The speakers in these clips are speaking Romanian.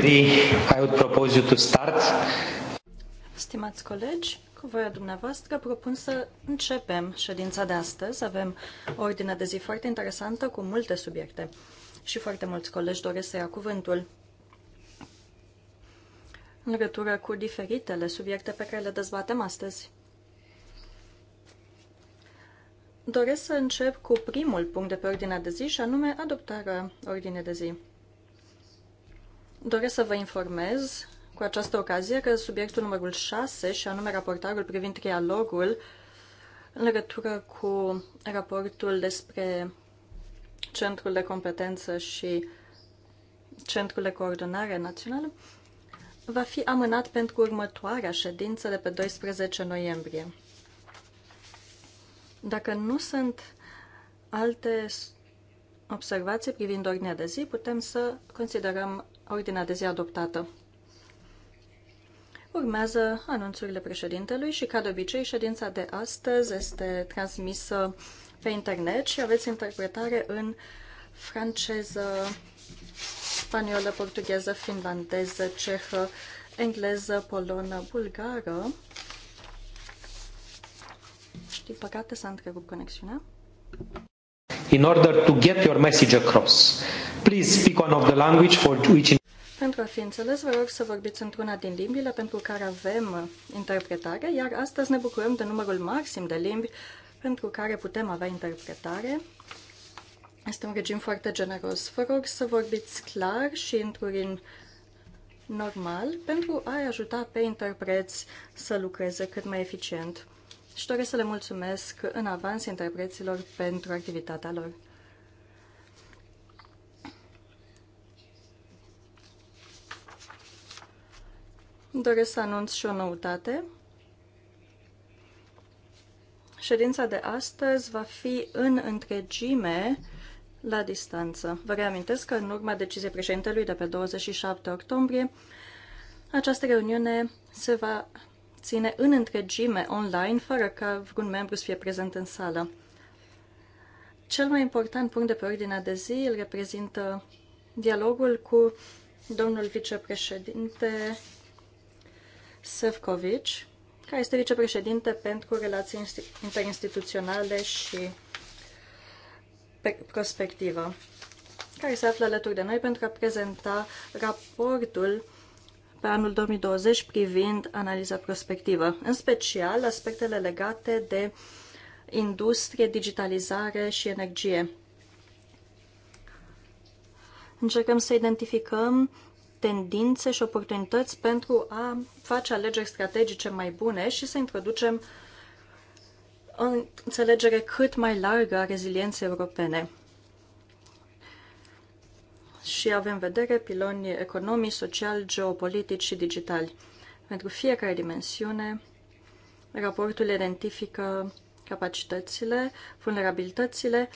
agree, I would propose you to start. Stimați colegi, cu voia dumneavoastră propun să începem ședința de astăzi. Avem o ordine de zi foarte interesantă cu multe subiecte și foarte mulți colegi doresc să ia cuvântul în legătură cu diferitele subiecte pe care le dezbatem astăzi. Doresc să încep cu primul punct de pe ordinea de zi și anume adoptarea ordinei de zi. Doresc să vă informez cu această ocazie că subiectul numărul 6, și anume raportarul privind trialogul, în legătură cu raportul despre Centrul de Competență și Centrul de Coordonare Națională, va fi amânat pentru următoarea ședință de pe 12 noiembrie. Dacă nu sunt alte observații privind ordinea de zi, putem să considerăm ordinea de zi adoptată. Urmează anunțurile președintelui și, ca de obicei, ședința de astăzi este transmisă pe internet și aveți interpretare în franceză, spaniolă, portugheză, finlandeză, cehă, engleză, polonă, bulgară. Și, din păcate, s-a întrerupt conexiunea. In order to get your message across, please speak one of the language for which pentru a fi înțeles, vă rog să vorbiți într-una din limbile pentru care avem interpretare, iar astăzi ne bucurăm de numărul maxim de limbi pentru care putem avea interpretare. Este un regim foarte generos. Vă rog să vorbiți clar și într-un normal pentru a ajuta pe interpreți să lucreze cât mai eficient. Și doresc să le mulțumesc în avans interpreților pentru activitatea lor. Doresc să anunț și o noutate. Ședința de astăzi va fi în întregime la distanță. Vă reamintesc că în urma deciziei președintelui de pe 27 octombrie, această reuniune se va ține în întregime online, fără ca vreun membru să fie prezent în sală. Cel mai important punct de pe ordinea de zi îl reprezintă dialogul cu domnul vicepreședinte Sefcovic, care este vicepreședinte pentru relații interinstituționale și prospectivă, care se află alături de noi pentru a prezenta raportul pe anul 2020 privind analiza prospectivă, în special aspectele legate de industrie, digitalizare și energie. Încercăm să identificăm tendințe și oportunități pentru a face alegeri strategice mai bune și să introducem o înțelegere cât mai largă a rezilienței europene. Și avem în vedere piloni economici, social, geopolitici și digitali. Pentru fiecare dimensiune, raportul identifică capacitățile, vulnerabilitățile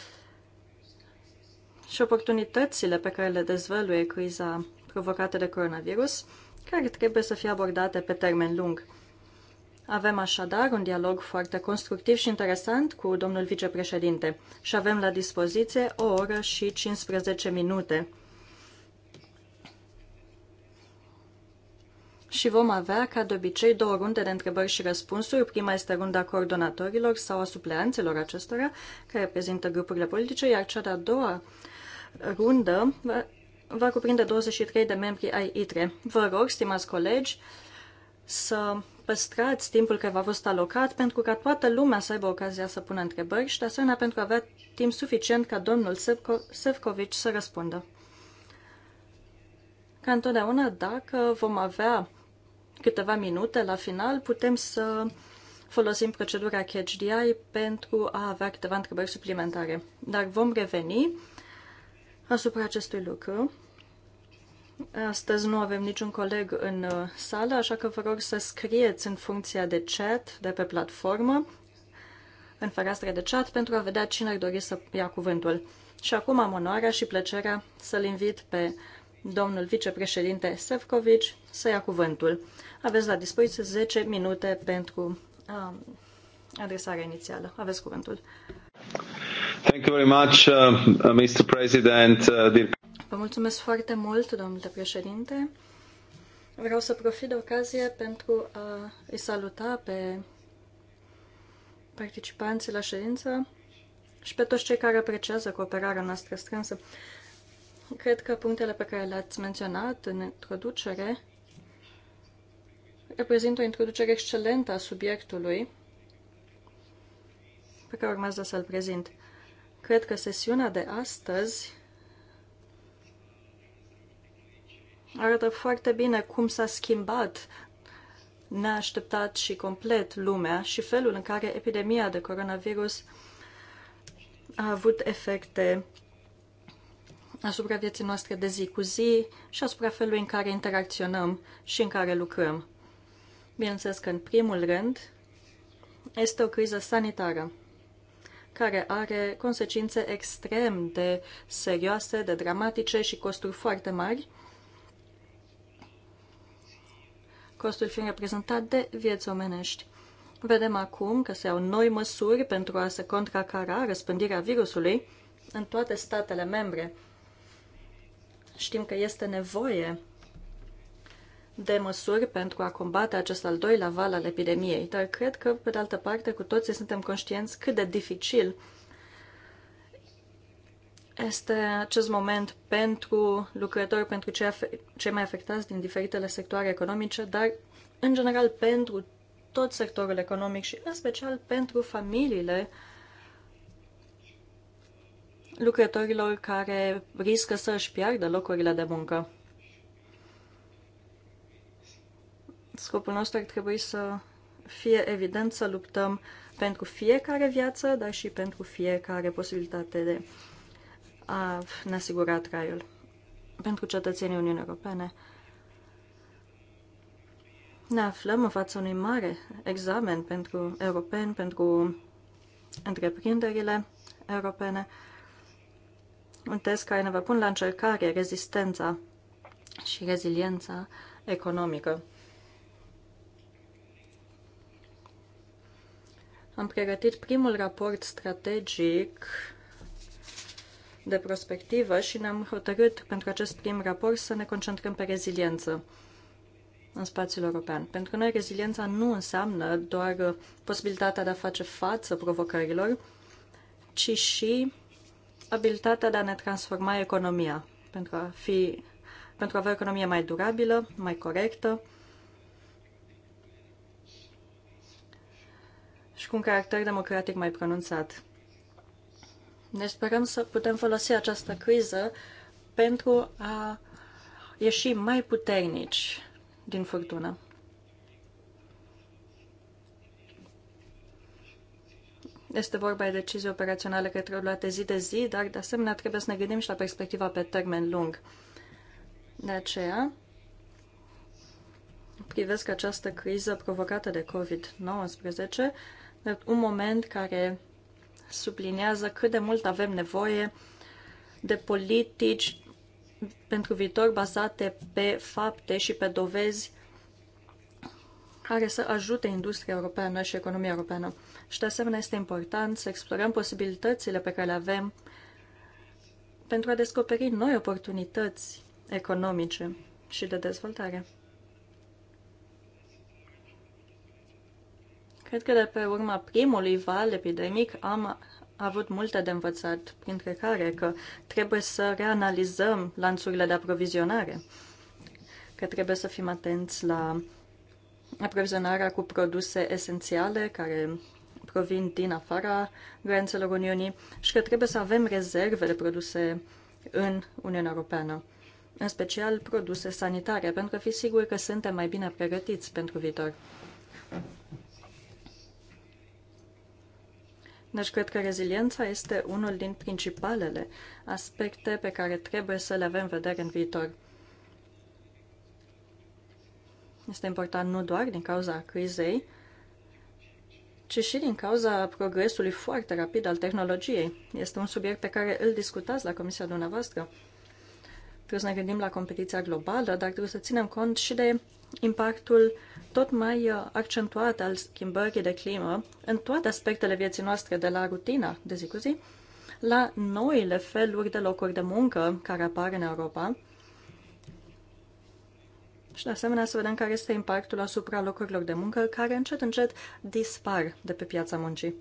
și oportunitățile pe care le dezvăluie criza provocate de coronavirus, care trebuie să fie abordate pe termen lung. Avem așadar un dialog foarte constructiv și interesant cu domnul vicepreședinte și avem la dispoziție o oră și 15 minute. Și vom avea, ca de obicei, două runde de întrebări și răspunsuri. Prima este runda coordonatorilor sau a supleanțelor acestora, care reprezintă grupurile politice, iar cea de-a doua rundă va cuprinde 23 de membri ai ITRE. Vă rog, stimați colegi, să păstrați timpul care v-a fost alocat pentru ca toată lumea să aibă ocazia să pună întrebări și de asemenea pentru a avea timp suficient ca domnul Sevco- să răspundă. Ca întotdeauna, dacă vom avea câteva minute la final, putem să folosim procedura CHDI pentru a avea câteva întrebări suplimentare. Dar vom reveni asupra acestui lucru. Astăzi nu avem niciun coleg în uh, sală, așa că vă rog să scrieți în funcția de chat de pe platformă, în fereastra de chat, pentru a vedea cine ar dori să ia cuvântul. Și acum am onoarea și plăcerea să-l invit pe domnul vicepreședinte Sefcovici să ia cuvântul. Aveți la dispoziție 10 minute pentru um, adresarea inițială. Aveți cuvântul. Thank you very much, uh, uh Mr. President. Uh, dear... Vă mulțumesc foarte mult, domnule președinte. Vreau să profit de ocazie pentru a îi saluta pe participanții la ședință și pe toți cei care apreciază cooperarea noastră strânsă. Cred că punctele pe care le-ați menționat în introducere reprezintă o introducere excelentă a subiectului pe care urmează să-l prezint. Cred că sesiunea de astăzi arată foarte bine cum s-a schimbat neașteptat și complet lumea și felul în care epidemia de coronavirus a avut efecte asupra vieții noastre de zi cu zi și asupra felului în care interacționăm și în care lucrăm. Bineînțeles că, în primul rând, este o criză sanitară care are consecințe extrem de serioase, de dramatice și costuri foarte mari – costuri fiind reprezentat de vieți omenești. Vedem acum că se iau noi măsuri pentru a se contracara răspândirea virusului în toate statele membre. Știm că este nevoie de măsuri pentru a combate acest al doilea val al epidemiei, dar cred că, pe de altă parte, cu toții suntem conștienți cât de dificil este acest moment pentru lucrători, pentru cei mai afectați din diferitele sectoare economice, dar în general pentru tot sectorul economic și în special pentru familiile lucrătorilor care riscă să își piardă locurile de muncă. Scopul nostru ar trebui să fie evident să luptăm pentru fiecare viață, dar și pentru fiecare posibilitate de a ne asigura traiul pentru cetățenii Uniunii Europene. Ne aflăm în fața unui mare examen pentru europeni, pentru întreprinderile europene, un test care ne va pune la încercare rezistența și reziliența economică. Am pregătit primul raport strategic de prospectivă și ne-am hotărât pentru acest prim raport să ne concentrăm pe reziliență în spațiul european. Pentru noi reziliența nu înseamnă doar posibilitatea de a face față provocărilor, ci și abilitatea de a ne transforma economia pentru a, fi, pentru a avea o economie mai durabilă, mai corectă și cu un caracter democratic mai pronunțat. Ne sperăm să putem folosi această criză pentru a ieși mai puternici din furtună. Este vorba de decizii operaționale care trebuie luate zi de zi, dar de asemenea trebuie să ne gândim și la perspectiva pe termen lung. De aceea, privesc această criză provocată de COVID-19 un moment care subliniază cât de mult avem nevoie de politici pentru viitor bazate pe fapte și pe dovezi care să ajute industria europeană și economia europeană. Și de asemenea este important să explorăm posibilitățile pe care le avem pentru a descoperi noi oportunități economice și de dezvoltare. Cred că de pe urma primului val epidemic am avut multe de învățat, printre care că trebuie să reanalizăm lanțurile de aprovizionare, că trebuie să fim atenți la aprovizionarea cu produse esențiale care provin din afara granițelor Uniunii și că trebuie să avem rezerve de produse în Uniunea Europeană, în special produse sanitare, pentru a fi sigur că suntem mai bine pregătiți pentru viitor. Deci cred că reziliența este unul din principalele aspecte pe care trebuie să le avem vedere în viitor. Este important nu doar din cauza crizei, ci și din cauza progresului foarte rapid al tehnologiei. Este un subiect pe care îl discutați la comisia dumneavoastră. Trebuie să ne gândim la competiția globală, dar trebuie să ținem cont și de impactul tot mai uh, accentuat al schimbării de climă în toate aspectele vieții noastre, de la rutina de zi cu zi, la noile feluri de locuri de muncă care apar în Europa și, de asemenea, să vedem care este impactul asupra locurilor de muncă care încet, încet dispar de pe piața muncii.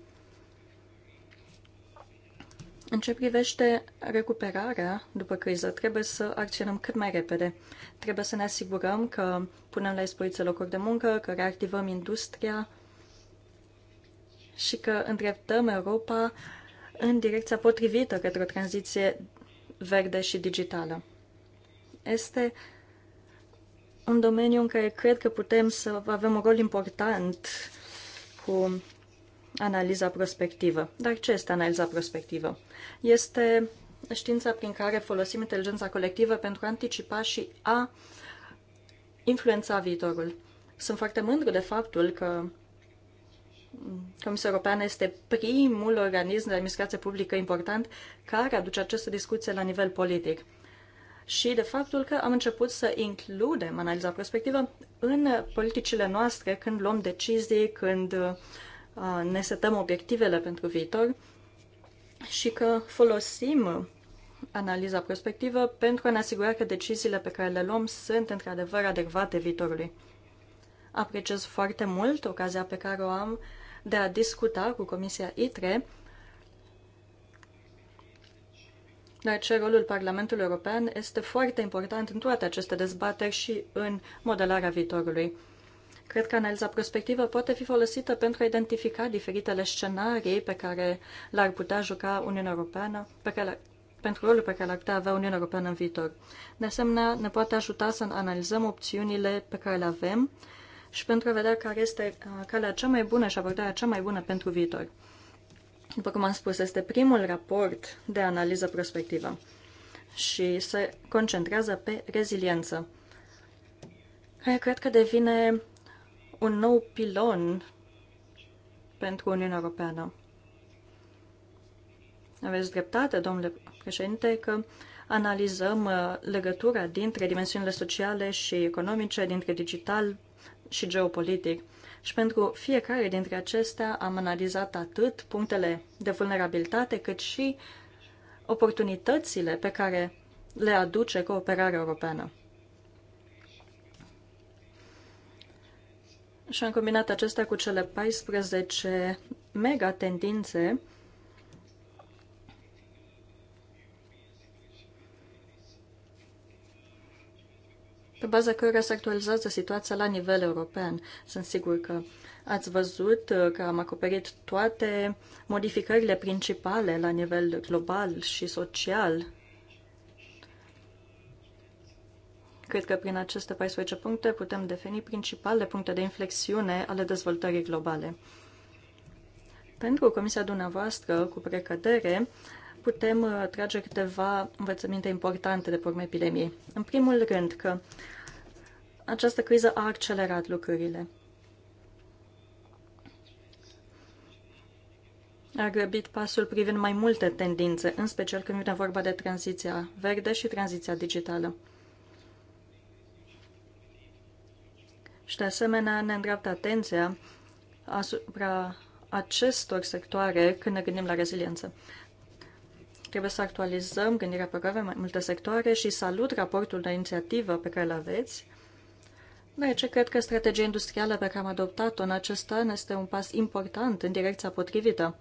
În ce privește recuperarea după criză, trebuie să acționăm cât mai repede. Trebuie să ne asigurăm că punem la dispoziție locuri de muncă, că reactivăm industria și că îndreptăm Europa în direcția potrivită către o tranziție verde și digitală. Este un domeniu în care cred că putem să avem un rol important cu analiza prospectivă. Dar ce este analiza prospectivă? Este știința prin care folosim inteligența colectivă pentru a anticipa și a influența viitorul. Sunt foarte mândru de faptul că Comisia Europeană este primul organism de administrație publică important care aduce această discuție la nivel politic. Și de faptul că am început să includem analiza prospectivă în politicile noastre când luăm decizii, când ne setăm obiectivele pentru viitor și că folosim analiza prospectivă pentru a ne asigura că deciziile pe care le luăm sunt într-adevăr adecvate viitorului. Apreciez foarte mult ocazia pe care o am de a discuta cu Comisia ITRE, dar ce rolul Parlamentului European este foarte important în toate aceste dezbateri și în modelarea viitorului. Cred că analiza prospectivă poate fi folosită pentru a identifica diferitele scenarii pe care l-ar putea juca Uniunea Europeană, pe care pentru rolul pe care l-ar putea avea Uniunea Europeană în viitor. De asemenea, ne poate ajuta să analizăm opțiunile pe care le avem și pentru a vedea care este uh, calea cea mai bună și abordarea cea mai bună pentru viitor. După cum am spus, este primul raport de analiză prospectivă și se concentrează pe reziliență, care cred că devine un nou pilon pentru Uniunea Europeană. Aveți dreptate, domnule președinte, că analizăm uh, legătura dintre dimensiunile sociale și economice, dintre digital și geopolitic. Și pentru fiecare dintre acestea am analizat atât punctele de vulnerabilitate, cât și oportunitățile pe care le aduce cooperarea europeană. și am combinat acestea cu cele 14 mega tendințe pe baza cărora se actualizează situația la nivel european. Sunt sigur că ați văzut că am acoperit toate modificările principale la nivel global și social Cred că prin aceste 14 puncte putem defini principalele puncte de inflexiune ale dezvoltării globale. Pentru comisia dumneavoastră, cu precădere, putem uh, trage câteva învățăminte importante de pe urma epidemiei. În primul rând că această criză a accelerat lucrurile. A grăbit pasul privind mai multe tendințe, în special când vine vorba de tranziția verde și tranziția digitală. și de asemenea ne îndreaptă atenția asupra acestor sectoare când ne gândim la reziliență. Trebuie să actualizăm gândirea pe care mai multe sectoare și salut raportul de inițiativă pe care îl aveți. ce deci, cred că strategia industrială pe care am adoptat-o în acest an este un pas important în direcția potrivită.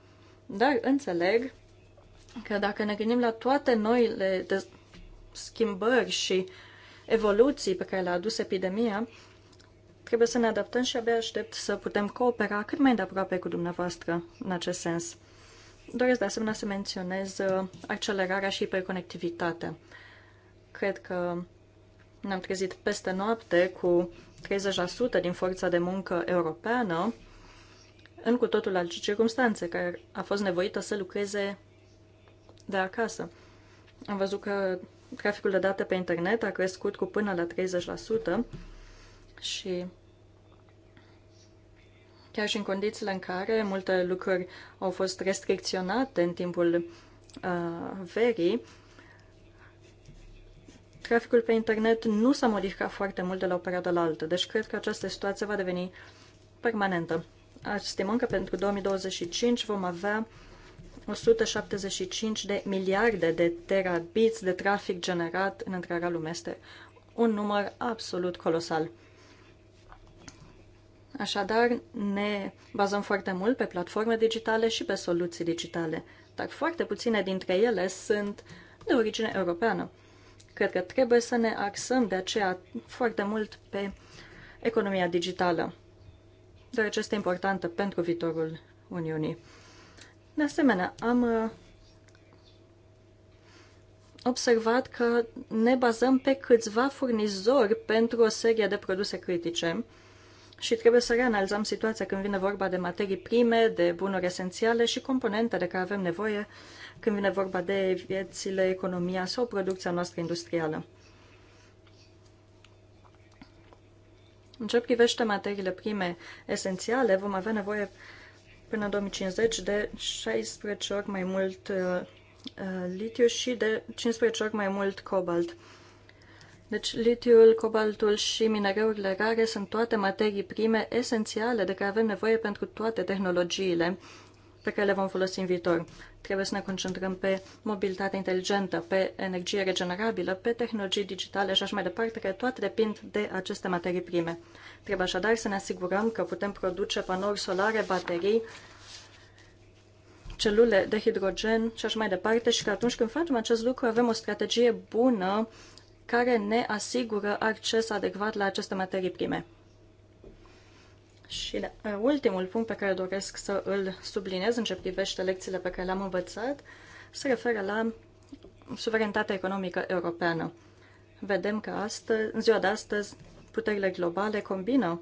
Dar înțeleg că dacă ne gândim la toate noile schimbări și evoluții pe care le-a adus epidemia, Trebuie să ne adaptăm și abia aștept să putem coopera cât mai îndeaproape cu dumneavoastră în acest sens. Doresc de asemenea să menționez uh, accelerarea și hiperconectivitatea. Cred că ne-am trezit peste noapte cu 30% din forța de muncă europeană în cu totul alte circunstanțe, care a fost nevoită să lucreze de acasă. Am văzut că traficul de date pe internet a crescut cu până la 30% și chiar și în condițiile în care multe lucruri au fost restricționate în timpul uh, verii, traficul pe internet nu s-a modificat foarte mult de la o perioadă la alta, deci cred că această situație va deveni permanentă. Estimăm că pentru 2025 vom avea 175 de miliarde de terabits de trafic generat în întreaga lume. Este un număr absolut colosal. Așadar, ne bazăm foarte mult pe platforme digitale și pe soluții digitale, dar foarte puține dintre ele sunt de origine europeană. Cred că trebuie să ne axăm de aceea foarte mult pe economia digitală, deoarece este importantă pentru viitorul Uniunii. De asemenea, am uh, observat că ne bazăm pe câțiva furnizori pentru o serie de produse critice, și trebuie să reanalizăm situația când vine vorba de materii prime, de bunuri esențiale și componente de care avem nevoie când vine vorba de viețile, economia sau producția noastră industrială. În ce privește materiile prime esențiale, vom avea nevoie până în 2050 de 16 ori mai mult uh, uh litiu și de 15 ori mai mult cobalt. Uh, deci litiul, cobaltul și minereurile rare sunt toate materii prime esențiale de care avem nevoie pentru toate tehnologiile pe care le vom folosi în viitor. Trebuie să ne concentrăm pe mobilitate inteligentă, pe energie regenerabilă, pe tehnologii digitale și așa mai departe, care toate depind de aceste materii prime. Trebuie așadar să ne asigurăm că putem produce panouri solare, baterii, celule de hidrogen și așa mai departe și că atunci când facem acest lucru avem o strategie bună care ne asigură acces adecvat la aceste materii prime. Și uh, ultimul punct pe care doresc să îl subliniez în ce privește lecțiile pe care le-am învățat se referă la suverenitatea economică europeană. Vedem că astăzi, în ziua de astăzi puterile globale combină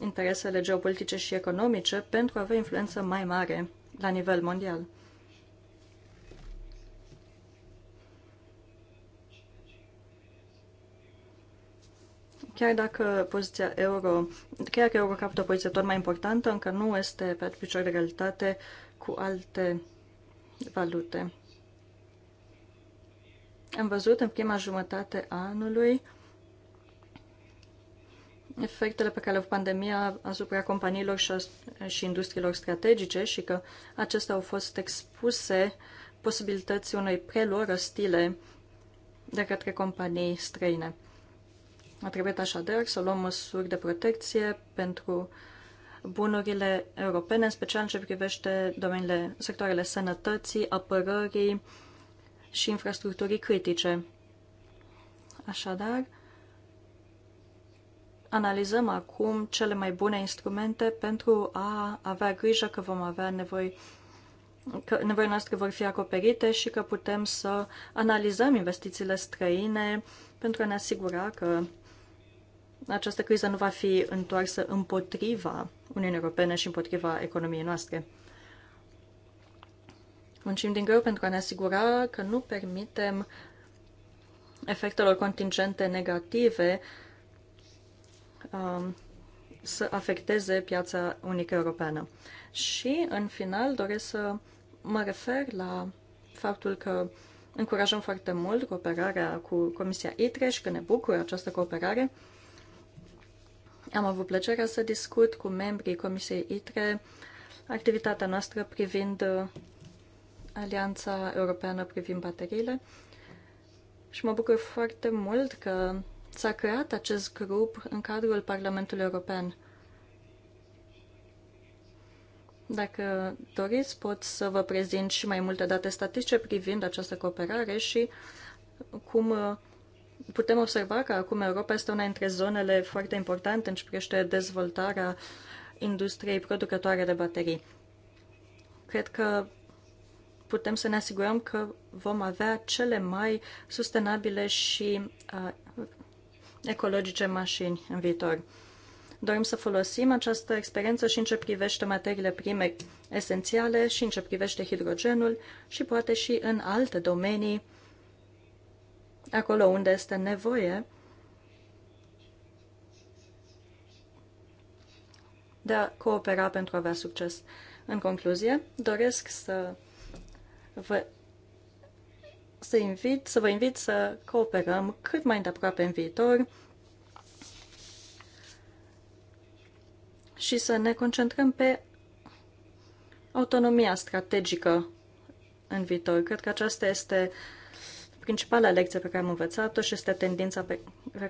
interesele geopolitice și economice pentru a avea influență mai mare la nivel mondial. Chiar dacă poziția euro, chiar că euro capătă o poziție tot mai importantă, încă nu este pe picior de realitate cu alte valute. Am văzut în prima jumătate a anului efectele pe care le au pandemia asupra companiilor și, și industriilor strategice și că acestea au fost expuse posibilității unei preluări ostile de către companii străine. A trebuit așadar să luăm măsuri de protecție pentru bunurile europene, în special în ce privește domeniile, sectoarele sănătății, apărării și infrastructurii critice. Așadar, analizăm acum cele mai bune instrumente pentru a avea grijă că vom avea nevoi că nevoile noastre vor fi acoperite și că putem să analizăm investițiile străine pentru a ne asigura că această criză nu va fi întoarsă împotriva Uniunii Europene și împotriva economiei noastre. Muncim din greu pentru a ne asigura că nu permitem efectelor contingente negative um, să afecteze piața unică europeană. Și, în final, doresc să mă refer la faptul că încurajăm foarte mult cooperarea cu Comisia ITRE și că ne bucură această cooperare. Am avut plăcerea să discut cu membrii Comisiei ITRE activitatea noastră privind uh, Alianța Europeană privind bateriile și mă bucur foarte mult că s-a creat acest grup în cadrul Parlamentului European. Dacă doriți, pot să vă prezint și mai multe date statistice privind această cooperare și cum uh, putem observa că acum Europa este una dintre zonele foarte importante în ce privește dezvoltarea industriei producătoare de baterii. Cred că putem să ne asigurăm că vom avea cele mai sustenabile și uh, ecologice mașini în viitor. Dorim să folosim această experiență și în ce privește materiile prime esențiale și în ce privește hidrogenul și poate și în alte domenii acolo unde este nevoie de a coopera pentru a avea succes. În concluzie, doresc să vă să, invit, să vă invit să cooperăm cât mai îndeaproape în viitor și să ne concentrăm pe autonomia strategică în viitor. Cred că aceasta este uh, principala lecție pe care am învățat-o și este tendința pe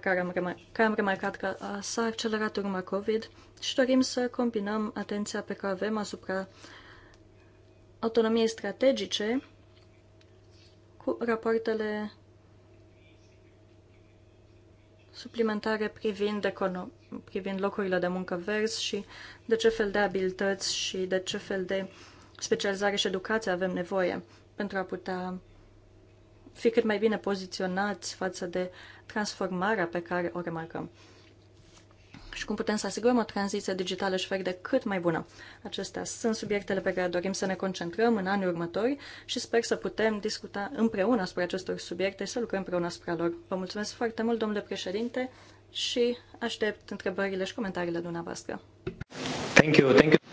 care am, remar- care am remarcat că s-a accelerat urma COVID și dorim să combinăm atenția pe care avem asupra autonomiei strategice cu rapoartele suplimentare privind, econo- privind locurile de muncă verzi și de ce fel de abilități și de ce fel de specializare și educație avem nevoie pentru a putea fi cât mai bine poziționați față de transformarea pe care o remarcăm și cum putem să asigurăm o tranziție digitală și verde cât mai bună. Acestea sunt subiectele pe care dorim să ne concentrăm în anii următori și sper să putem discuta împreună asupra acestor subiecte și să lucrăm împreună asupra lor. Vă mulțumesc foarte mult, domnule președinte, și aștept întrebările și comentariile dumneavoastră. Thank you, thank you.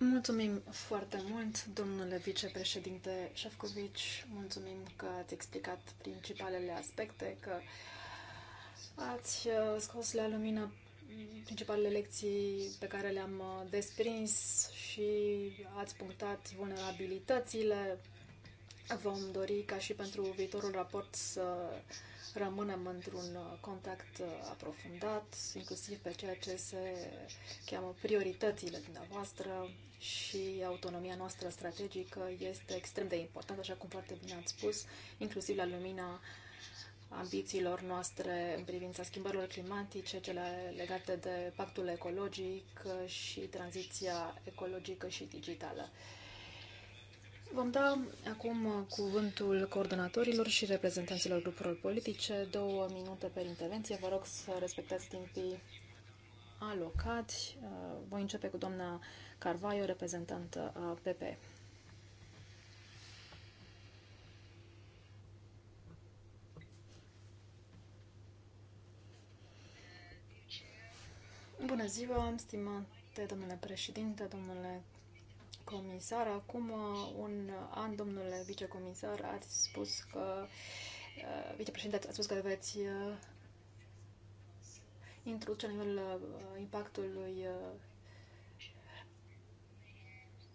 Mulțumim foarte mult, domnule vicepreședinte Șefcovici. Mulțumim că ați explicat principalele aspecte, că ați uh, scos la lumină principalele lecții pe care le-am uh, desprins și ați punctat vulnerabilitățile. Vom dori ca și pentru viitorul raport să rămânem într-un uh, contact uh, aprofundat, inclusiv pe ceea ce se cheamă prioritățile dumneavoastră și autonomia noastră strategică este extrem de importantă, așa cum foarte bine ați spus, inclusiv la lumina ambițiilor noastre în privința schimbărilor climatice, cele legate de pactul ecologic și tranziția ecologică și digitală. Vom da acum cuvântul coordonatorilor și reprezentanților grupurilor politice. Două minute per intervenție. Vă rog să respectați timpii alocați. Uh, voi începe cu doamna Carvaio, reprezentantă uh, a PP. Bună ziua, stimate domnule președinte, domnule comisar. Acum uh, un an, domnule vicecomisar, ați spus că, uh, vicepreședinte, ați spus că veți uh, introduce la nivel impactului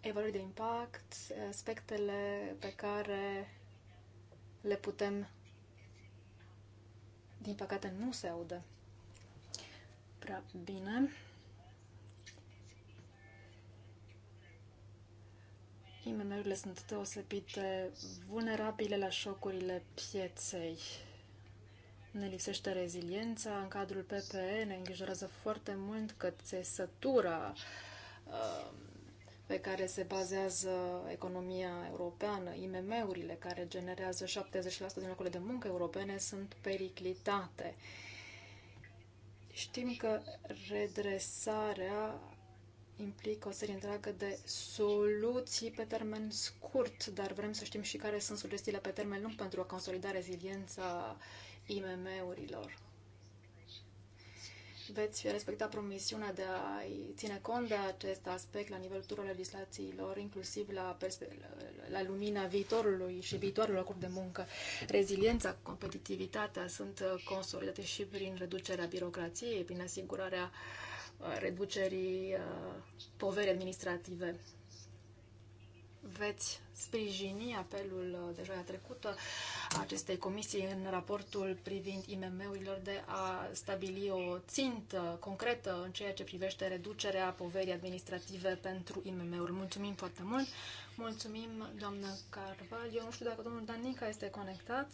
evaluării de impact, aspectele pe care le putem, din păcate, nu se audă prea bine. IMM-urile sunt deosebit de vulnerabile la șocurile pieței. Ne lipsește reziliența în cadrul PPE, ne îngrijorează foarte mult că țesătura um, pe care se bazează economia europeană, IMM-urile care generează 70% din locurile de muncă europene sunt periclitate. Știm că redresarea implică o serie întreagă de soluții pe termen scurt, dar vrem să știm și care sunt sugestiile pe termen lung pentru a consolida reziliența IMM-urilor. Veți respecta promisiunea de a ține cont de acest aspect la nivelul tuturor legislațiilor, inclusiv la, la lumina viitorului și viitorul locuri de muncă. Reziliența, competitivitatea sunt consolidate și prin reducerea birocrației, prin asigurarea uh, Uh, reducerii uh, poverii administrative. Veți sprijini apelul uh, de joia trecută acestei comisii în raportul privind IMM-urilor de a stabili o țintă concretă în ceea ce privește reducerea poverii administrative pentru IMM-uri. Mulțumim foarte mult! Mulțumim, doamnă Carval. Eu nu știu dacă domnul Danica este conectat.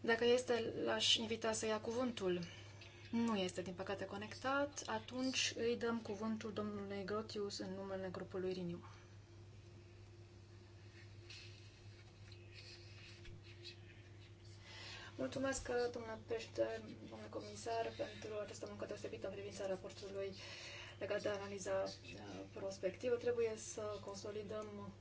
Dacă este, l-aș invita să ia cuvântul nu este, din păcate, conectat, atunci îi dăm cuvântul domnului Grotius în numele grupului Renew. Mulțumesc, domnule Pește, domnule comisar, pentru această muncă deosebită în privința raportului legat de analiza uh, prospectivă. Trebuie să consolidăm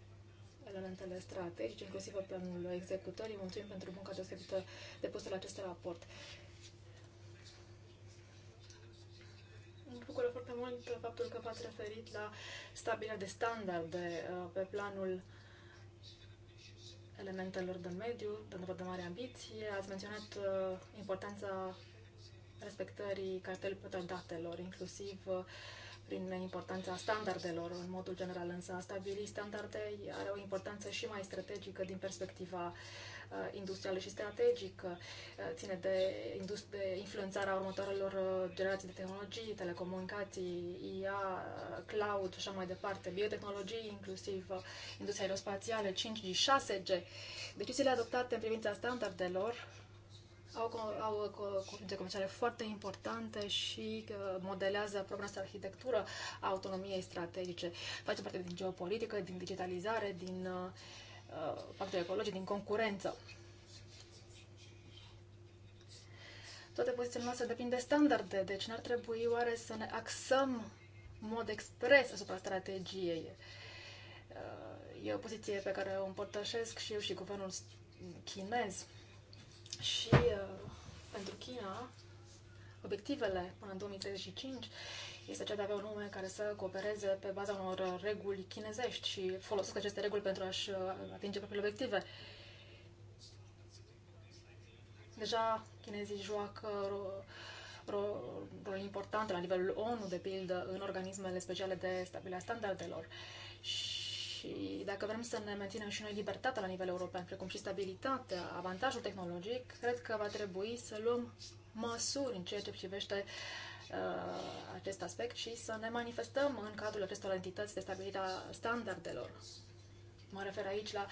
elementele strategice, inclusiv planul executării. Mulțumim pentru munca deosebită depusă la acest raport. mult uh, faptul că v-ați referit la stabilirea de standarde uh, pe planul elementelor de mediu, pentru de mare ambiție. Ați menționat uh, importanța respectării cartelului datelor, inclusiv prin importanța standardelor, în modul general, însă a stabili standarde are o importanță și mai strategică din perspectiva uh, industrială și strategică, uh, ține de, de influențarea următoarelor uh, generații de tehnologii, telecomunicații, IA, cloud și așa mai departe, biotehnologii, inclusiv industria aerospațială, 5G, 6G. Deciziile adoptate în privința standardelor au, au cuvinte comerciale foarte importante și uh, modelează propria noastră arhitectură a autonomiei strategice. Face parte din geopolitică, din digitalizare, din uh, factori uh, ecologice, din concurență. Toate pozițiile noastre depind de standarde, deci n-ar trebui oare să ne axăm în mod expres asupra strategiei. Uh, e o poziție pe care o împărtășesc și eu și guvernul chinez și uh, pentru China, obiectivele până în 2035 este cea de a avea un lume care să coopereze pe baza unor reguli chinezești și folosesc aceste reguli pentru a-și uh, atinge propriile obiective. Deja chinezii joacă rol important la nivelul ONU, de pildă, în organismele speciale de stabilire a standardelor. Și și dacă vrem să ne menținem și noi libertatea la nivel european, precum și stabilitatea, avantajul tehnologic, cred că va trebui să luăm măsuri în ceea ce privește uh, acest aspect și să ne manifestăm în cadrul acestor entități de stabilire a standardelor. Mă refer aici la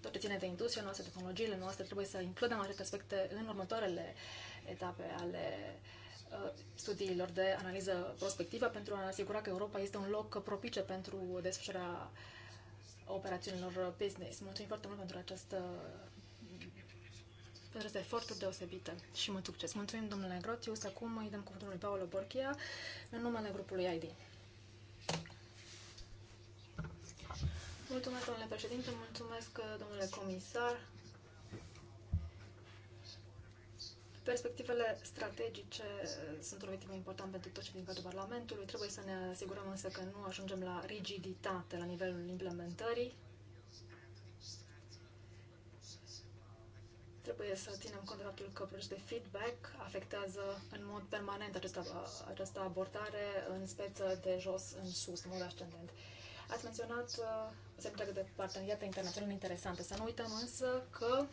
tot ce ține de industria noastră, tehnologiile noastre, trebuie să includem aceste aspecte în următoarele etape ale uh, studiilor de analiză prospectivă pentru a ne asigura că Europa este un loc propice pentru desfășurarea uh, operațiunilor uh, business. Mulțumim foarte mult pentru această pentru eforturi deosebite și mult succes. Mulțumim, domnule Grotius. Acum îi dăm cuvântul lui Paolo Borchia în numele grupului ID. Mulțumesc, domnule președinte, mulțumesc, domnule comisar, Perspectivele strategice eh, sunt un obiectiv important pentru tot ce din cadrul Parlamentului. Trebuie să ne asigurăm însă că nu ajungem la rigiditate la nivelul implementării. Trebuie să ținem cont de faptul că procesul de feedback afectează în mod permanent această, această abordare în speță de jos în sus, în mod ascendent. Ați menționat o eh, semnătură de parteneriate internaționale interesante. Să nu uităm însă că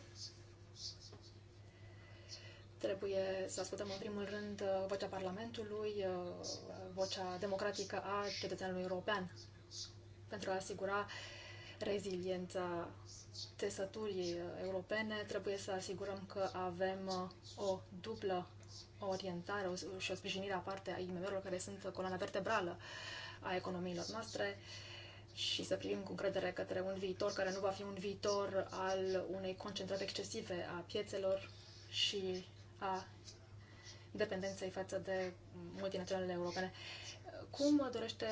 Trebuie să ascultăm în primul rând uh, vocea Parlamentului, uh, vocea democratică a cetățeanului european pentru a asigura reziliența tesăturii uh, europene. Trebuie să asigurăm că avem o dublă orientare și o sprijinire aparte a IMM-urilor care sunt coloana vertebrală a economiilor noastre și să privim cu încredere către un viitor care nu va fi un viitor al unei concentrate excesive a piețelor și a dependenței față de multinaționalele europene. Cum dorește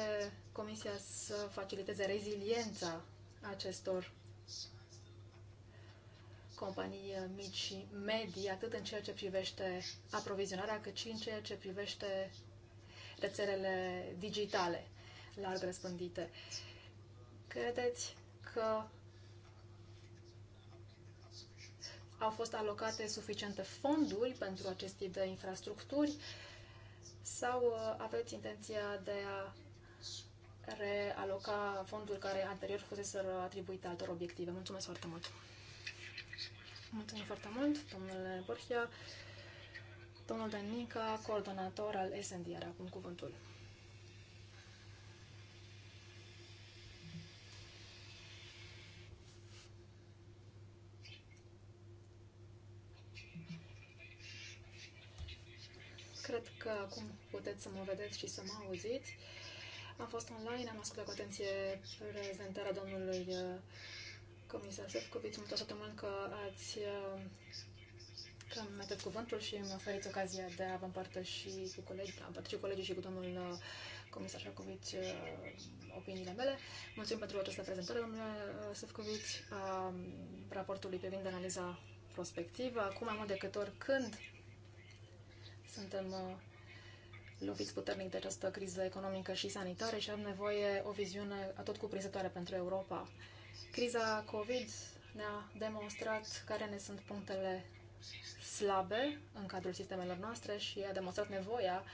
Comisia să faciliteze reziliența acestor companii mici și medii, atât în ceea ce privește aprovizionarea, cât și în ceea ce privește rețelele digitale larg răspândite? Credeți că au fost alocate suficiente fonduri pentru acest tip de infrastructuri sau uh, aveți intenția de a realoca fonduri care anterior fusese atribuite altor obiective? Mulțumesc foarte mult! Mulțumim foarte mult, domnule Borchia. Domnul Danica, coordonator al SNDR, acum cuvântul. Cred că acum puteți să mă vedeți și să mă auziți. Am fost online, am ascultat cu atenție prezentarea domnului uh, comisar Sefcovici. Mulțumesc foarte mult că ați uh, că mi-ați cuvântul și mi-a oferit ocazia de a vă împărtăși cu colegii, am împărtășit colegii și cu domnul uh, comisar Șarcovici opiniile mele. Mulțumim pentru această prezentare, domnule Sefcovici, a raportului privind analiza prospectivă. Acum mai mult decât oricând suntem uh, loviți puternic de această criză economică și sanitară și am nevoie o viziune atot cuprinzătoare pentru Europa. Criza COVID ne-a demonstrat care ne sunt punctele slabe în cadrul sistemelor noastre și a demonstrat nevoia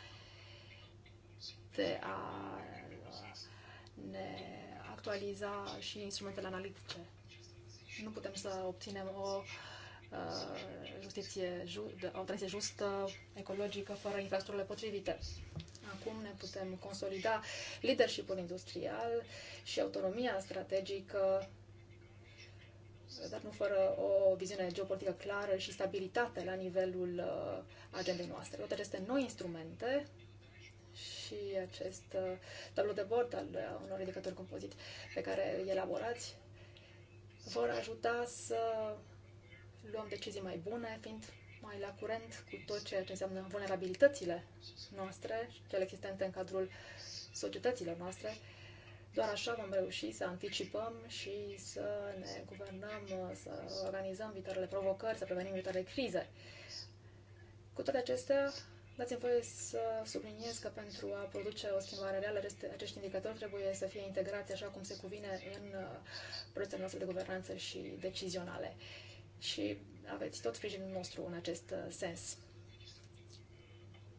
de a ne actualiza și instrumentele analitice. Nu putem să obținem o uh, Uh, justiție, o tranziție justă, ecologică, fără infrastructurile potrivite. Acum ne putem consolida leadership-ul industrial și autonomia strategică, dar nu fără o viziune geopolitică clară și stabilitate la nivelul uh, agendei noastre. Toate aceste noi instrumente și acest uh, tablou de bord al unor indicatori compozit pe care îi elaborați vor ajuta să luăm decizii mai bune, fiind mai la curent cu tot ceea ce înseamnă vulnerabilitățile noastre, cele existente în cadrul societăților noastre. Doar așa vom reuși să anticipăm și să ne guvernăm, să organizăm viitoarele provocări, să prevenim viitoarele crize. Cu toate acestea, dați-mi voie să subliniez că pentru a produce o schimbare reală, acești indicatori trebuie să fie integrați așa cum se cuvine în uh, procesele noastre de guvernanță și decizionale și aveți tot sprijinul nostru în acest uh, sens.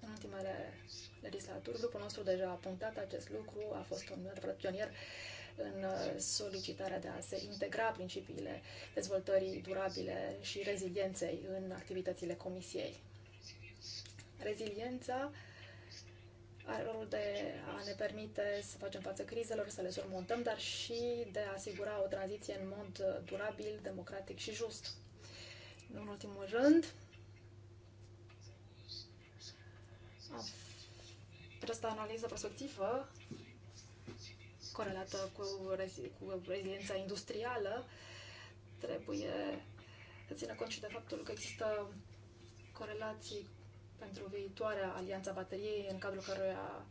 În ultimele legislaturi, grupul nostru deja a punctat acest lucru, a fost un adevărat pionier în uh, solicitarea de a se integra principiile dezvoltării durabile și rezilienței în activitățile comisiei. Reziliența are rolul de a ne permite să facem față crizelor, să le surmontăm, dar și de a asigura o tranziție în mod durabil, democratic și just în ultimul rând. Această analiză prospectivă corelată cu, rezi, cu reziliența industrială trebuie să țină cont și de faptul că există corelații pentru viitoarea alianța bateriei în cadrul căruia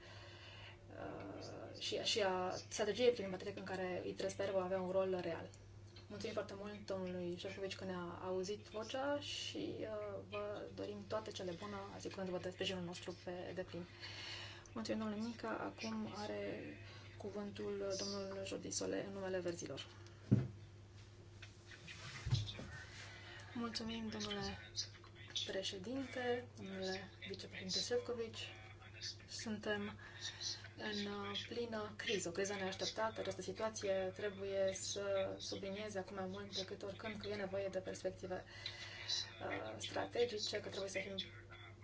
uh, și, și a strategiei prin baterie în care îi sper va avea un rol real. Mulțumim foarte mult domnului Șoșovici că ne-a auzit vocea și uh, vă dorim toate cele bune, asigurându-vă de sprijinul nostru pe deplin. Mulțumim domnule Mica. Acum are cuvântul domnul Jordi Sole în numele verzilor. Mulțumim, domnule președinte, domnule vicepreședinte Șefcovici. Suntem în uh, plină criză, o criză neașteptată. Această situație trebuie să sublinieze acum mai mult decât oricând că e nevoie de perspective uh, strategice, că trebuie să fim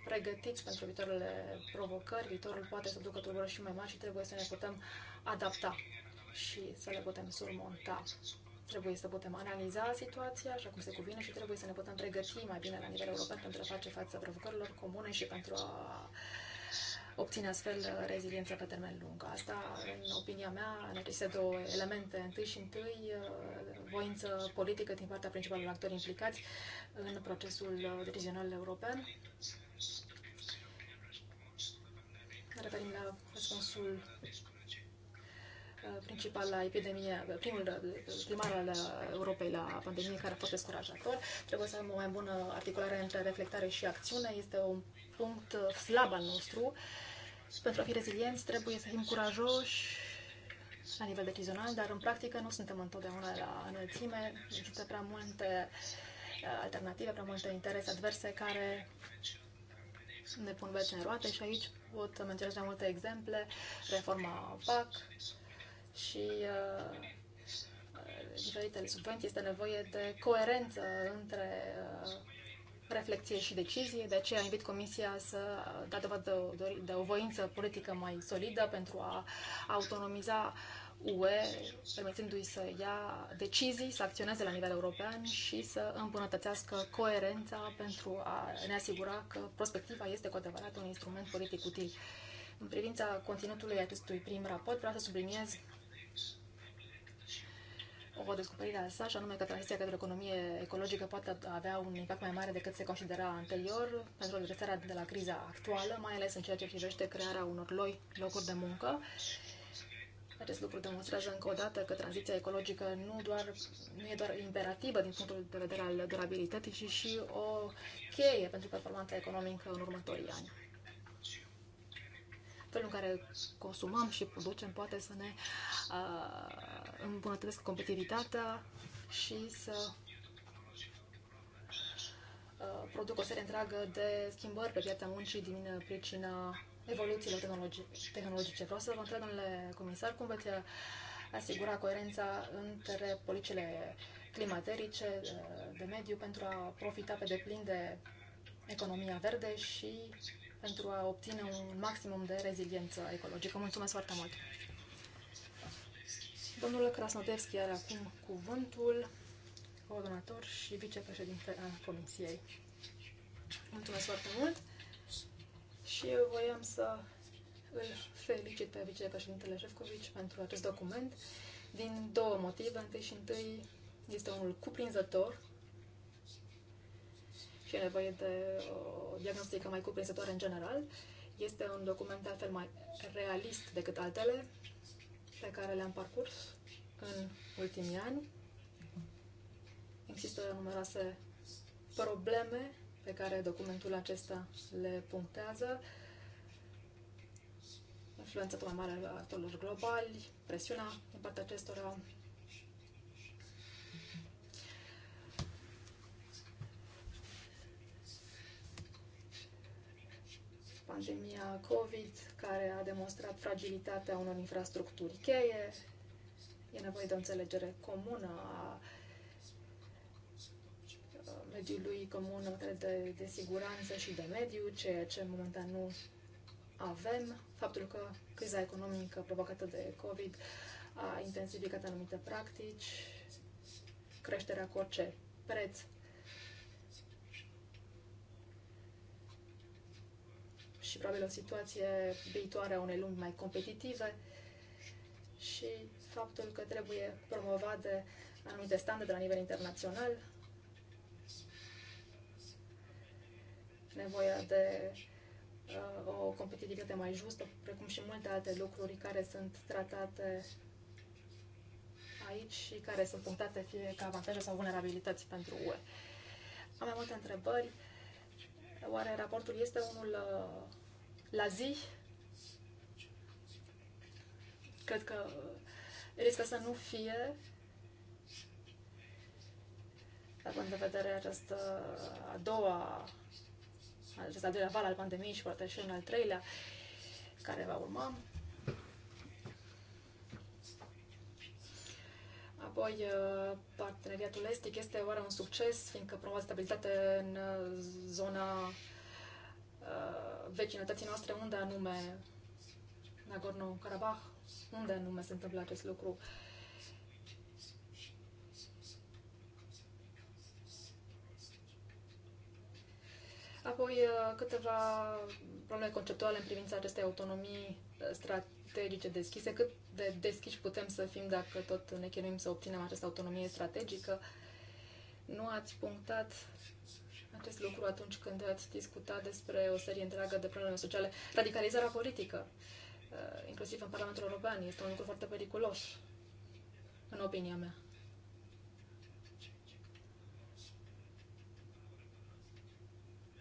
pregătiți pentru viitoarele provocări. Viitorul poate să ducă tulburări și mai mari și trebuie să ne putem adapta și să le putem surmonta. Trebuie să putem analiza situația așa cum se cuvine și trebuie să ne putem pregăti mai bine la nivel european pentru a face față provocărilor comune și pentru a uh, obține astfel uh, reziliență pe termen lung. Asta, în opinia mea, în două elemente. Întâi și întâi, uh, voință politică din partea principalului actori implicați în procesul uh, decizional european. Referim la răspunsul principal la epidemie, primul primar al Europei la pandemie, care a fost descurajator. Trebuie să avem o mai bună articulare între reflectare și acțiune. Este un punct slab al nostru. Uh, pentru a fi rezilienți trebuie să fim curajoși la nivel decizional, dar în practică nu suntem întotdeauna la înălțime. Există prea multe uh, alternative, prea multe interese adverse care ne pun vece în roate și aici pot menționa mai multe exemple, reforma PAC și uh, uh, diferitele subvenții, este nevoie de coerență între uh, reflexie și decizie, de aceea invit Comisia să dea dovadă de o voință politică mai solidă pentru a autonomiza UE, permițându-i să ia decizii, să acționeze la nivel european și să îmbunătățească coerența pentru a ne asigura că prospectiva este cu adevărat un instrument politic util. În privința conținutului acestui prim raport, vreau să subliniez o descoperire a sa, și anume că tranziția către o economie ecologică poate avea un impact mai mare decât se considera anterior pentru redresarea de la criza actuală, mai ales în ceea ce privește crearea unor loi, locuri de muncă. Acest lucru demonstrează încă o dată că tranziția ecologică nu, doar, nu e doar imperativă din punctul de vedere al durabilității, ci și o cheie pentru performanța economică în următorii ani felul în care consumăm și producem poate să ne uh, îmbunătățesc competitivitatea și să uh, produc o serie întreagă de schimbări pe piața muncii din pricina evoluțiilor tehnologice. Vreau să vă întreb, domnule comisar, cum veți asigura coerența între politicile climaterice, uh, de mediu, pentru a profita pe deplin de economia verde și pentru a obține un maximum de reziliență ecologică. Mulțumesc foarte mult! Domnul Krasnodevski are acum cuvântul, coordonator și vicepreședinte al Comisiei. Mulțumesc foarte mult și eu voiam să îl felicit pe vicepreședintele Șefcovici pentru acest document din două motive. Întâi și întâi este unul cuprinzător și e nevoie de o diagnostică mai cuprinzătoare în general. Este un document de altfel mai realist decât altele pe care le-am parcurs în ultimii ani. Există numeroase probleme pe care documentul acesta le punctează. Influența tot mai mare a actorilor globali, presiunea din partea acestora, pandemia COVID, care a demonstrat fragilitatea unor infrastructuri cheie. E nevoie de o înțelegere comună a mediului comun, cred, de, de siguranță și de mediu, ceea ce momentan nu avem. Faptul că criza economică provocată de COVID a intensificat anumite practici, creșterea cu orice preț probabil o situație viitoare a unei lumi mai competitive și faptul că trebuie promovate anumite standarde la nivel internațional, nevoia de uh, o competitivitate mai justă, precum și multe alte lucruri care sunt tratate aici și care sunt punctate fie ca avantaje sau vulnerabilități pentru UE. Am mai multe întrebări. Oare raportul este unul uh, la zi. Cred că riscă să nu fie punct de vedere această a doua, acest al doilea val al pandemiei și poate și un al treilea care va urma. Apoi, uh, parteneriatul estic este oare un succes, fiindcă promovează stabilitate în uh, zona Uh, vecinătății noastre unde anume Nagorno-Karabakh, unde anume se întâmplă acest lucru. Apoi uh, câteva probleme conceptuale în privința acestei autonomii uh, strategice deschise, cât de deschiși putem să fim dacă tot ne chinuim să obținem această autonomie strategică. Nu ați punctat acest lucru atunci când ați discutat despre o serie întreagă de probleme sociale. Radicalizarea politică, uh, inclusiv în Parlamentul European, este un lucru foarte periculos, în opinia mea.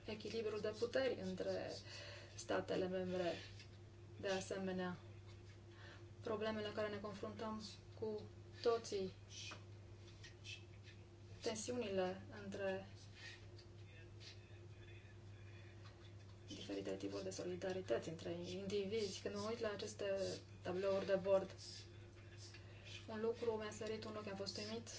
Echilibrul de puteri între statele membre, de asemenea, problemele care ne confruntăm cu toții tensiunile între diferit de tipul de solidarități între indivizi. Când mă uit la aceste tablouri de bord, un lucru mi-a sărit un ochi, am fost uimit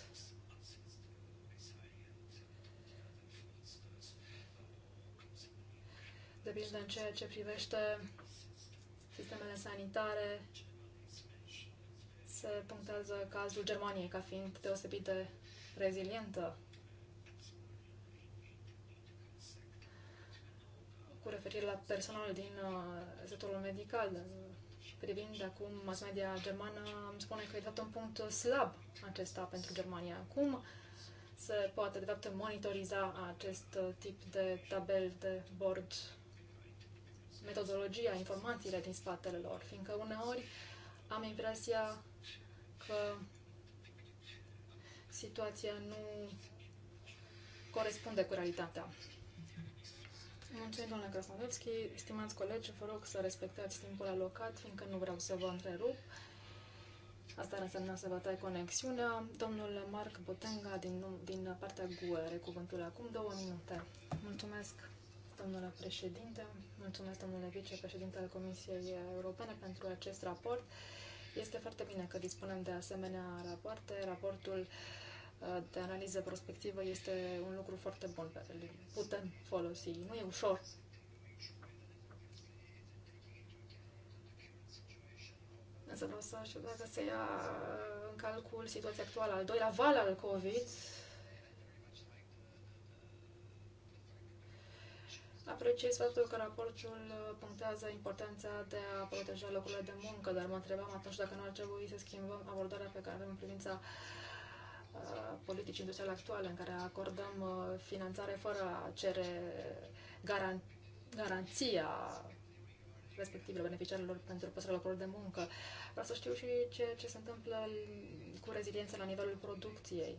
de pildă în ceea ce privește sistemele sanitare, se punctează cazul Germaniei ca fiind deosebit de rezilientă cu referire la personalul din uh, sectorul medical. Privind acum mass media germană, îmi spune că e de fapt un punct slab acesta pentru Germania. Cum se poate de fapt monitoriza acest tip de tabel de bord, metodologia, informațiile din spatele lor? Fiindcă uneori am impresia că situația nu corespunde cu realitatea. Mulțumim, domnule Krasnodevski. Stimați colegi, vă rog să respectați timpul alocat, fiindcă nu vreau să vă întrerup. Asta ar însemna să vă tai conexiunea. Domnul Marc Botenga, din, din partea GUE, are cuvântul acum două minute. Mulțumesc, domnule președinte. Mulțumesc, domnule vicepreședinte al Comisiei Europene, pentru acest raport. Este foarte bine că dispunem de asemenea rapoarte. Raportul uh, de analiză prospectivă este un lucru foarte bun pe care putem folosi. Nu e ușor. Însă vreau să știu dacă se ia în calcul situația actuală, al doilea val al COVID, Apreciez faptul că raportul punctează importanța de a proteja locurile de muncă, dar mă întrebam atunci dacă nu ar trebui să schimbăm abordarea pe care avem în privința uh, politici industriale actuale în care acordăm uh, finanțare fără a cere garan garanția respectivele beneficiarilor pentru păstrarea locurilor de muncă. Vreau să știu și ce, ce se întâmplă cu reziliența la nivelul producției.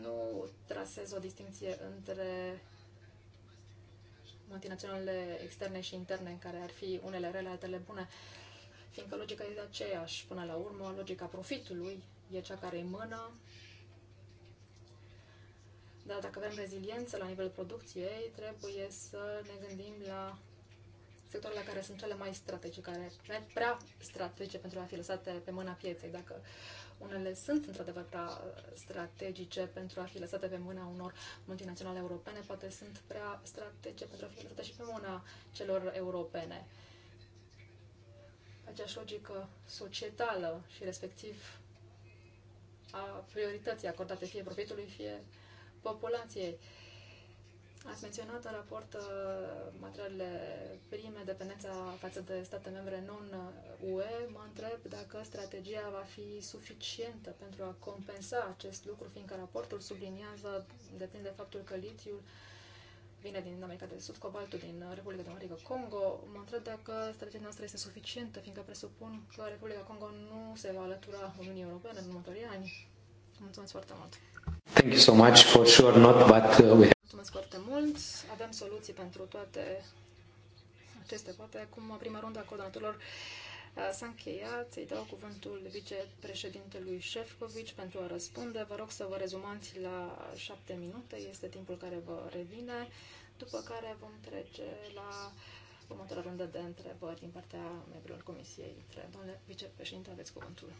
Nu trasez o distinție între multinaționale externe și interne, în care ar fi unele rele, altele bune, fiindcă logica este aceeași până la urmă, logica profitului e cea care îi mână dar dacă avem reziliență la nivel producției, trebuie să ne gândim la sectoarele care sunt cele mai strategice, care sunt prea strategice pentru a fi lăsate pe mâna pieței. Dacă unele sunt într-adevăr prea strategice pentru a fi lăsate pe mâna unor multinaționale europene, poate sunt prea strategice pentru a fi lăsate și pe mâna celor europene. Aceeași logică societală și respectiv a priorității acordate fie profitului, fie uh, populației. Ați menționat în raport uh, materialele prime, dependența față de state membre non-UE. Uh, mă întreb dacă strategia va fi suficientă pentru a compensa acest lucru, fiindcă raportul subliniază, depinde de faptul că litiul vine din America de Sud, cobaltul din Republica Democratică Congo. Mă întreb dacă strategia noastră este suficientă, fiindcă presupun că Republica Congo nu se va alătura Uniunii Europene în următorii ani. Mulțumesc foarte mult! Thank you so much. For sure not, but uh, we Mulțumesc foarte mult. Avem soluții pentru toate aceste Poate acum prima rundă a coordonatorilor uh, s-a încheiat. Îi dau cuvântul vicepreședintelui Șefcovic pentru a răspunde. Vă rog să vă rezumați la șapte minute. Este timpul care vă revine. După care vom trece la următoarea rundă de întrebări din partea membrilor Comisiei. Domnule vicepreședinte, aveți cuvântul.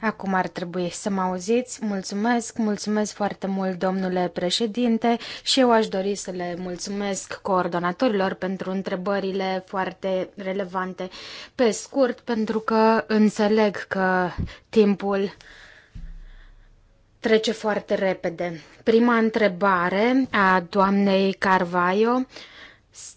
Acum ar trebui să mă auziți. Mulțumesc, mulțumesc foarte mult, domnule președinte, și eu aș dori să le mulțumesc coordonatorilor pentru întrebările foarte relevante. Pe scurt, pentru că înțeleg că timpul trece foarte repede. Prima întrebare a doamnei Carvaio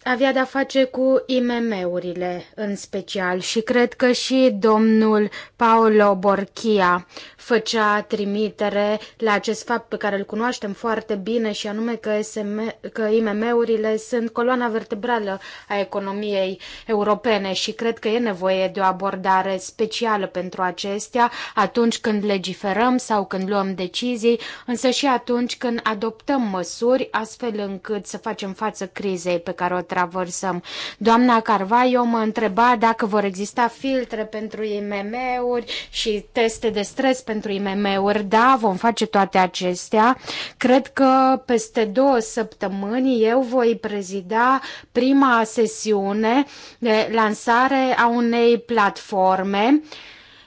avea de-a face cu IMM-urile în special și cred că și domnul Paolo Borchia făcea trimitere la acest fapt pe care îl cunoaștem foarte bine și anume că, SM, că IMM-urile sunt coloana vertebrală a economiei europene și cred că e nevoie de o abordare specială pentru acestea atunci când legiferăm sau când luăm decizii, însă și atunci când adoptăm măsuri astfel încât să facem față crizei pe care o traversăm. Doamna Carvaio mă întreba dacă vor exista filtre pentru IMM-uri și teste de stres pentru pentru IMM-uri, da, vom face toate acestea. Cred că peste două săptămâni eu voi prezida prima sesiune de lansare a unei platforme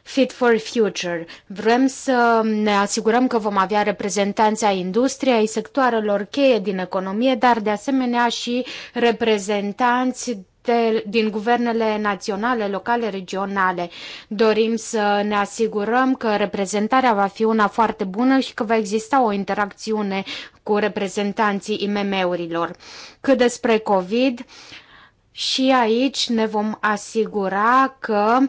Fit for Future. Vrem să ne asigurăm că vom avea reprezentanți ai industriei, ai sectoarelor cheie din economie, dar de asemenea și reprezentanți de, din guvernele naționale, locale, regionale. Dorim să ne asigurăm că reprezentarea va fi una foarte bună și că va exista o interacțiune cu reprezentanții IMM-urilor. Cât despre COVID, și aici ne vom asigura că uh,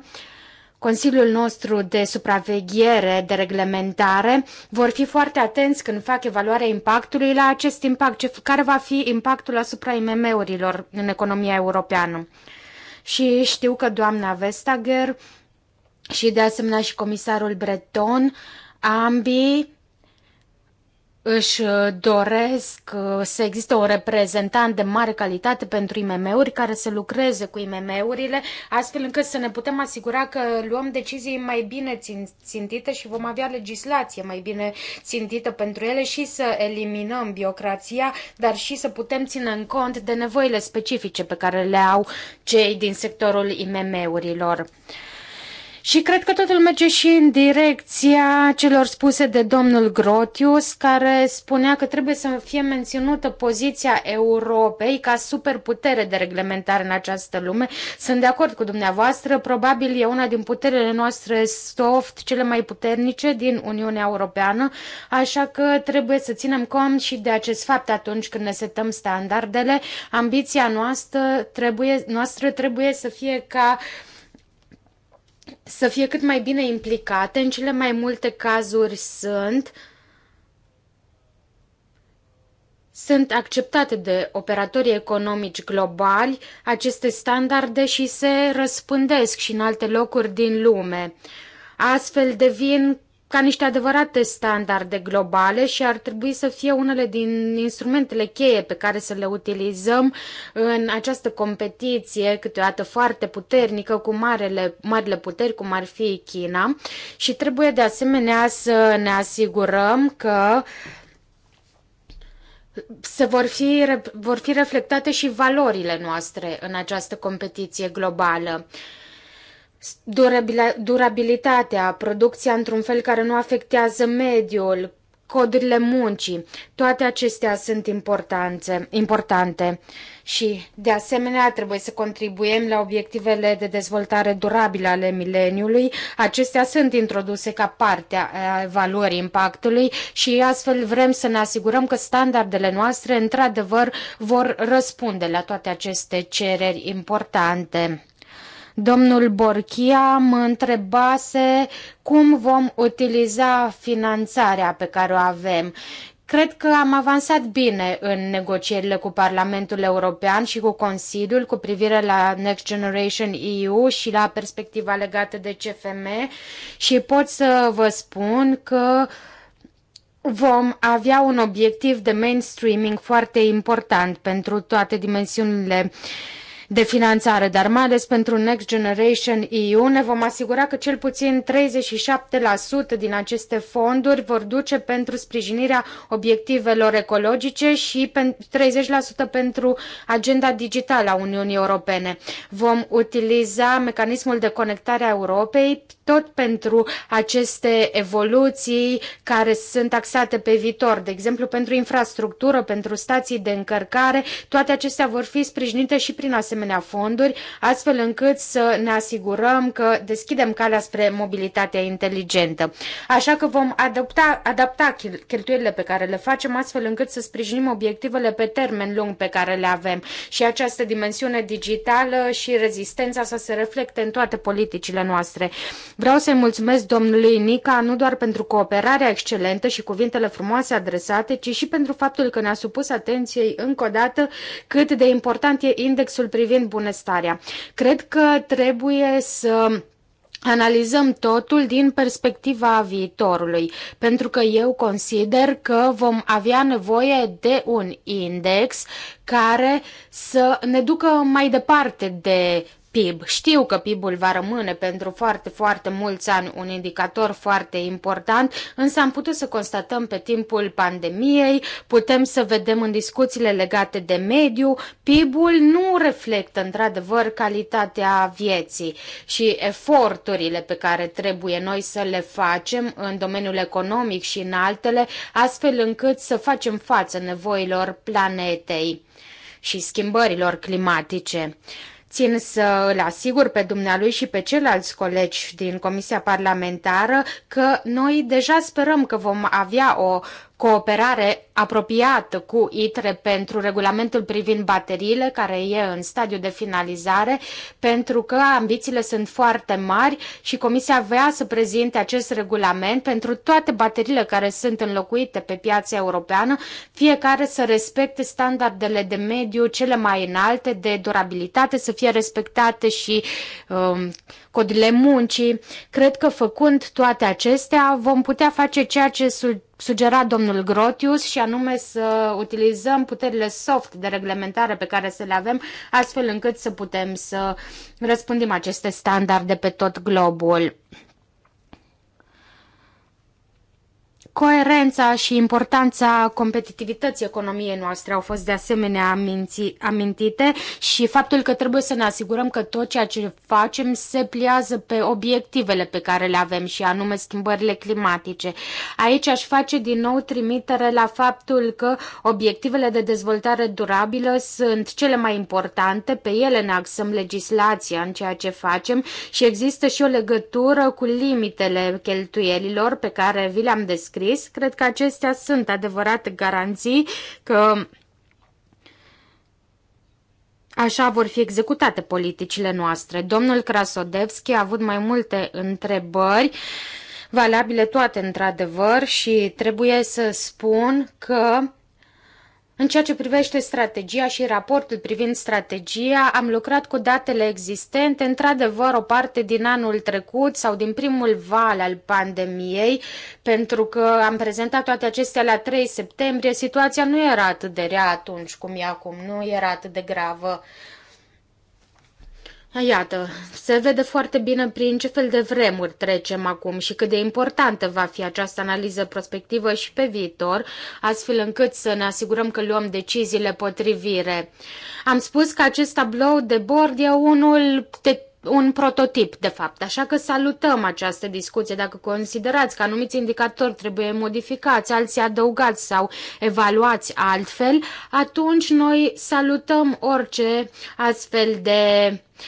Consiliul nostru de supraveghere, de reglementare, vor fi foarte atenți când fac evaluarea impactului la acest impact, care va fi impactul asupra IMM-urilor în economia europeană. Și știu că doamna Vestager și de asemenea și comisarul Breton, ambii își uh, doresc uh, să existe un reprezentant de mare calitate pentru IMM-uri care să lucreze cu IMM-urile, astfel încât să ne putem asigura că luăm decizii mai bine țintite și vom avea legislație mai bine țintită pentru ele și să eliminăm biocrația, dar și să putem ține în cont de nevoile specifice pe care le au cei din sectorul IMM-urilor. Și cred că totul merge și în direcția celor spuse de domnul Grotius, care spunea că trebuie să fie menținută poziția Europei ca superputere de reglementare în această lume. Sunt de acord cu dumneavoastră, probabil e una din puterile noastre soft, cele mai puternice din Uniunea Europeană, așa că trebuie să ținem cont și de acest fapt atunci când ne setăm standardele. Ambiția noastră trebuie, noastră trebuie să fie ca uh, să fie cât mai bine implicate. În cele mai multe cazuri sunt sunt acceptate de operatorii economici globali aceste standarde și se răspândesc și în alte locuri din lume. Astfel devin ca niște adevărate standarde globale și ar trebui să fie unele din instrumentele cheie pe care să le utilizăm în această competiție câteodată foarte puternică cu marele, marile puteri, cum ar fi China. Și trebuie de asemenea să ne asigurăm că se vor fi, vor fi reflectate și valorile noastre în această competiție globală. Uh, durabilitatea, producția într-un fel care nu afectează mediul, codurile muncii, toate acestea sunt importante, importante și, de asemenea, trebuie să contribuim la obiectivele de dezvoltare durabilă ale mileniului. Acestea sunt introduse ca parte a evaluării impactului și astfel vrem să ne asigurăm că standardele noastre, într-adevăr, vor răspunde la toate aceste cereri importante. Domnul Borchia mă întrebase cum vom utiliza finanțarea pe care o avem. Cred că am avansat bine în negocierile cu Parlamentul European și cu Consiliul cu privire la Next Generation EU și la perspectiva legată de CFM și pot să vă spun că vom avea un obiectiv de mainstreaming foarte important pentru toate dimensiunile uh, de finanțare, dar mai ales pentru Next Generation EU ne vom asigura că cel puțin 37% din aceste fonduri vor duce pentru sprijinirea obiectivelor ecologice și 30% pentru agenda digitală a Uniunii Europene. Vom utiliza mecanismul de conectare a Europei tot pentru aceste evoluții care sunt axate pe viitor, de exemplu pentru infrastructură, pentru stații de încărcare, toate acestea vor fi sprijinite și prin asemenea asemenea fonduri, astfel încât să ne asigurăm că deschidem calea spre mobilitatea inteligentă. Așa că vom adapta, adapta cheltuielile pe care le facem, astfel încât să sprijinim obiectivele pe termen lung pe care le avem. Și această dimensiune digitală și rezistența să se reflecte în toate politicile noastre. Vreau să-i mulțumesc domnului Nica nu doar pentru cooperarea excelentă și cuvintele frumoase adresate, ci și pentru faptul că ne-a supus atenției încă o dată cât de important e indexul privind privind bunăstarea. Cred că trebuie să analizăm totul din perspectiva viitorului, pentru că eu consider că vom avea nevoie de un index care să ne ducă mai departe de PIB. Știu că PIB-ul va rămâne pentru foarte, foarte mulți ani un indicator foarte important, însă am putut să constatăm pe timpul pandemiei, putem să vedem în discuțiile legate de mediu, PIB-ul nu reflectă într-adevăr calitatea vieții și eforturile pe care trebuie noi să le facem în domeniul economic și în altele, astfel încât să facem față nevoilor planetei și schimbărilor climatice. Țin să îl asigur pe dumnealui și pe ceilalți colegi din Comisia Parlamentară că noi deja sperăm că vom avea o cooperare apropiată cu ITRE pentru regulamentul privind bateriile, care e în stadiu de finalizare, pentru că ambițiile sunt foarte mari și Comisia vrea să prezinte acest regulament pentru toate bateriile care sunt înlocuite pe piața europeană, fiecare să respecte standardele de mediu cele mai înalte de durabilitate, să fie respectate și um, codile muncii. Cred că făcând toate acestea vom putea face ceea ce sugera domnul Grotius și anume să utilizăm puterile soft de reglementare pe care să le avem astfel încât să putem să răspândim aceste standarde pe tot globul. Coerența și importanța competitivității economiei noastre au fost de asemenea aminti, amintite și faptul că trebuie să ne asigurăm că tot ceea ce facem se pliază pe obiectivele pe care le avem și anume schimbările climatice. Aici aș face din nou trimitere la faptul că obiectivele de dezvoltare durabilă sunt cele mai importante, pe ele ne axăm legislația în ceea ce facem și există și o legătură cu limitele cheltuielilor pe care vi le-am descris Paris. Cred că acestea sunt adevărate garanții că Așa vor fi executate politicile noastre. Domnul Krasodevski a avut mai multe întrebări, valabile toate într-adevăr, și trebuie să spun că în ceea ce privește strategia și raportul privind strategia, am lucrat cu datele existente. Într-adevăr, o parte din anul trecut sau din primul val al pandemiei, pentru că am prezentat toate acestea la 3 septembrie, situația nu era atât de rea atunci cum e acum, nu era atât de gravă. Ah, iată, se vede foarte bine prin ce fel de vremuri trecem acum și cât de importantă va fi această analiză prospectivă și pe viitor, astfel încât să ne asigurăm că luăm deciziile potrivire. Am spus că acest tablou de bord e unul de un prototip, de fapt. Așa că salutăm această discuție. Dacă considerați că anumiți indicatori trebuie modificați, alții adăugați sau evaluați altfel, atunci noi salutăm orice astfel de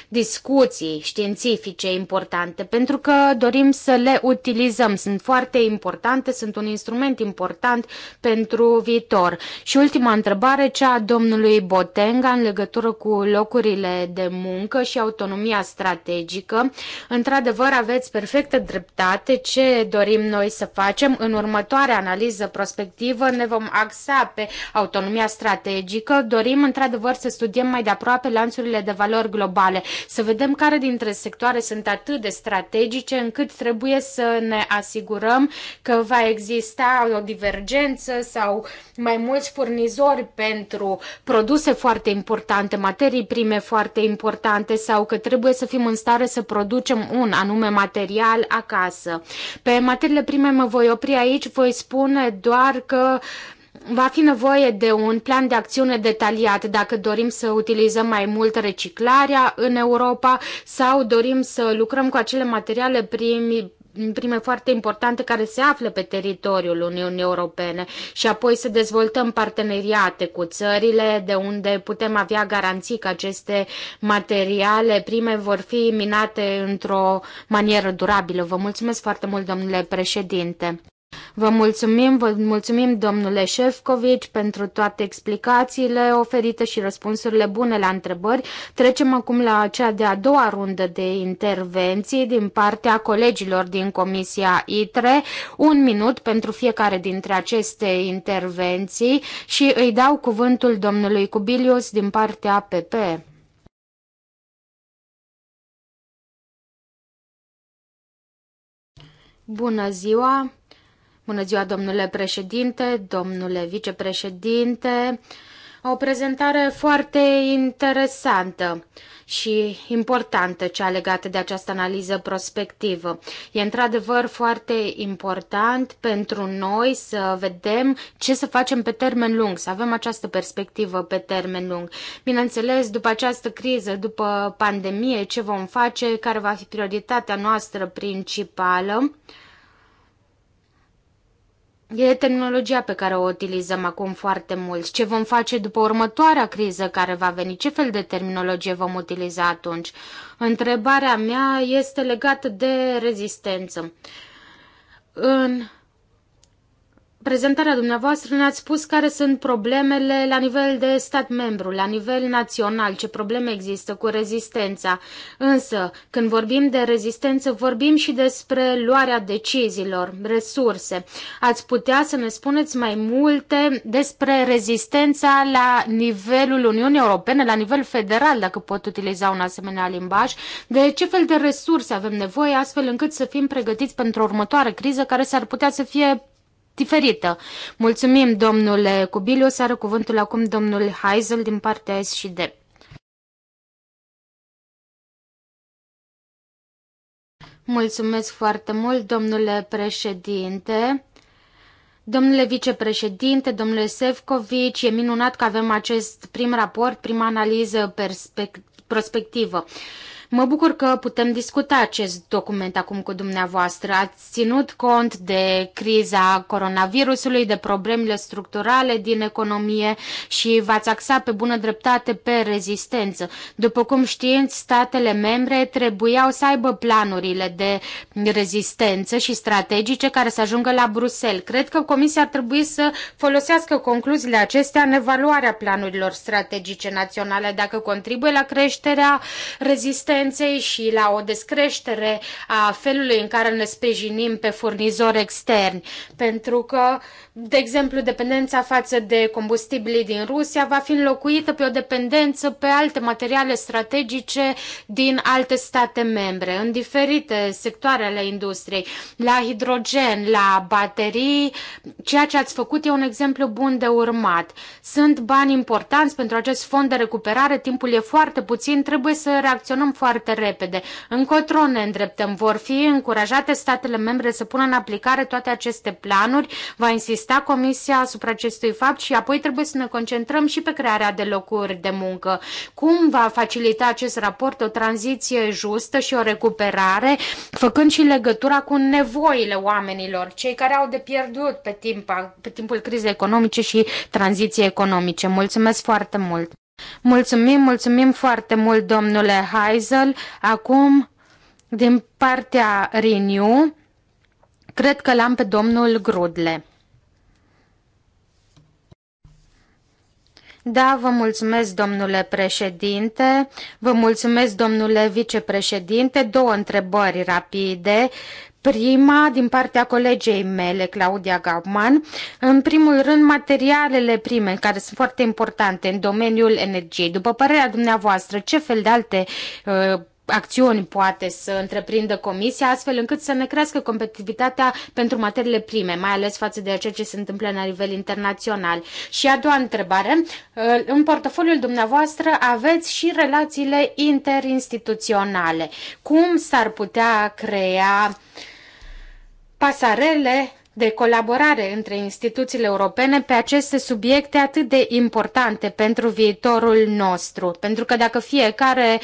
discuții științifice importante, pentru că dorim să le utilizăm. Sunt foarte importante, sunt un instrument important pentru viitor. Și ultima întrebare, cea a domnului Botenga în legătură cu locurile de muncă și autonomia strategică. Într-adevăr, aveți perfectă dreptate ce dorim noi să facem. În următoarea analiză prospectivă ne vom axa pe autonomia strategică. Dorim, într-adevăr, să studiem mai de aproape lanțurile de valori globale sectoare, să vedem care dintre sectoare sunt atât de strategice încât trebuie să ne asigurăm că va exista o divergență sau mai mulți furnizori pentru produse foarte importante, materii prime foarte importante sau că trebuie să fim în stare să producem un anume material acasă. Pe materiile prime mă voi opri aici, voi spune doar că Va fi nevoie de un plan de acțiune detaliat dacă dorim să utilizăm mai mult reciclarea în Europa sau dorim să lucrăm cu acele materiale primi, prime foarte importante care se află pe teritoriul Uniunii Europene și apoi să dezvoltăm parteneriate cu țările de unde putem avea garanții că aceste materiale prime vor fi minate într-o manieră durabilă. Vă mulțumesc foarte mult, domnule președinte. Vă mulțumim, vă mulțumim domnule Șefcovici pentru toate explicațiile oferite și răspunsurile bune la întrebări. Trecem acum la cea de-a doua rundă de intervenții din partea colegilor din Comisia ITRE. Un minut pentru fiecare dintre aceste intervenții și îi dau cuvântul domnului Cubilius din partea PP. Bună ziua! Bună ziua, domnule președinte, domnule vicepreședinte. O prezentare foarte interesantă și importantă cea legată de această analiză prospectivă. E într-adevăr foarte important pentru noi să vedem ce să facem pe termen lung, să avem această perspectivă pe termen lung. Bineînțeles, după această criză, după pandemie, ce vom face, care va fi prioritatea noastră principală E tehnologia pe care o utilizăm acum foarte mult. Ce vom face după următoarea criză care va veni? Ce fel de terminologie vom utiliza atunci? Întrebarea mea este legată de rezistență. În prezentarea dumneavoastră ne-ați spus care sunt problemele la nivel de stat membru, la nivel național, ce probleme există cu rezistența. Însă, când vorbim de rezistență, vorbim și despre luarea deciziilor, resurse. Ați putea să ne spuneți mai multe despre rezistența la nivelul Uniunii Europene, la nivel federal, dacă pot utiliza un asemenea limbaj, de ce fel de resurse avem nevoie astfel încât să fim pregătiți pentru următoare criză care s-ar putea să fie diferită. Mulțumim, domnule să Are cuvântul acum domnul Heisel din partea S și D. Mulțumesc foarte mult, domnule președinte. Domnule vicepreședinte, domnule Sefcovici, e minunat că avem acest prim raport, prima analiză prospectivă. Mă bucur că putem discuta acest document acum cu dumneavoastră. Ați ținut cont de criza coronavirusului, de problemele structurale din economie și v-ați axat pe bună dreptate pe rezistență. După cum știți, statele membre trebuiau să aibă planurile de rezistență și strategice care să ajungă la Bruxelles. Cred că Comisia ar trebui să folosească concluziile acestea în evaluarea planurilor strategice naționale, dacă contribuie la creșterea rezistenței concurenței și la o descreștere a felului în care ne sprijinim pe furnizori externi. Pentru că, de exemplu, dependența față de combustibilii din Rusia va fi înlocuită pe o dependență pe alte materiale strategice din alte state membre, în diferite sectoare ale industriei, la hidrogen, la baterii. Ceea ce ați făcut e un exemplu bun de urmat. Sunt bani importanți pentru acest fond de recuperare, timpul e foarte puțin, trebuie să reacționăm foarte foarte repede. Încotro ne îndreptăm. Vor fi încurajate statele membre să pună în aplicare toate aceste planuri. Va insista Comisia asupra acestui fapt și apoi trebuie să ne concentrăm și pe crearea de locuri de muncă. Cum va facilita acest raport o tranziție justă și o recuperare, făcând și legătura cu nevoile oamenilor, cei care au de pierdut pe, timp, pe timpul crizei economice și tranziției economice. Mulțumesc foarte mult! Mulțumim, mulțumim foarte mult, domnule Heisel. Acum, din partea Renew, cred că l-am pe domnul Grudle. Da, vă mulțumesc, domnule președinte. Vă mulțumesc, domnule vicepreședinte. Două întrebări rapide prima din partea colegei mele, Claudia Gauman. În primul rând, materialele prime, care sunt foarte importante în domeniul energiei. După părerea dumneavoastră, ce fel de alte uh, acțiuni poate să întreprindă Comisia, astfel încât să ne crească competitivitatea pentru materiile prime, mai ales față de ceea ce se întâmplă la nivel internațional. Și a doua întrebare, uh, în portofoliul dumneavoastră aveți și relațiile interinstituționale. Cum s-ar putea crea pasarele de colaborare între instituțiile europene pe aceste subiecte atât de importante pentru viitorul nostru. Pentru că dacă fiecare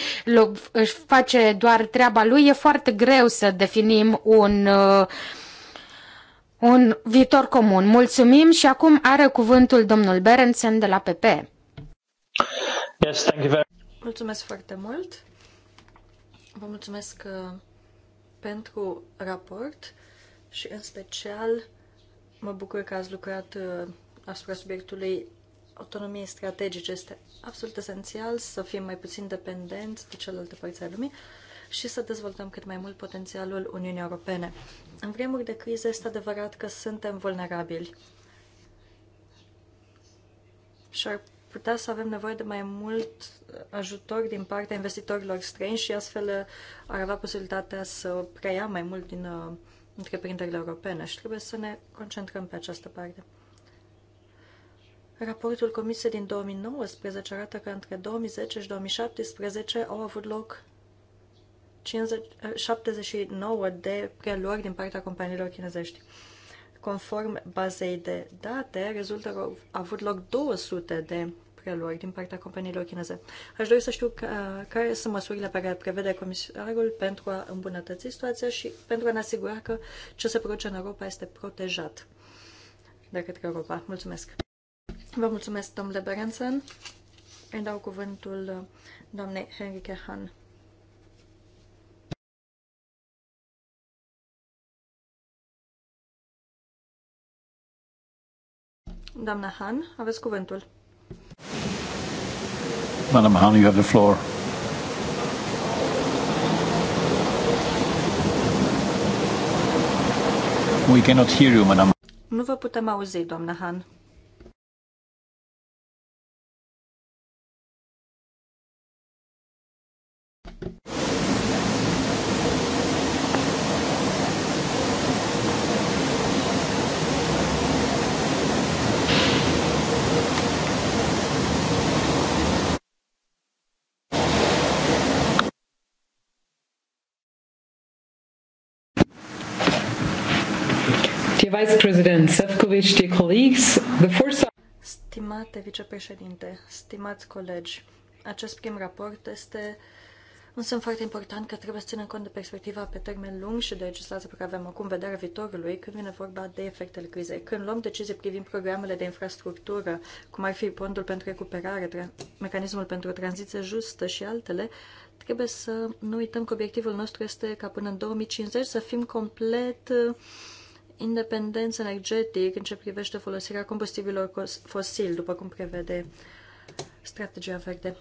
își face doar treaba lui, e foarte greu să definim un, uh, un viitor comun. Mulțumim și acum are cuvântul domnul Berensen de la PP. Yes, thank you very... Mulțumesc foarte mult. Vă mulțumesc uh, pentru raport și în special mă bucur că ați lucrat uh, asupra subiectului autonomie strategice. Este absolut esențial să fim mai puțin dependenți de celelalte părți ale lumii și să dezvoltăm cât mai mult potențialul Uniunii Europene. În vremuri de criză este adevărat că suntem vulnerabili și ar putea să avem nevoie de mai mult uh, ajutor din partea investitorilor străini și astfel uh, ar avea posibilitatea să preia mai mult din întreprinderile europene și trebuie să ne concentrăm pe această parte. Raportul Comisiei din 2019 arată că între 2010 și 2017 au avut loc 50, 79 de preluări din partea companiilor chinezești. Conform bazei de date, rezultă că au avut loc 200 de drepturile lor din partea companiilor chineze. Aș dori să știu că, care sunt măsurile pe care prevede comisarul pentru a îmbunătăți situația și pentru a ne asigura că ce se produce în Europa este protejat de către Europa. Mulțumesc! Vă mulțumesc, domnule Berenson. Îi dau cuvântul doamnei Henrike Han. Doamna Han, aveți cuvântul. Madam Mahan, you have the floor. We cannot hear you, Madam. Nu vă putem auzi, doamna Han. colleagues, the first... Stimate vicepreședinte, stimați colegi, acest prim raport este un semn foarte important că trebuie să ținem cont de perspectiva pe termen lung și de legislație pe care avem acum vederea viitorului când vine vorba de efectele crizei. Când luăm decizii privind programele de infrastructură, cum ar fi fondul pentru recuperare, mecanismul pentru o tranziție justă și altele, trebuie să nu uităm că obiectivul nostru este ca până în 2050 să fim complet uh, independență energetică în ce privește folosirea combustibilor fosili, după cum prevede strategia verde.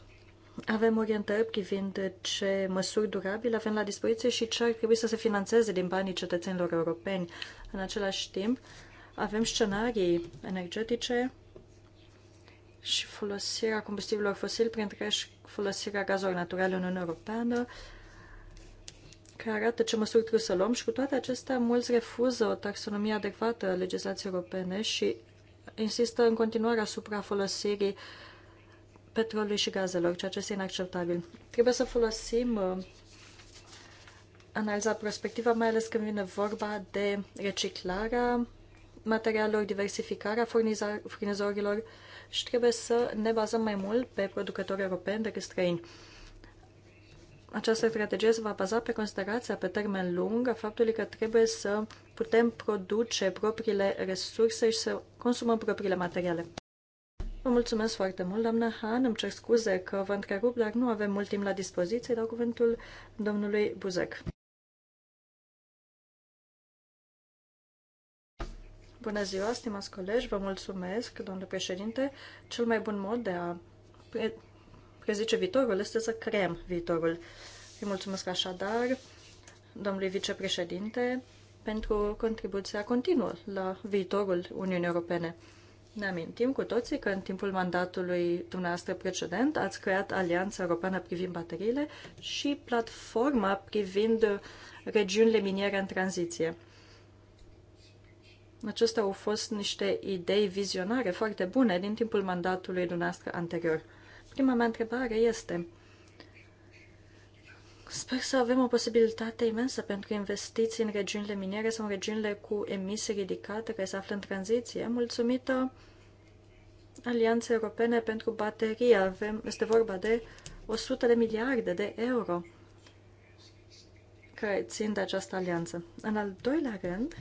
Avem orientări privind ce măsuri durabile avem la dispoziție și ce ar trebui să se financeze din banii cetățenilor europeni. În același timp, avem scenarii energetice și folosirea combustibilor fosili, printre care și folosirea gazelor naturale în Uniunea Europeană, care arată ce măsuri trebuie să luăm și cu toate acestea mulți refuză o taxonomie adecvată a legislației europene și insistă în continuare asupra folosirii petrolului și gazelor, ceea ce este inacceptabil. Trebuie să folosim uh, analiza prospectivă, mai ales când vine vorba de reciclarea materialelor, diversificarea furnizorilor și trebuie să ne bazăm mai mult pe producători europeni decât străini această strategie se va baza pe considerația pe termen lung a faptului că trebuie să putem produce propriile resurse și să consumăm propriile materiale. Vă mulțumesc foarte mult, doamnă Han. Îmi cer scuze că vă întrerup, dar nu avem mult timp la dispoziție. Dau cuvântul domnului Buzek. Bună ziua, stimați colegi, vă mulțumesc, domnule președinte. Cel mai bun mod de a prezice viitorul este să creăm viitorul. Îi mulțumesc așadar domnului vicepreședinte pentru contribuția continuă la viitorul Uniunii Europene. Ne amintim cu toții că în timpul mandatului dumneavoastră precedent ați creat Alianța Europeană privind bateriile și platforma privind regiunile miniere în tranziție. Acestea au fost niște idei vizionare foarte bune din timpul mandatului dumneavoastră anterior. Prima mea întrebare este, sper să avem o posibilitate imensă pentru investiții în regiunile miniere sau în regiunile cu emisii ridicate care se află în tranziție, mulțumită Alianței Europene pentru Baterie. Avem, este vorba de 100 de miliarde de euro care țin de această alianță. În al doilea rând,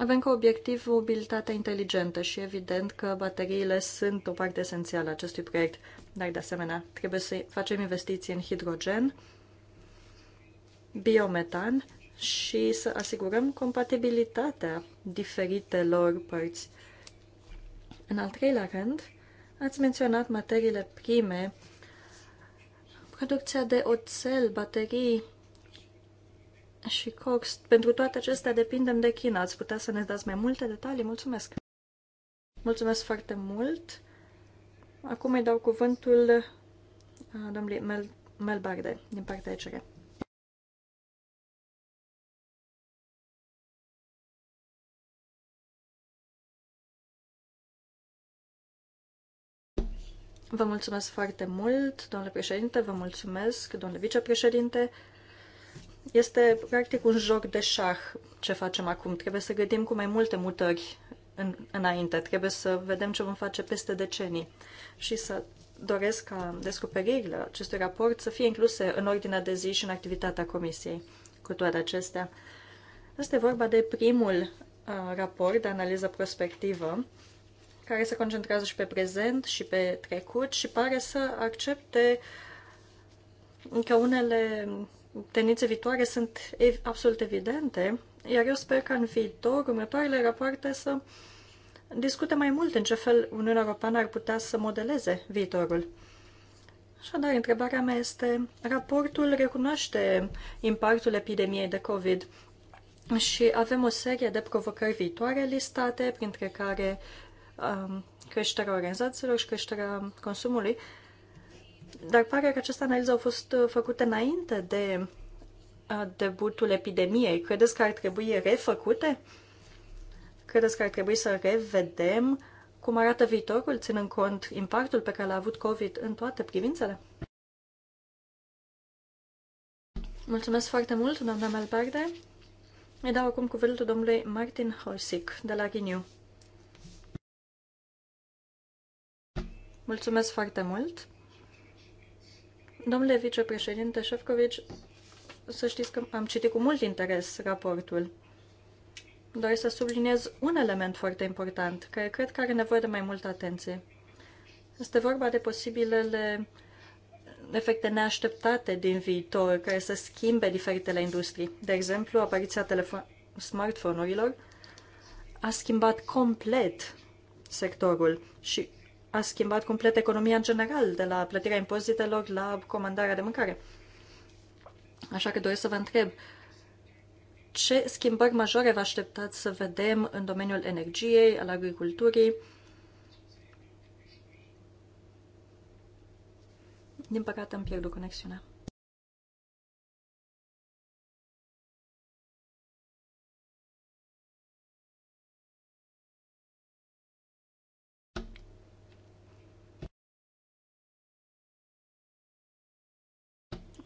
Avem ca obiectiv mobilitatea inteligentă și evident că bateriile sunt o parte esențială a acestui proiect, dar de asemenea trebuie să facem investiții în hidrogen, biometan și să asigurăm compatibilitatea diferitelor părți. În al treilea rând, ați menționat materiile prime, producția de oțel, baterii, și Cox. Pentru toate acestea depindem de China. Ați putea să ne dați mai multe detalii? Mulțumesc! Mulțumesc foarte mult! Acum îi dau cuvântul uh, domnului Mel, Mel Barde, din partea ECR. Vă mulțumesc foarte mult, domnule președinte, vă mulțumesc, domnule vicepreședinte. Este practic un joc de șah ce facem acum. Trebuie să gândim cu mai multe mutări în, înainte. Trebuie să vedem ce vom face peste decenii și să doresc ca descoperirile acestui raport să fie incluse în ordinea de zi și în activitatea comisiei. Cu toate acestea, este vorba de primul uh, raport de analiză prospectivă care se concentrează și pe prezent și pe trecut și pare să accepte că unele tendințe viitoare sunt absolut evidente, iar eu sper că în viitor, următoarele rapoarte să discute mai mult în ce fel Uniunea Europeană ar putea să modeleze viitorul. Așadar, întrebarea mea este, raportul recunoaște impactul epidemiei de COVID și avem o serie de provocări viitoare listate, printre care um, creșterea organizațiilor și creșterea consumului, dar pare că aceste analize au fost uh, făcute înainte de uh, debutul epidemiei. Credeți că ar trebui refăcute? Credeți că ar trebui să revedem cum arată viitorul, ținând cont impactul pe care l-a avut COVID în toate privințele? Mulțumesc foarte mult, doamna Melbarde. Îi dau acum cuvântul domnului Martin Hosic de la Renew. Mulțumesc foarte mult. Domnule vicepreședinte Șefcovici, să știți că am citit cu mult interes raportul. Doar să subliniez un element foarte important, care cred că are nevoie de mai multă atenție. Este vorba de posibilele efecte neașteptate din viitor care să schimbe diferitele industrii. De exemplu, apariția smartphone-urilor a schimbat complet sectorul și a schimbat complet economia în general, de la plătirea impozitelor la comandarea de mâncare. Așa că doresc să vă întreb, ce schimbări majore vă așteptați să vedem în domeniul energiei, al agriculturii? Din păcate îmi pierd conexiunea.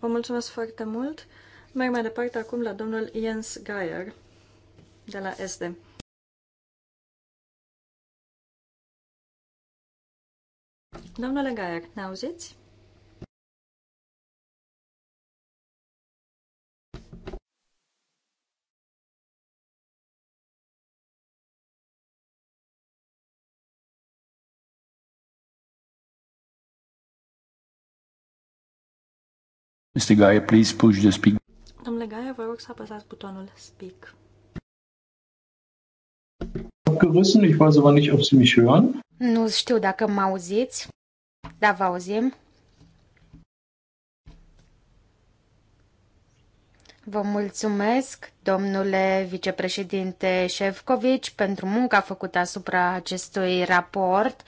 Vă mulțumesc foarte mult. Merg mai departe acum la domnul Jens Geier de la SD. Domnule Geier, ne auziți? Mr. Gaia, please push the speak. Domnule Gaia, vă rog să apăsați butonul speak. Abgerissen, ich weiß aber nicht, ob Sie mich hören. Nu știu dacă mă auziți. dar vă auzim. Vă mulțumesc, domnule vicepreședinte Șefcovici, pentru munca făcută asupra acestui raport. Uh,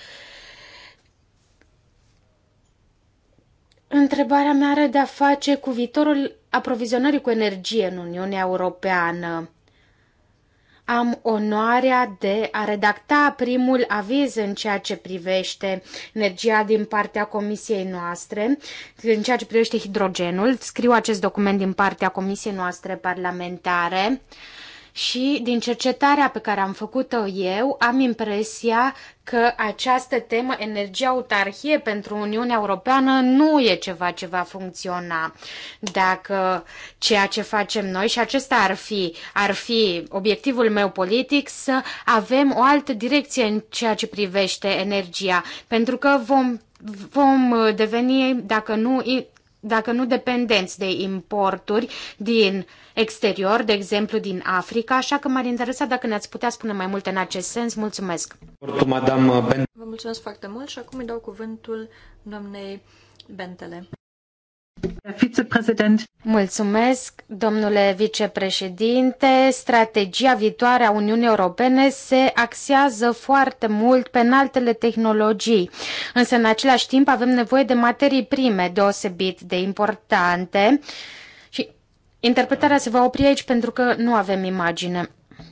Întrebarea mea are de-a face cu viitorul aprovizionării cu energie în Uniunea Europeană. Am onoarea de a redacta primul aviz în ceea ce privește energia din partea comisiei noastre, în ceea ce privește hidrogenul. Scriu acest document din partea comisiei noastre parlamentare și din cercetarea pe care am făcut-o eu am impresia că această temă energia autarhie pentru Uniunea Europeană nu e ceva ce va funcționa. Dacă ceea ce facem noi și acesta ar fi, ar fi obiectivul meu politic să avem o altă direcție în ceea ce privește energia, pentru că vom vom deveni, dacă nu, dacă nu dependenți de importuri din exterior, de exemplu din Africa, așa că m-ar interesa dacă ne-ați putea spune mai multe în acest sens. Mulțumesc! Vă mulțumesc foarte mult și acum îi dau cuvântul doamnei Bentele. Mulțumesc, domnule vicepreședinte. Strategia viitoare a Uniunii Europene se axează foarte mult pe altele tehnologii, însă în același timp avem nevoie de materii prime deosebit de importante și interpretarea se va opri aici pentru că nu avem imagine.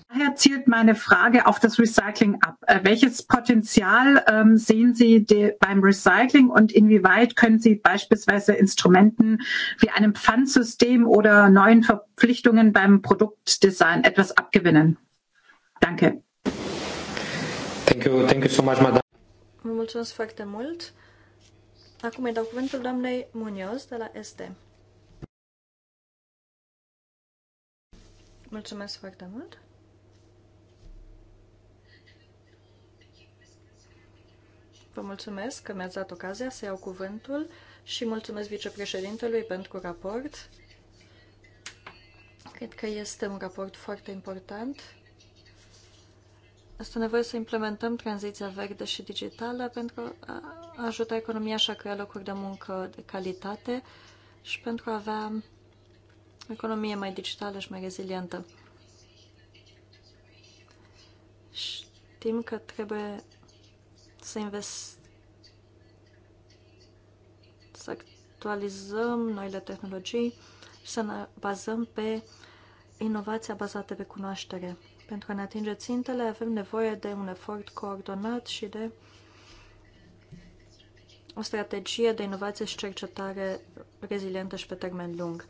Daher zielt meine Frage auf das Recycling ab. Äh, welches Potenzial ähm, sehen Sie beim Recycling und inwieweit können Sie beispielsweise Instrumenten wie einem Pfandsystem oder neuen Verpflichtungen beim Produktdesign etwas abgewinnen? Danke. Thank you, thank you so much, madam. Vă mulțumesc foarte mult. Acum îi dau cuvântul doamnei Munoz de la ST. Mulțumesc foarte mult. Vă mulțumesc că mi-ați dat ocazia să iau cuvântul și mulțumesc vicepreședintelui pentru raport. Cred că este un raport foarte important. Este nevoie să implementăm tranziția verde și digitală pentru a ajuta economia și a crea locuri de muncă de calitate și pentru a avea o economie mai digitală și mai rezilientă. Știm că trebuie să invest să actualizăm noile tehnologii și să ne bazăm pe inovația bazată pe cunoaștere. Pentru a ne atinge țintele avem nevoie de un efort coordonat și de o strategie de inovație și cercetare rezilientă și pe termen lung.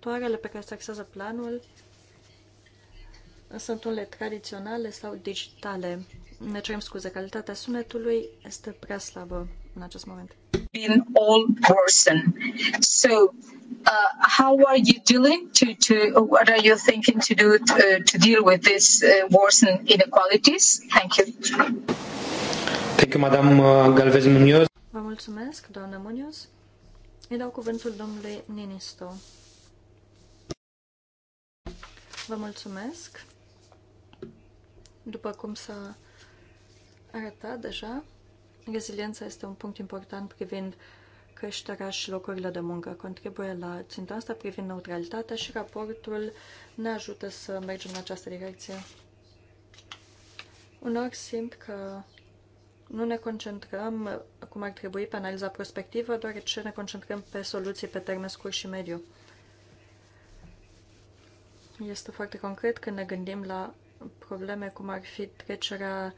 Toarele pe care se axează planul sunt unele tradiționale sau digitale. Ne cerem scuze, calitatea sunetului este prea slabă în acest moment. In all person. So, uh, how are you dealing to, to what are you thinking to do to, uh, to deal with this uh, worsen inequalities? Thank you. Thank you, Madam uh, Galvez Munoz. Vă mulțumesc, doamna Munoz. Îi dau cuvântul domnului Ninisto. Vă mulțumesc. După cum s-a arătat deja, reziliența este un punct important privind creșterea și locurile de muncă. Contribuie la ținta asta privind neutralitatea și raportul ne ajută să mergem în această direcție. Unor simt că nu ne concentrăm cum ar trebui pe analiza prospectivă, deoarece ne concentrăm pe soluții pe termen scurt și mediu este foarte concret când ne gândim la probleme cum ar fi trecerea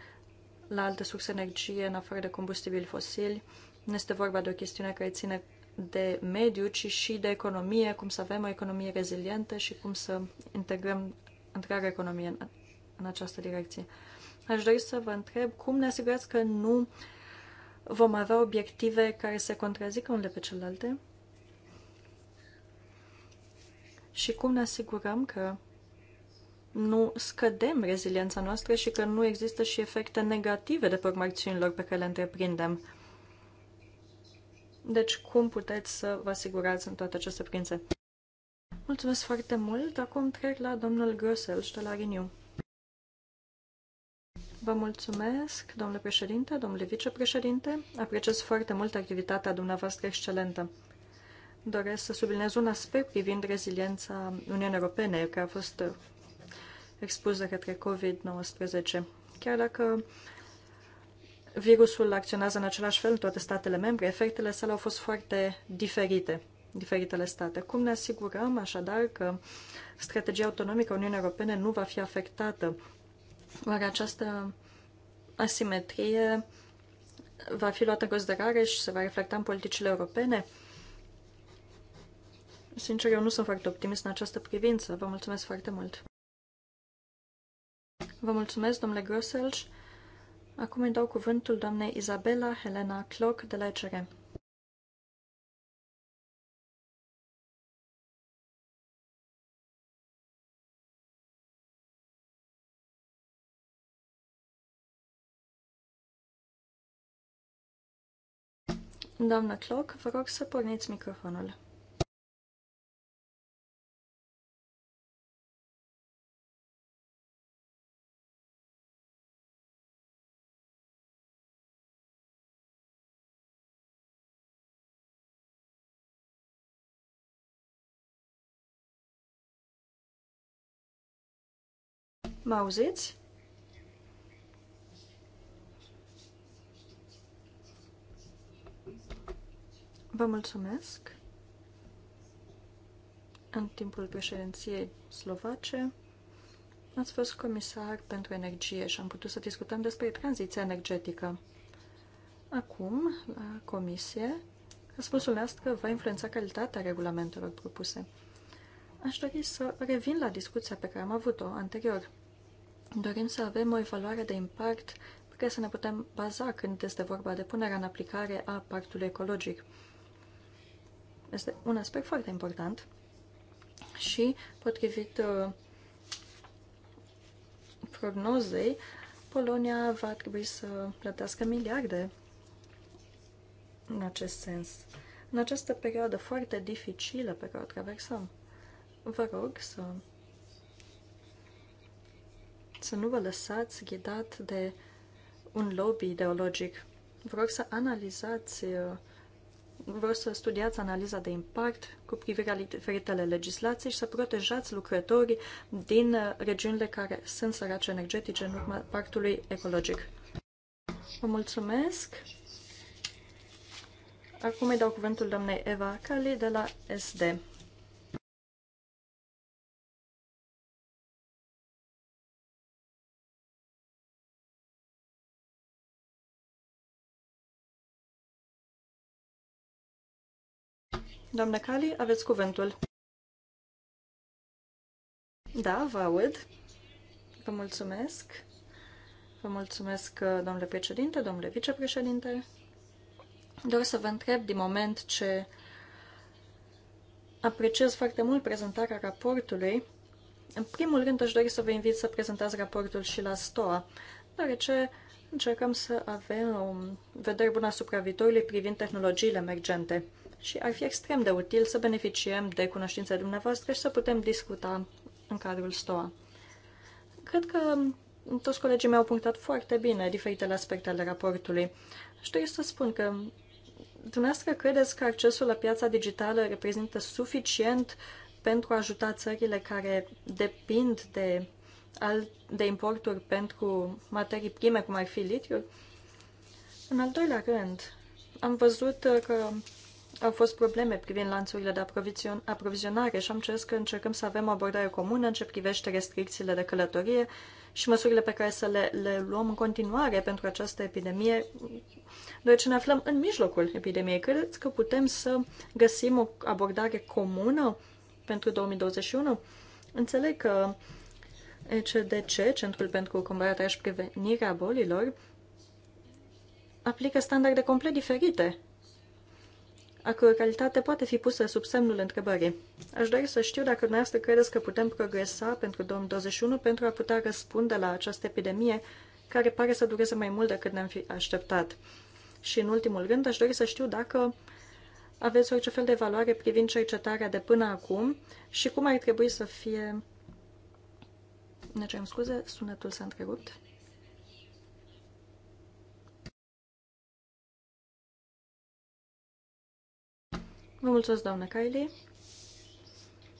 la alte surse de energie în afară de combustibili fosili. Nu este vorba de o chestiune care ține de mediu, ci și de economie, cum să avem o economie rezilientă și cum să integrăm întreaga economie în, în această direcție. Aș dori să vă întreb cum ne asigurați că nu vom avea obiective care se contrazică unele pe celelalte și cum ne asigurăm că nu scădem reziliența noastră și că nu există și efecte negative de pe urma acțiunilor pe care le întreprindem. Deci, cum puteți să vă asigurați în toate aceste prințe? Mulțumesc foarte mult. Acum trec la domnul Grosel și de la Renew. Vă mulțumesc, domnule președinte, domnule vicepreședinte. Apreciez foarte mult activitatea dumneavoastră excelentă doresc să subliniez un aspect privind reziliența Uniunii Europene, care a fost expusă de către COVID-19. Chiar dacă virusul acționează în același fel în toate statele membre, efectele sale au fost foarte diferite diferitele state. Cum ne asigurăm așadar că strategia autonomică a Uniunii Europene nu va fi afectată? Oare această asimetrie va fi luată în considerare și se va reflecta în politicile europene? Sincer, eu nu sunt foarte optimist în această privință. Vă mulțumesc foarte mult. Vă mulțumesc, domnule Groselj. Acum îi dau cuvântul doamnei Isabela Helena Cloc de la ECR. Doamna Cloc, vă rog să porniți microfonul. mouw zit. Vă mulțumesc. În timpul președinției slovace ați fost comisar pentru energie și am putut să discutăm despre tranziția energetică. Acum, la comisie, răspunsul noastră va influența calitatea regulamentelor propuse. Aș dori să revin la discuția pe care am avut-o anterior. Dorim să avem o evaluare de impact pe care să ne putem baza când este vorba de punerea în aplicare a pactului ecologic. Este un aspect foarte important și, potrivit uh, prognozei, Polonia va trebui să plătească miliarde în acest sens. În această perioadă foarte dificilă pe care o traversăm, vă rog să să nu vă lăsați ghidat de un lobby ideologic. Vă rog să analizați, uh, vreau să studiați analiza de impact cu privire la diferitele legislații și să protejați lucrătorii din uh, regiunile care sunt sărace energetice în urma pactului ecologic. Vă mulțumesc! Acum îi dau cuvântul doamnei Eva Cali de la SD. Doamna Cali, aveți cuvântul. Da, vă aud. Vă mulțumesc. Vă mulțumesc, domnule președinte, domnule vicepreședinte. Doar să vă întreb, din moment ce apreciez foarte mult prezentarea raportului, în primul rând aș dori să vă invit să prezentați raportul și la STOA, deoarece încercăm să avem o um, vedere bună asupra viitorului privind tehnologiile emergente și ar fi extrem de util să beneficiem de cunoștințele dumneavoastră și să putem discuta în cadrul STOA. Cred că toți colegii mei au punctat foarte bine diferitele aspecte ale raportului. Și trebuie să spun că dumneavoastră credeți că accesul la piața digitală reprezintă suficient pentru a ajuta țările care depind de, de importuri pentru materii prime, cum ar fi litiu? În al doilea rând, am văzut că au fost probleme privind lanțurile de aprovizion aprovizionare și am cerut că încercăm să avem o abordare comună în ce privește restricțiile de călătorie și măsurile pe care să le, le luăm în continuare pentru această epidemie, deoarece ne aflăm în mijlocul epidemiei. Credeți că putem să găsim o abordare comună pentru 2021? Înțeleg că ECDC, Centrul pentru Combaterea și Prevenirea Bolilor, aplică standarde complet diferite a cărui calitate poate fi pusă sub semnul întrebării. Aș dori să știu dacă dumneavoastră credeți că putem progresa pentru 2021 pentru a putea răspunde la această epidemie care pare să dureze mai mult decât ne-am fi așteptat. Și în ultimul rând, aș dori să știu dacă aveți orice fel de evaluare privind cercetarea de până acum și cum ar trebui să fie... Ne cerem scuze, sunetul s-a întrerupt. Vă mulțumesc, doamna Kylie.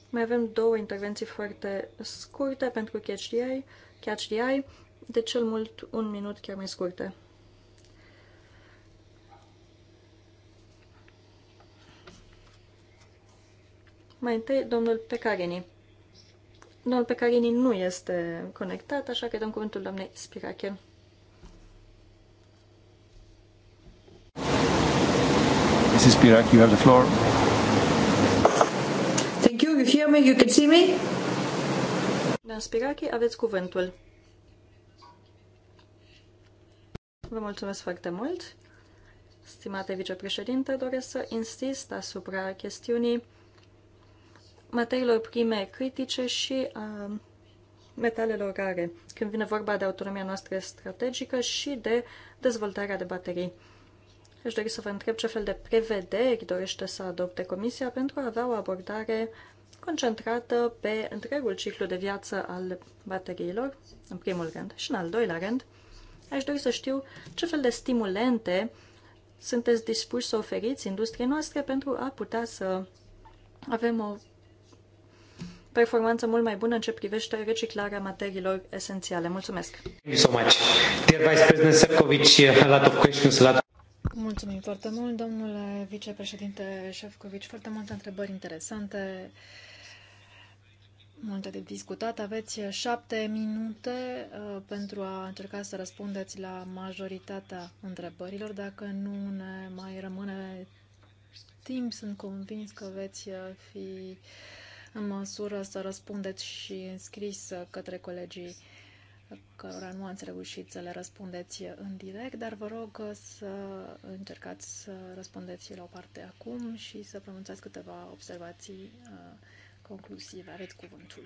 Mai avem două intervenții foarte scurte pentru Catch the Eye, Catch the Eye de cel mult un minut chiar mai scurte. Mai întâi, domnul Pecarini. Domnul Pecarini nu este conectat, așa că dăm cuvântul doamnei Spirache. Mrs. Pirak, you have the floor. Thank you. You hear me? You can see me? Dan Spiraki, aveți cuvântul. Vă mulțumesc foarte mult. Stimate vicepreședinte, doresc să insist asupra chestiunii materiilor prime critice și a uh, metalelor rare, când vine vorba de autonomia noastră strategică și de dezvoltarea de baterii. Aș dori să vă întreb ce fel de prevederi dorește să adopte Comisia pentru a avea o abordare concentrată pe întregul ciclu de viață al bateriilor, în primul rând, și în al doilea rând, aș dori să știu ce fel de stimulente sunteți dispuși să oferiți industriei noastre pentru a putea să avem o performanță mult mai bună în ce privește reciclarea materiilor esențiale. Mulțumesc! Thank you so much. Dear Vice President Sefcovic, a lot of questions, a lot Mulțumim foarte mult, domnule vicepreședinte Șefcovici. Foarte multe întrebări interesante, multe de discutat. Aveți șapte minute uh, pentru a încerca să răspundeți la majoritatea întrebărilor. Dacă nu ne mai rămâne timp, sunt convins că veți uh, fi în măsură să răspundeți și înscris uh, către colegii cărora nu ați reușit să le răspundeți în direct, dar vă rog să încercați să răspundeți la o parte acum și să pronunțați câteva observații uh, conclusive. Aveți cuvântul.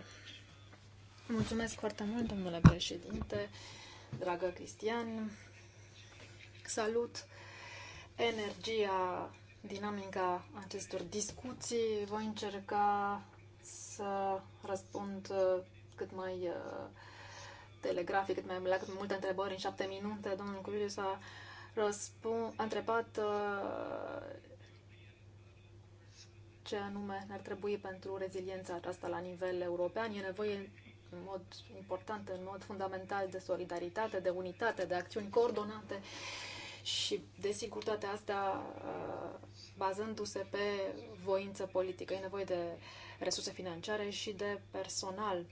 Mulțumesc foarte mult, domnule președinte, dragă Cristian. Salut energia dinamica acestor discuții. Voi încerca să răspund uh, cât mai uh, telegrafic, cât mai, la cât multe întrebări în șapte minute. Domnul s a, răspuns, a întrebat uh, ce anume ne-ar trebui pentru reziliența aceasta la nivel european. E nevoie în mod important, în mod fundamental de solidaritate, de unitate, de acțiuni coordonate și, desigur, toate astea uh, bazându-se pe voință politică. E nevoie de resurse financiare și de personal. Uh,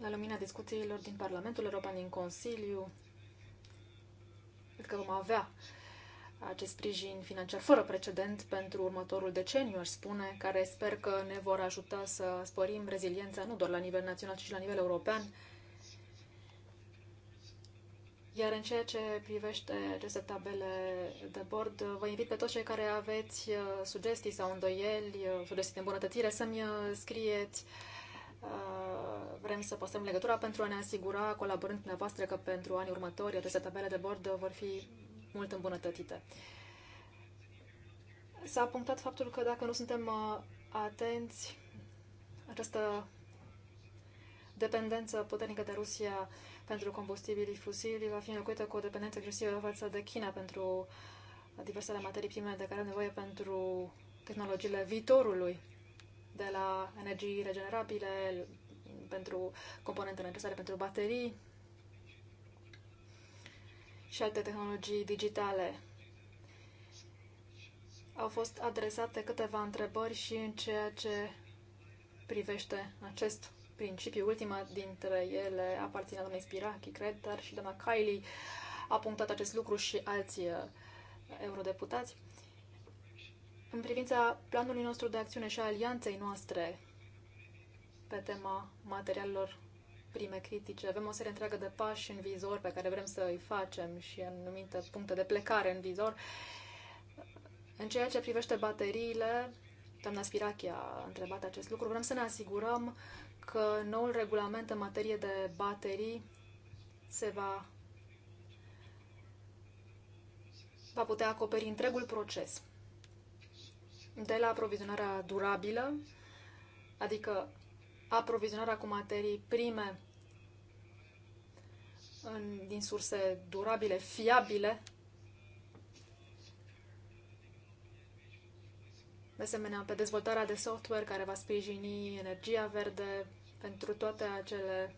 la lumina discuțiilor din Parlamentul European, din Consiliu, cred că vom avea acest sprijin financiar fără precedent pentru următorul deceniu, aș spune, care sper că ne vor ajuta să sporim reziliența nu doar la nivel național, ci și la nivel european. Iar în ceea ce privește aceste tabele de bord, vă invit pe toți cei care aveți uh, sugestii sau îndoieli, uh, sugestii de îmbunătățire, să-mi uh, scrieți uh, vrem să păstrăm legătura pentru a ne asigura, colaborând cu dumneavoastră, că pentru anii următori aceste tabele de bord vor fi mult îmbunătățite. S-a punctat faptul că dacă nu suntem uh, atenți, această dependență puternică de Rusia pentru combustibilii fusili va fi înlocuită cu o dependență excesivă față de China pentru diversele materii prime de care avem nevoie pentru tehnologiile viitorului de la energii regenerabile pentru componentele necesare pentru baterii și alte tehnologii digitale. Au fost adresate câteva întrebări și în ceea ce privește acest principiu. Ultima dintre ele aparține doamnei Spirachi, cred, dar și doamna Kylie a punctat acest lucru și alți uh, eurodeputați în privința planului nostru de acțiune și a alianței noastre pe tema materialelor prime critice. Avem o serie întreagă de pași în vizor pe care vrem să îi facem și anumite puncte de plecare în vizor. În ceea ce privește bateriile, doamna Spirachia a întrebat acest lucru, vrem să ne asigurăm că noul regulament în materie de baterii se va, va putea acoperi întregul proces de la aprovizionarea durabilă, adică aprovizionarea cu materii prime în, din surse durabile, fiabile, de asemenea pe dezvoltarea de software care va sprijini energia verde pentru toate acele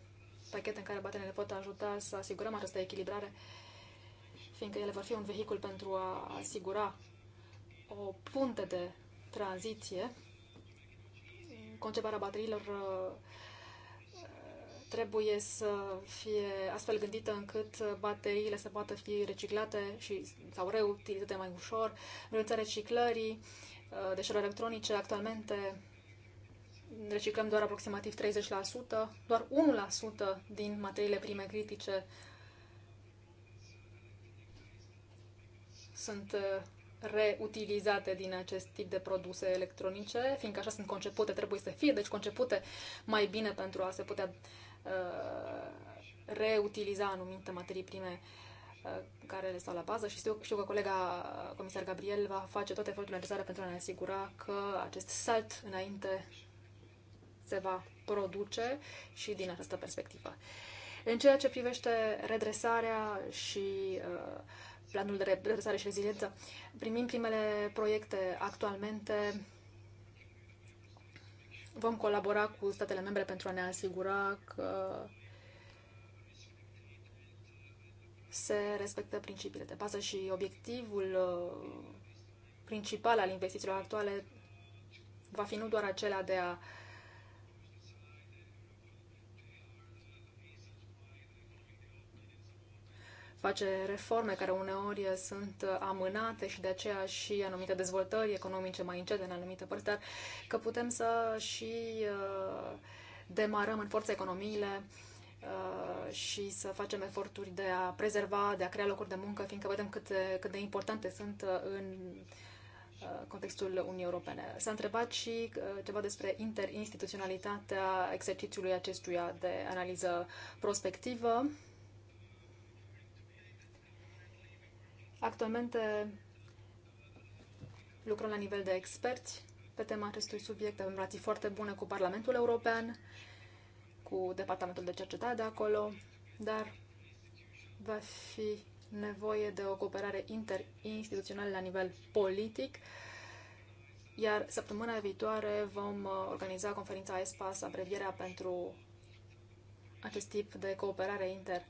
pachete în care batenele pot ajuta să asigurăm această echilibrare, fiindcă ele vor fi un vehicul pentru a asigura o punte de tranziție. Conceperea bateriilor uh, trebuie să fie astfel gândită încât bateriile să poată fi reciclate și, sau reutilizate mai ușor. Violența reciclării uh, deșeurilor electronice actualmente reciclăm doar aproximativ 30%, doar 1% din materiile prime critice sunt uh, reutilizate din acest tip de produse electronice, fiindcă așa sunt concepute, trebuie să fie, deci concepute mai bine pentru a se putea uh, reutiliza anumite materii prime uh, care le stau la bază și știu, știu că colega comisar Gabriel va face toate eforturile necesare pentru a ne asigura că acest salt înainte se va produce și din această perspectivă. În ceea ce privește redresarea și uh, planul de redresare și reziliență. Primim primele proiecte actualmente. Vom colabora cu statele membre pentru a ne asigura că se respectă principiile de bază și obiectivul uh, principal al investițiilor actuale va fi nu doar acela de a face reforme care uneori sunt amânate și de aceea și anumite dezvoltări economice mai încet în anumite părți, dar că putem să și uh, demarăm în forță economiile uh, și să facem eforturi de a prezerva, de a crea locuri de muncă, fiindcă vedem cât de, cât de importante sunt uh, în contextul Uniunii Europene. S-a întrebat și ceva despre interinstituționalitatea exercițiului acestuia de analiză prospectivă. Actualmente lucrăm la nivel de experți pe tema acestui subiect. Avem relații foarte bune cu Parlamentul European, cu Departamentul de Cercetare de acolo, dar va fi nevoie de o cooperare interinstituțională la nivel politic, iar săptămâna viitoare vom uh, organiza conferința ESPAS, abrevierea pentru acest tip de cooperare inter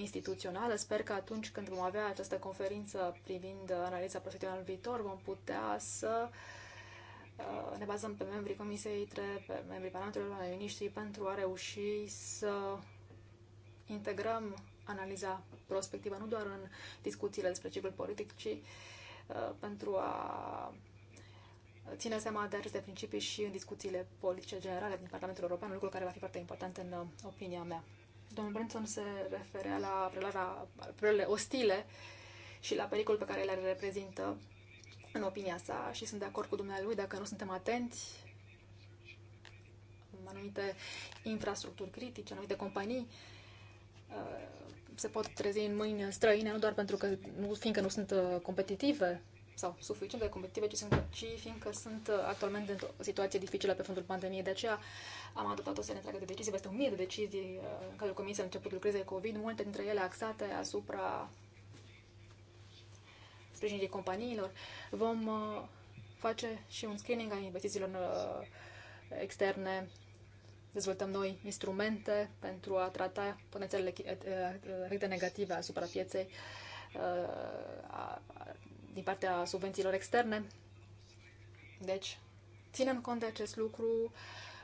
instituțională. Sper că atunci când vom avea această conferință privind uh, analiza prospectivă în viitor, vom putea să uh, ne bazăm pe membrii Comisiei ITRE, pe membrii Parlamentului European, miniștrii, pentru a reuși să integrăm analiza prospectivă nu doar în discuțiile despre ciclul politic, ci uh, pentru a ține seama de aceste principii și în discuțiile politice generale din Parlamentul European, lucru care va fi foarte important în opinia mea. Domnul Branson se referea la prelele ostile și la pericol pe care le reprezintă în opinia sa și sunt de acord cu dumnealui, dacă nu suntem atenți în anumite infrastructuri critice, anumite companii uh, se pot trezi în mâini străine, nu doar pentru că, nu, fiindcă nu sunt uh, competitive, sau suficient de competitive, ci, sunt, ci fiindcă sunt uh, actualmente într-o situație dificilă pe fundul pandemiei. De aceea am adoptat o serie întreagă de decizii, peste o mie de decizii uh, în cadrul Comisiei în începutul crizei COVID, multe dintre ele axate asupra sprijinirii companiilor. Vom uh, face și un screening a investițiilor externe dezvoltăm noi instrumente pentru a trata potențialele efecte negative asupra pieței, din partea subvențiilor externe. Deci, ținem cont de acest lucru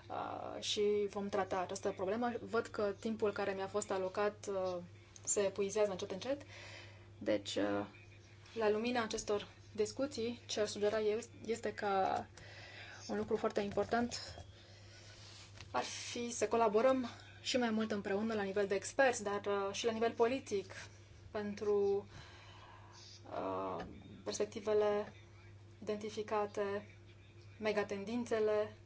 uh, și vom trata această problemă. Văd că timpul care mi-a fost alocat uh, se epuizează încet încet. Deci, uh, la lumina acestor discuții, ce ar sugera eu este ca un lucru foarte important ar fi să colaborăm și mai mult împreună la nivel de experți, dar și la nivel politic, pentru perspectivele identificate, megatendințele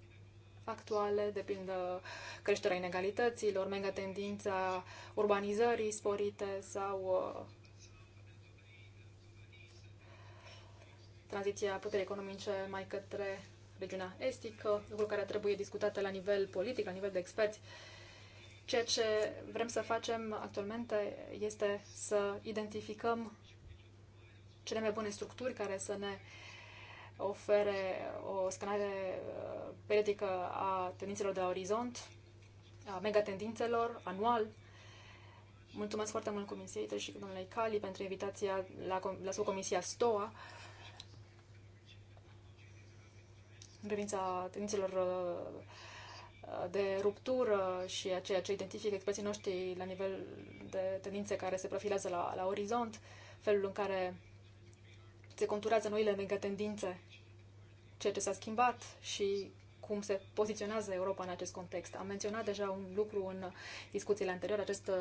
actuale, de pildă creșterea inegalităților, megatendința urbanizării sporite sau uh, tranziția puterii economice mai către regiunea estică, lucru care trebuie discutate la nivel politic, la nivel de experți. Ceea ce vrem să facem actualmente este să identificăm cele mai bune structuri care să ne ofere o scanare uh, periodică a tendințelor de la orizont, a megatendințelor, anual. Mulțumesc foarte mult Comisiei Itre și domnului Cali pentru invitația la, la subcomisia STOA în privința tendințelor uh, de ruptură și a ceea ce identifică experții noștri la nivel de tendințe care se profilează la, la orizont, felul în care se conturează noile megatendințe, ceea ce s-a schimbat și cum se poziționează Europa în acest context. Am menționat deja un lucru în discuțiile anterioare. Acest uh,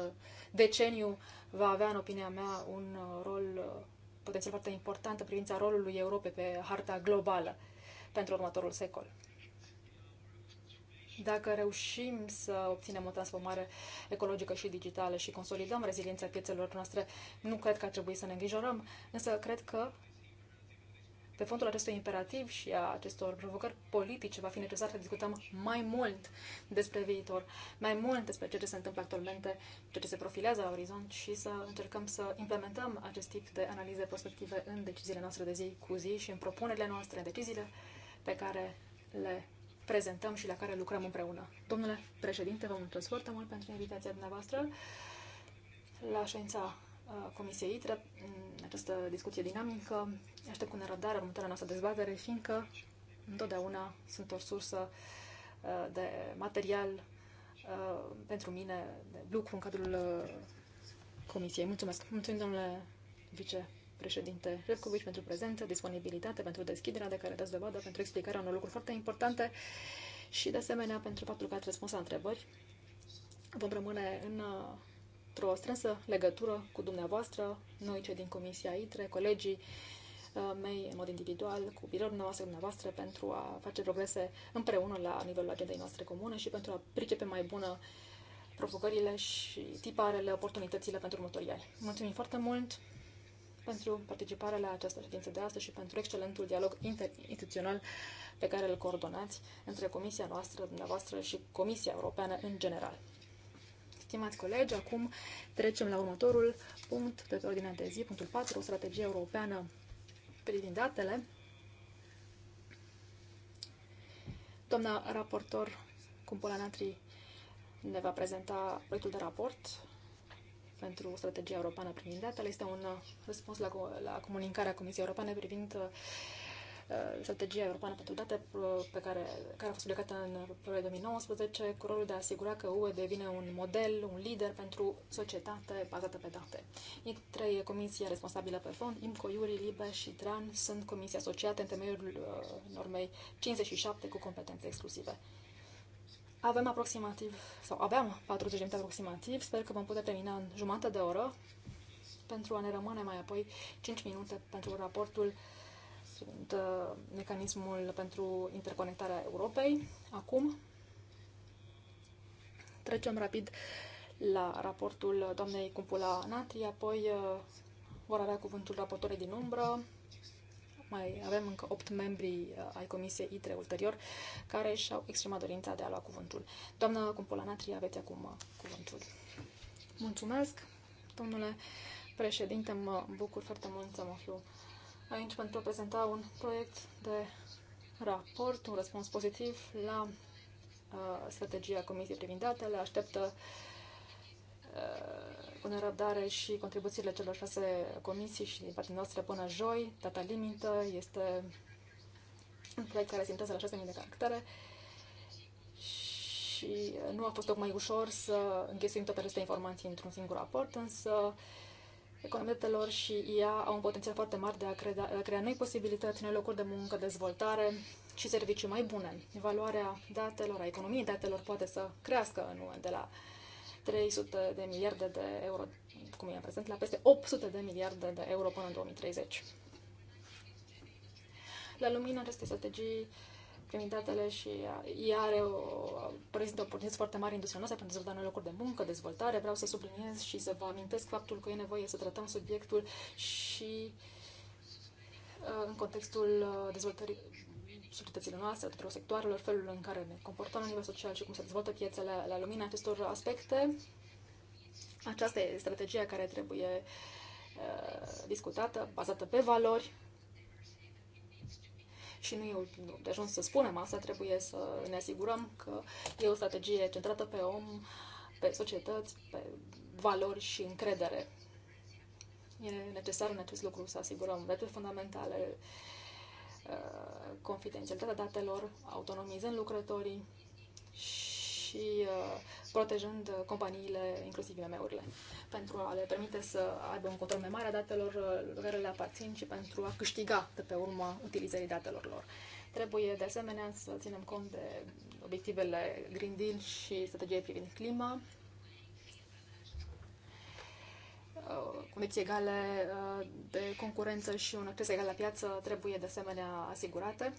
deceniu va avea, în opinia mea, un uh, rol uh, potențial foarte important în privința rolului Europei pe harta globală pentru următorul secol. Dacă reușim să obținem o transformare ecologică și digitală și consolidăm reziliența piețelor noastre, nu cred că ar trebui să ne îngrijorăm, însă cred că pe fondul acestui imperativ și a acestor provocări politice va fi necesar să discutăm mai mult despre viitor, mai mult despre ceea ce se întâmplă actualmente, ceea ce se profilează la orizont și să încercăm să implementăm acest tip de analize prospective în deciziile noastre de zi cu zi și în propunerile noastre, în deciziile pe care le prezentăm și la care lucrăm împreună. Domnule președinte, vă mulțumesc foarte mult pentru invitația dumneavoastră la ședința Comisiei ITRE în această discuție dinamică. Aștept cu nerăbdare următoarea noastră dezbatere, fiindcă întotdeauna sunt o sursă de material pentru mine, de lucru în cadrul Comisiei. Mulțumesc! Mulțumim, domnule vice președinte pentru prezență, disponibilitate, pentru deschiderea de care dați dovadă, pentru explicarea unor lucruri foarte importante și, de asemenea, pentru faptul că ați răspuns la întrebări. Vom rămâne în într-o strânsă legătură cu dumneavoastră, noi cei din Comisia ITRE, colegii uh, mei în mod individual, cu biroul dumneavoastră, dumneavoastră, pentru a face progrese împreună la nivelul agendei noastre comune și pentru a pricepe mai bună provocările și tiparele, oportunitățile pentru următorii ani. Mulțumim foarte mult pentru participarea la această ședință de astăzi și pentru excelentul dialog interinstituțional pe care îl coordonați între comisia noastră, dumneavoastră și Comisia Europeană în general. Stimați colegi, acum trecem la următorul punct de pe ordinea de zi, punctul 4, o strategie europeană privind datele. Doamna raportor Cumpula Natri ne va prezenta proiectul de raport pentru strategia europeană privind datele. Este un răspuns la, la comunicarea Comisiei Europene privind Uh, strategia europeană pentru date uh, pe care, care a fost publicată în 2019 cu rolul de a asigura că UE devine un model, un lider pentru societate bazată pe date. ITRE e comisia responsabilă pe fond, IMCO, Iuri, Libe și TRAN sunt comisii asociate în temeiul uh, normei 57 cu competențe exclusive. Avem aproximativ, sau aveam 40 de minute aproximativ, sper că vom putea termina în jumătate de oră pentru a ne rămâne mai apoi 5 minute pentru raportul uh, sunt uh, mecanismul pentru interconectarea Europei. Acum trecem rapid la raportul doamnei Cumpula Natri, apoi uh, vor avea cuvântul raportorii din umbră. Mai avem încă 8 membri uh, ai Comisiei ITRE ulterior care și-au exprimat dorința de a lua cuvântul. Doamna Cumpula Natri, aveți acum cuvântul. Mulțumesc, domnule președinte, mă bucur foarte mult să mă aflu aici pentru a prezenta un proiect de raport, un răspuns pozitiv la uh, strategia Comisiei privind datele. Așteptă uh, cu nerăbdare și contribuțiile celor șase comisii și din partea noastră până joi. Data limită este un proiect care se la 6.000 de caractere și nu a fost tocmai ușor să înghesuim toate aceste informații într-un singur raport, însă uh, Economia și IA au un potențial foarte mare de a crea, de a crea noi posibilități, noi locuri de muncă, dezvoltare și servicii mai bune. Valoarea datelor, a economiei datelor poate să crească în UE de la 300 de miliarde de euro, cum e în prezent, la peste 800 de miliarde de euro până în 2030. La lumina acestei strategii, prin și ea are o, prezintă oportunități foarte mari noastră pentru dezvoltarea locuri de muncă, dezvoltare. Vreau să subliniez și să vă amintesc faptul că e nevoie să tratăm subiectul și în contextul dezvoltării societățile noastre, tuturor sectoarelor, felul în care ne comportăm la nivel social și cum se dezvoltă piețele la lumina acestor aspecte. Aceasta e strategia care trebuie uh, discutată, bazată pe valori, și nu e de ajuns să spunem asta, trebuie să ne asigurăm că e o strategie centrată pe om, pe societăți, pe valori și încredere. E necesar în acest lucru să asigurăm drepturi fundamentale, uh, confidențialitatea datelor, autonomizând lucrătorii și și uh, protejând uh, companiile, inclusiv IMM-urile, pentru a le permite să aibă un control mai mare a datelor uh, care le aparțin și pentru a câștiga de pe urma utilizării datelor lor. Trebuie de asemenea să ținem cont de obiectivele Green Deal și strategiei privind clima, condiții egale de concurență și un acces egal la piață trebuie de asemenea asigurate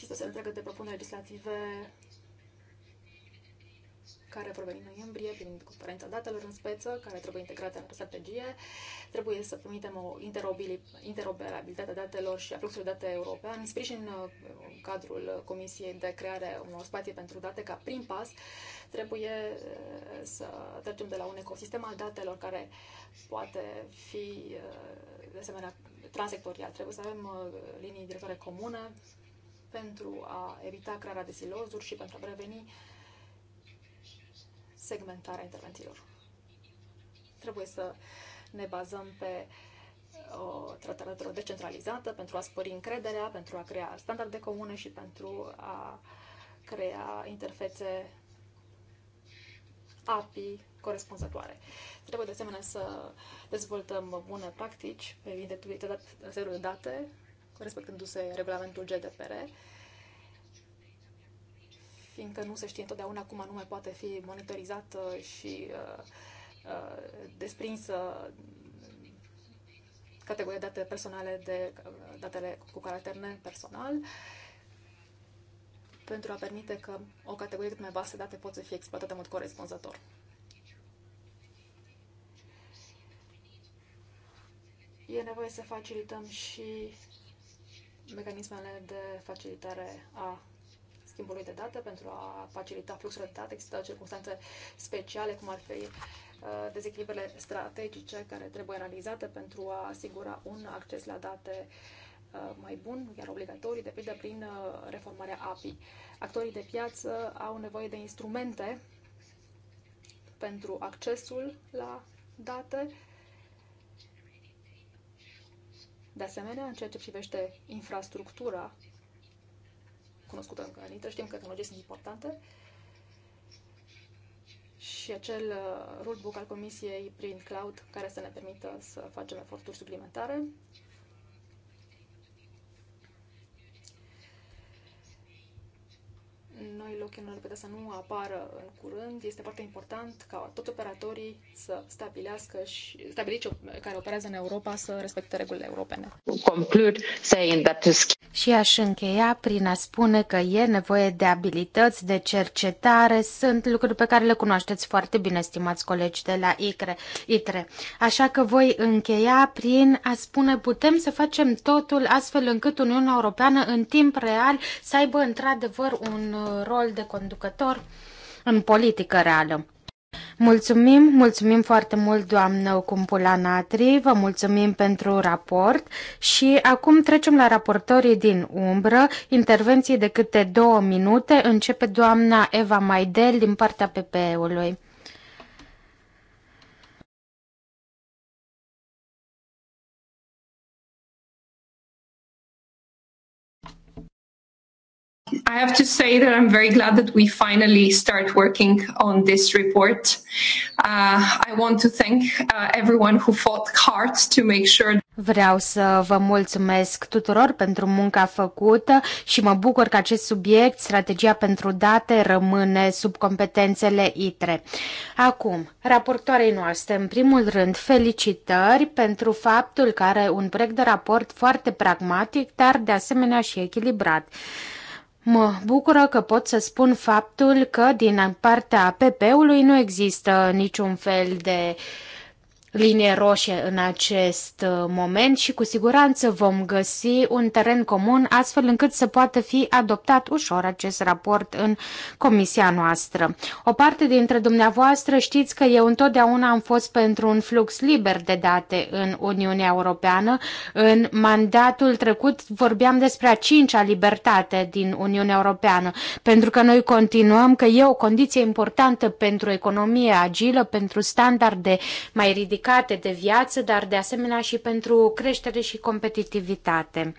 și peste întreagă de propuneri legislative care vor veni în noiembrie, prin conferența datelor în speță, care trebuie integrate în strategie. Trebuie să permitem o interoperabilitate datelor și a fluxului date european, sprijin în uh, cadrul Comisiei de creare unor spații pentru date ca prim pas. Trebuie uh, să trecem de la un ecosistem al datelor care poate fi uh, de asemenea transectorial. Trebuie să avem linii directoare comune pentru a evita crearea de silozuri și pentru a preveni segmentarea intervențiilor. Trebuie să ne bazăm pe o tratare decentralizată pentru a spori încrederea, pentru a crea standarde comune și pentru a crea interfețe API corespunzătoare. Trebuie de asemenea să dezvoltăm bune practici de activitatea de date respectându-se regulamentul GDPR, fiindcă nu se știe întotdeauna cum anume poate fi monitorizată și uh, uh, desprinsă categoria date personale de uh, datele cu caracter personal, pentru a permite că o categorie cât mai vastă date pot să fie exploatate în mod corespunzător. E nevoie să facilităm și mecanismele de facilitare a schimbului de date pentru a facilita fluxul de date. Există circunstanțe speciale, cum ar fi uh, dezechilibrele strategice care trebuie analizate pentru a asigura un acces la date uh, mai bun, iar obligatorii, de pildă prin uh, reformarea API. Actorii de piață au nevoie de instrumente pentru accesul la date De asemenea, în ceea ce privește infrastructura cunoscută în Canită, știm că tehnologii sunt importante și acel uh, rulebook al Comisiei prin cloud care să ne permită să facem eforturi suplimentare noi lock ar putea să nu apară în curând, este foarte important ca toți operatorii să stabilească și stabilici care operează în Europa să respecte regulile europene. Și aș încheia prin a spune că e nevoie de abilități, de cercetare, sunt lucruri pe care le cunoașteți foarte bine, stimați colegi de la ICRE, ITRE. Așa că voi încheia prin a spune putem să facem totul astfel încât Uniunea Europeană în timp real să aibă într-adevăr un uh, rol de conducător în politică reală. Mulțumim, mulțumim foarte mult, doamnă Cumpula Natri, vă mulțumim pentru raport și acum trecem la raportorii din umbră, intervenții de câte două minute, începe doamna Eva Maidel din partea PPE-ului. I have to say that I'm very glad that we finally start working on this report. Uh, I want to thank uh, everyone who fought hard to make sure Vreau să vă mulțumesc tuturor pentru munca făcută și mă bucur că acest subiect, strategia pentru date, rămâne sub competențele ITRE. Acum, raportoarei noastre, în primul rând, felicitări pentru faptul că are un proiect de raport foarte pragmatic, dar de asemenea și echilibrat. Mă bucură că pot să spun faptul că din partea PP-ului nu există niciun fel de uh, linie roșie în acest uh, moment și cu siguranță vom găsi un teren comun astfel încât să poată fi adoptat ușor acest raport în comisia noastră. O parte dintre dumneavoastră știți că eu întotdeauna am fost pentru un flux liber de date în Uniunea Europeană. În mandatul trecut vorbeam despre a cincea libertate din Uniunea Europeană, pentru că noi continuăm că e o condiție importantă pentru economie agilă, pentru standarde mai ridicate delicate de viață, dar de asemenea și pentru creștere și competitivitate.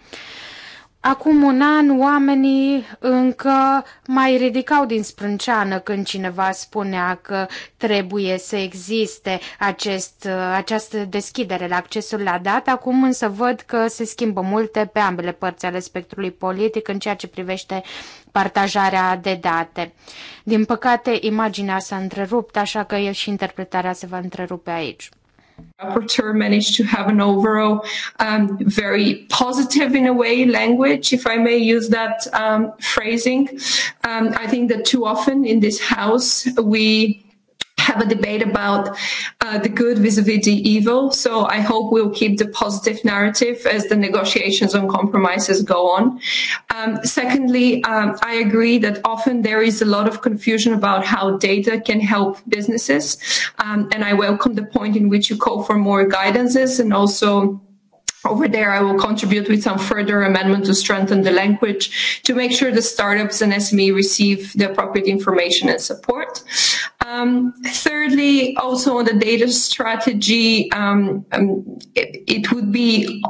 Acum un an oamenii încă mai ridicau din sprânceană când cineva spunea că trebuie să existe acest, această deschidere la accesul la date. Acum însă văd că se schimbă multe pe ambele părți ale spectrului politic în ceea ce privește partajarea de date. Din păcate, imaginea s-a întrerupt, așa că și interpretarea se va întrerupe aici rapporteur managed to have an overall um, very positive, in a way, language, if I may use that um, phrasing. Um, I think that too often in this house we have a debate about uh, the good vis-a-vis the evil. So I hope we'll keep the positive narrative as the negotiations and compromises go on. Um, secondly, um, I agree that often there is a lot of confusion about how data can help businesses. Um, and I welcome the point in which you call for more guidances and also over there, I will contribute with some further amendment to strengthen the language to make sure the startups and SME receive the appropriate information and support. Um, thirdly, also on the data strategy, um, um, it, it would be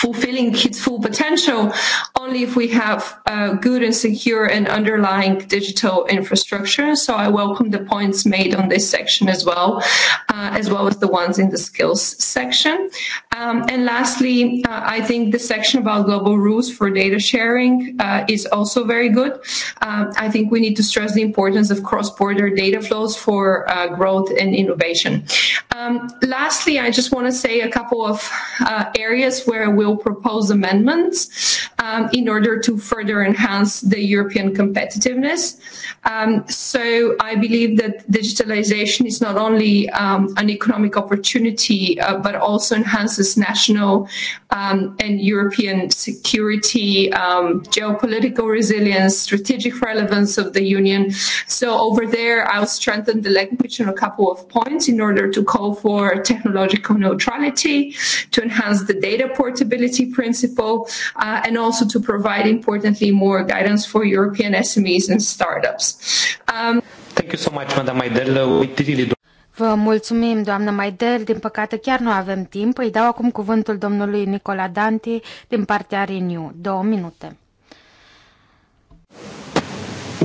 fulfilling kids' full potential only if we have a uh, good and secure and underlying digital infrastructure. So I welcome the points made on this section as well, uh, as well as the ones in the skills section. Um, and lastly, uh, I think the section about global rules for data sharing uh, is also very good. Um, I think we need to stress the importance of cross-border data flows for uh, growth and innovation. Um, lastly, I just want to say a couple of uh, areas where we'll will propose amendments um, in order to further enhance the European competitiveness. Um, so I believe that digitalization is not only um, an economic opportunity, uh, but also enhances national um, and European security, um, geopolitical resilience, strategic relevance of the Union. So over there, I'll strengthen the language on a couple of points in order to call for technological neutrality, to enhance the data portability sustainability principle, uh, and also to provide, importantly, more guidance for European SMEs and startups. Um, Thank you so much, Madam Maidel. Uh, we really do. Vă mulțumim, doamnă Maidel. Din păcate chiar nu avem timp. Îi dau acum cuvântul domnului Nicola Danti din partea Renew. Două minute.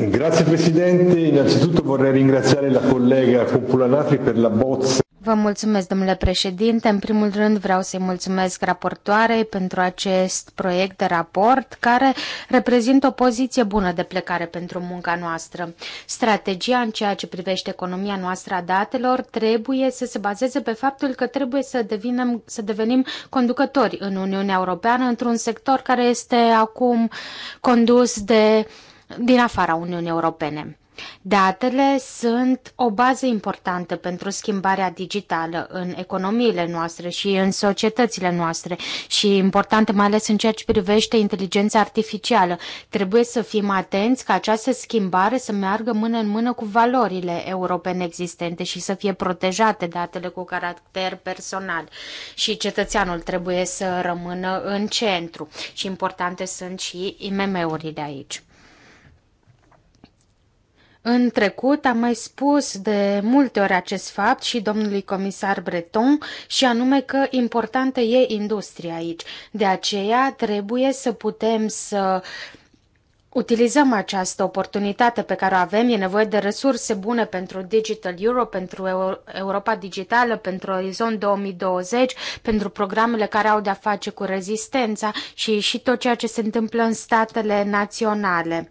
Grazie Presidente, innanzitutto vorrei ringraziare la collega Copulanatri per la bozza. Vă mulțumesc, domnule președinte. În primul rând vreau să-i mulțumesc raportoarei pentru acest proiect de raport care reprezintă o poziție bună de plecare pentru munca noastră. Strategia în ceea ce privește economia noastră a datelor trebuie să se bazeze pe faptul că trebuie să, devinem, să devenim conducători în Uniunea Europeană într-un sector care este acum condus de din afara Uniunii Europene. Datele sunt o bază importantă pentru schimbarea digitală în economiile noastre și în societățile noastre și importante mai ales în ceea ce privește inteligența artificială. Trebuie să fim atenți ca această schimbare să meargă mână în mână cu valorile europene existente și să fie protejate datele cu caracter personal și cetățeanul trebuie să rămână în centru și importante sunt și IMM-urile aici. În trecut am mai spus de multe ori acest fapt și domnului comisar Breton și anume că importantă e industria aici. De aceea trebuie să putem să Utilizăm această oportunitate pe care o avem, e nevoie de resurse bune pentru Digital Europe, pentru Europa Digitală, pentru Orizon 2020, pentru programele care au de-a face cu rezistența și, și tot ceea ce se întâmplă în statele naționale.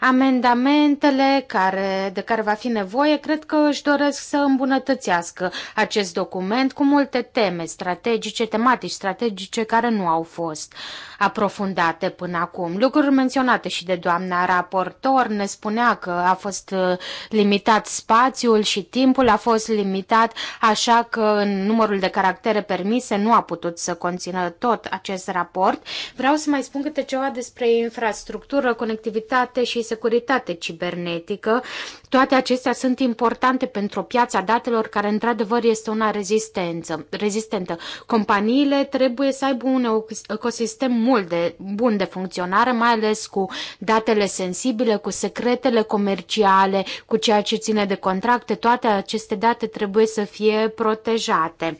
Amendamentele care, de care va fi nevoie cred că își doresc să îmbunătățească acest document cu multe teme strategice, tematici strategice care nu au fost aprofundate până acum. Lucruri menționate și de doamna raportor ne spunea că a fost uh, limitat spațiul și timpul a fost limitat, așa că în numărul de caractere permise nu a putut să conțină tot acest raport. Vreau să mai spun câte ceva despre infrastructură, conectivitate și securitate cibernetică. Toate acestea sunt importante pentru piața datelor care într-adevăr este una rezistență, rezistentă. Companiile trebuie să aibă un ecosistem mult de bun de funcționare, mai ales cu datele sensibile, cu secretele comerciale, cu ceea ce ține de contracte. Toate aceste date trebuie să fie protejate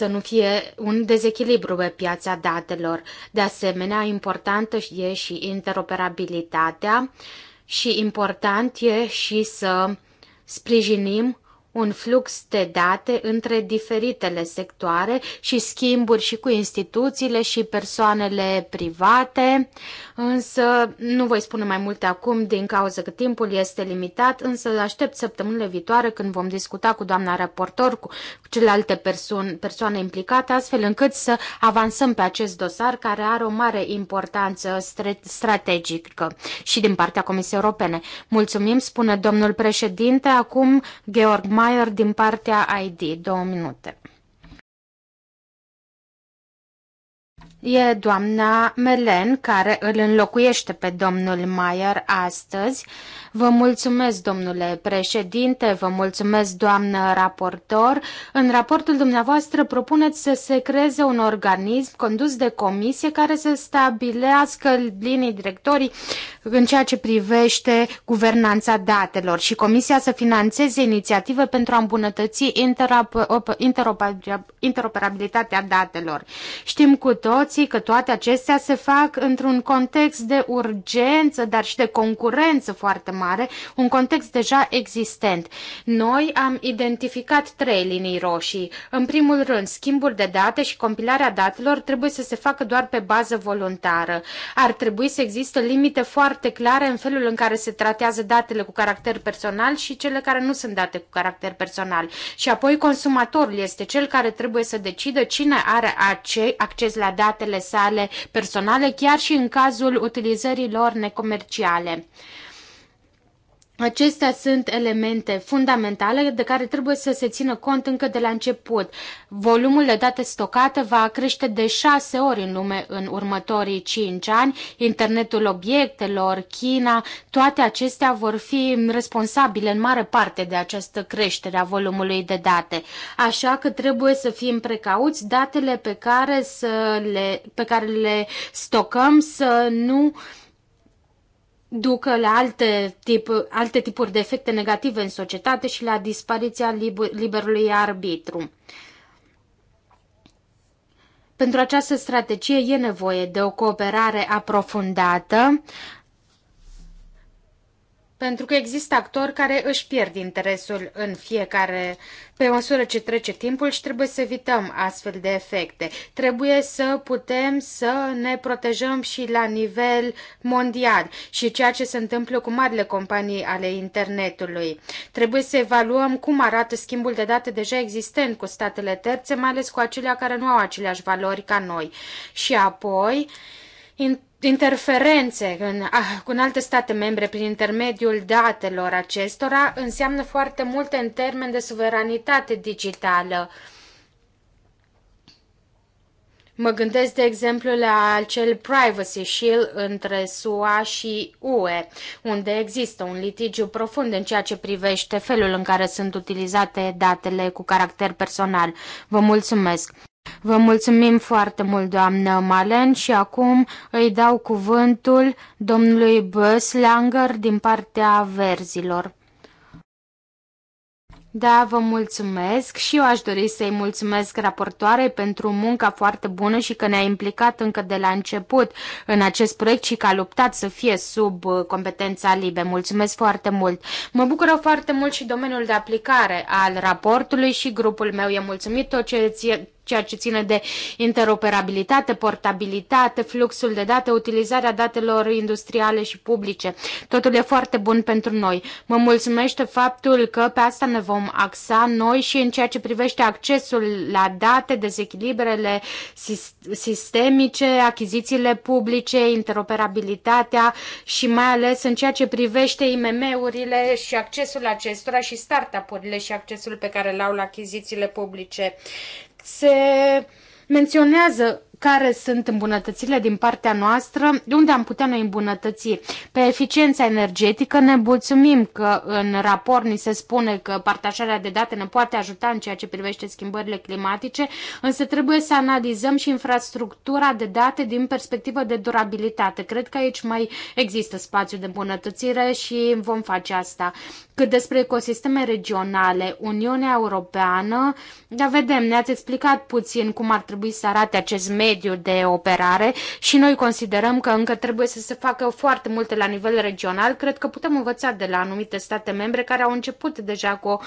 să nu fie un dezechilibru pe piața datelor. De asemenea, importantă e și interoperabilitatea și important e și să sprijinim un flux de date între diferitele sectoare și schimburi și cu instituțiile și persoanele private, însă nu voi spune mai multe acum din cauza că timpul este limitat, însă aștept săptămânile viitoare când vom discuta cu doamna raportor, cu celelalte perso- persoane implicate, astfel încât să avansăm pe acest dosar care are o mare importanță strategică și din partea Comisiei Europene. Mulțumim, spune domnul președinte, acum Georg Mayer din partea ID. Două minute. E doamna Melen care îl înlocuiește pe domnul Maier astăzi. Vă mulțumesc, domnule președinte, vă mulțumesc, doamnă raportor. În raportul dumneavoastră propuneți să se creeze un organism condus de comisie care să stabilească linii directorii în ceea ce privește guvernanța datelor și comisia să financeze inițiative pentru a îmbunătăți interoperabilitatea datelor. Știm cu toți toții că toate acestea se fac într-un context de urgență, dar și de concurență foarte mare, un context deja existent. Noi am identificat trei linii roșii. În primul rând, schimbul de date și compilarea datelor trebuie să se facă doar pe bază voluntară. Ar trebui să există limite foarte clare în felul în care se tratează datele cu caracter personal și cele care nu sunt date cu caracter personal. Și apoi consumatorul este cel care trebuie să decidă cine are acces la date datele sale personale, chiar și în cazul utilizării lor necomerciale. Acestea sunt elemente fundamentale de care trebuie să se țină cont încă de la început. Volumul de date stocate va crește de șase ori în lume în următorii cinci ani. Internetul obiectelor, China, toate acestea vor fi responsabile în mare parte de această creștere a volumului de date. Așa că trebuie să fim precauți datele pe care, să le, pe care le stocăm să nu uh, ducă la alte, tip, alte tipuri de efecte negative în societate și la dispariția liberului arbitru. Pentru această strategie e nevoie de o cooperare aprofundată pentru că există actori care își pierd interesul în fiecare, pe măsură ce trece timpul și trebuie să evităm astfel de efecte. Trebuie să putem să ne protejăm și la nivel mondial și ceea ce se întâmplă cu marile companii ale internetului. Trebuie să evaluăm cum arată schimbul de date deja existent cu statele terțe, mai ales cu acelea care nu au aceleași valori ca noi. Și apoi, interferențe în, ah, cu alte state membre prin intermediul datelor acestora înseamnă foarte multe în termen de suveranitate digitală. Mă gândesc, de exemplu, la acel Privacy Shield între SUA și UE, unde există un litigiu profund în ceea ce privește felul în care sunt utilizate datele cu caracter personal. Vă mulțumesc! Vă mulțumim foarte mult, doamnă Malen, și acum îi dau cuvântul domnului Böslanger din partea verzilor. Da, vă mulțumesc și eu aș dori să-i mulțumesc raportoarei pentru munca foarte bună și că ne-a implicat încă de la început în acest proiect și că a luptat să fie sub uh, competența LIBE. Mulțumesc foarte mult! Mă bucură foarte mult și domeniul de aplicare al raportului și grupul meu e mulțumit tot ce ceea ce ține de interoperabilitate, portabilitate, fluxul de date, utilizarea datelor industriale și publice. Totul e foarte bun pentru noi. Mă mulțumește faptul că pe asta ne vom axa noi și în ceea ce privește accesul la date, dezechilibrele sistemice, achizițiile publice, interoperabilitatea și mai ales în ceea ce privește IMM-urile și accesul acestora și startup-urile și accesul pe care l-au la achizițiile publice se menționează care sunt îmbunătățirile din partea noastră, de unde am putea noi îmbunătăți. Pe eficiența energetică ne mulțumim că în raport ni se spune că partajarea de date ne poate ajuta în ceea ce privește schimbările climatice, însă trebuie să analizăm și infrastructura de date din perspectivă de durabilitate. Cred că aici mai există spațiu de îmbunătățire și vom face asta. Cât despre ecosisteme regionale, Uniunea Europeană, da, vedem, ne-ați explicat puțin cum ar trebui să arate acest mediu mediu de operare și noi considerăm că încă trebuie să se facă foarte multe la nivel regional. Cred că putem învăța de la anumite state membre care au început deja cu o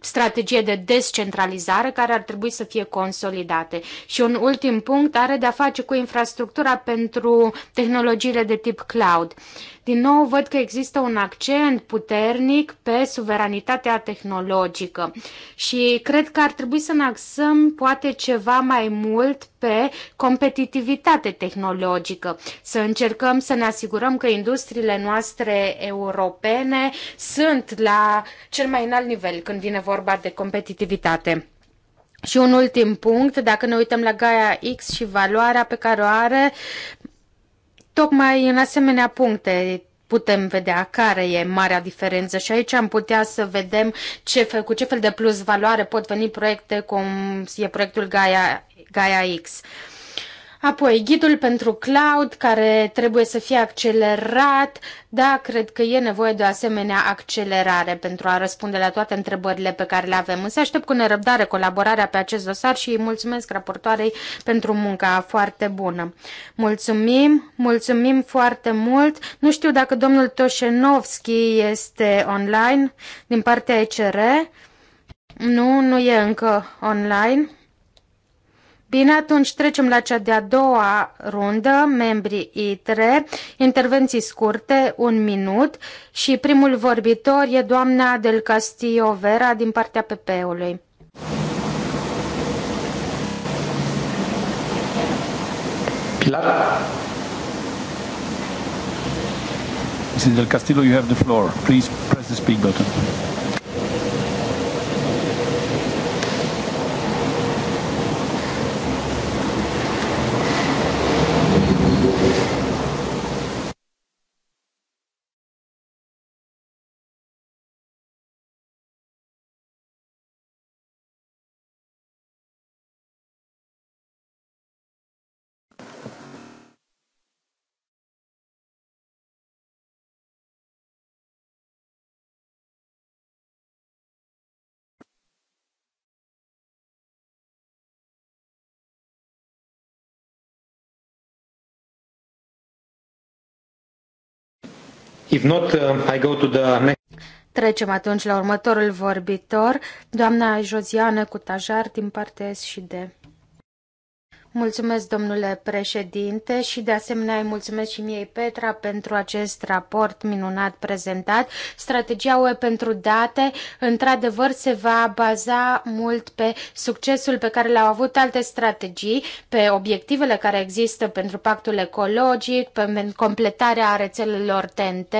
strategie de descentralizare care ar trebui să fie consolidate. Și un ultim punct are de a face cu infrastructura pentru tehnologiile de tip cloud. Din nou văd că există un accent puternic pe suveranitatea tehnologică și cred că ar trebui să ne axăm poate ceva mai mult pe competitivitate tehnologică, să încercăm să ne asigurăm că industriile noastre europene sunt la cel mai înalt nivel când vine vorba de competitivitate. Și un ultim punct, dacă ne uităm la Gaia X și valoarea pe care o are, Tocmai în asemenea puncte putem vedea care e marea diferență și aici am putea să vedem ce fel, cu ce fel de plus valoare pot veni proiecte cum e proiectul Gaia, Gaia X. Apoi, ghidul pentru cloud, care trebuie să fie accelerat. Da, cred că e nevoie de o asemenea accelerare pentru a răspunde la toate întrebările pe care le avem. Însă aștept cu nerăbdare colaborarea pe acest dosar și îi mulțumesc raportoarei pentru munca foarte bună. Mulțumim, mulțumim foarte mult. Nu știu dacă domnul Toșenovski este online din partea ECR. Nu, nu e încă online. Bine, atunci trecem la cea de-a doua rundă, membrii ITRE, intervenții scurte, un minut și primul vorbitor e doamna Del Castillo Vera din partea PP-ului. Pilar? Mrs. Del Castillo, you have the floor. Please press the speak button. If not, uh, I go to the next... Trecem atunci la următorul vorbitor, doamna Josiană Cutajar din partea S și D. Mulțumesc, domnule președinte, și de asemenea îi mulțumesc și miei Petra pentru acest raport minunat prezentat. Strategia UE pentru date, într-adevăr, se va baza mult pe succesul pe care l-au avut alte strategii, pe obiectivele care există pentru pactul ecologic, pe completarea rețelelor TNT,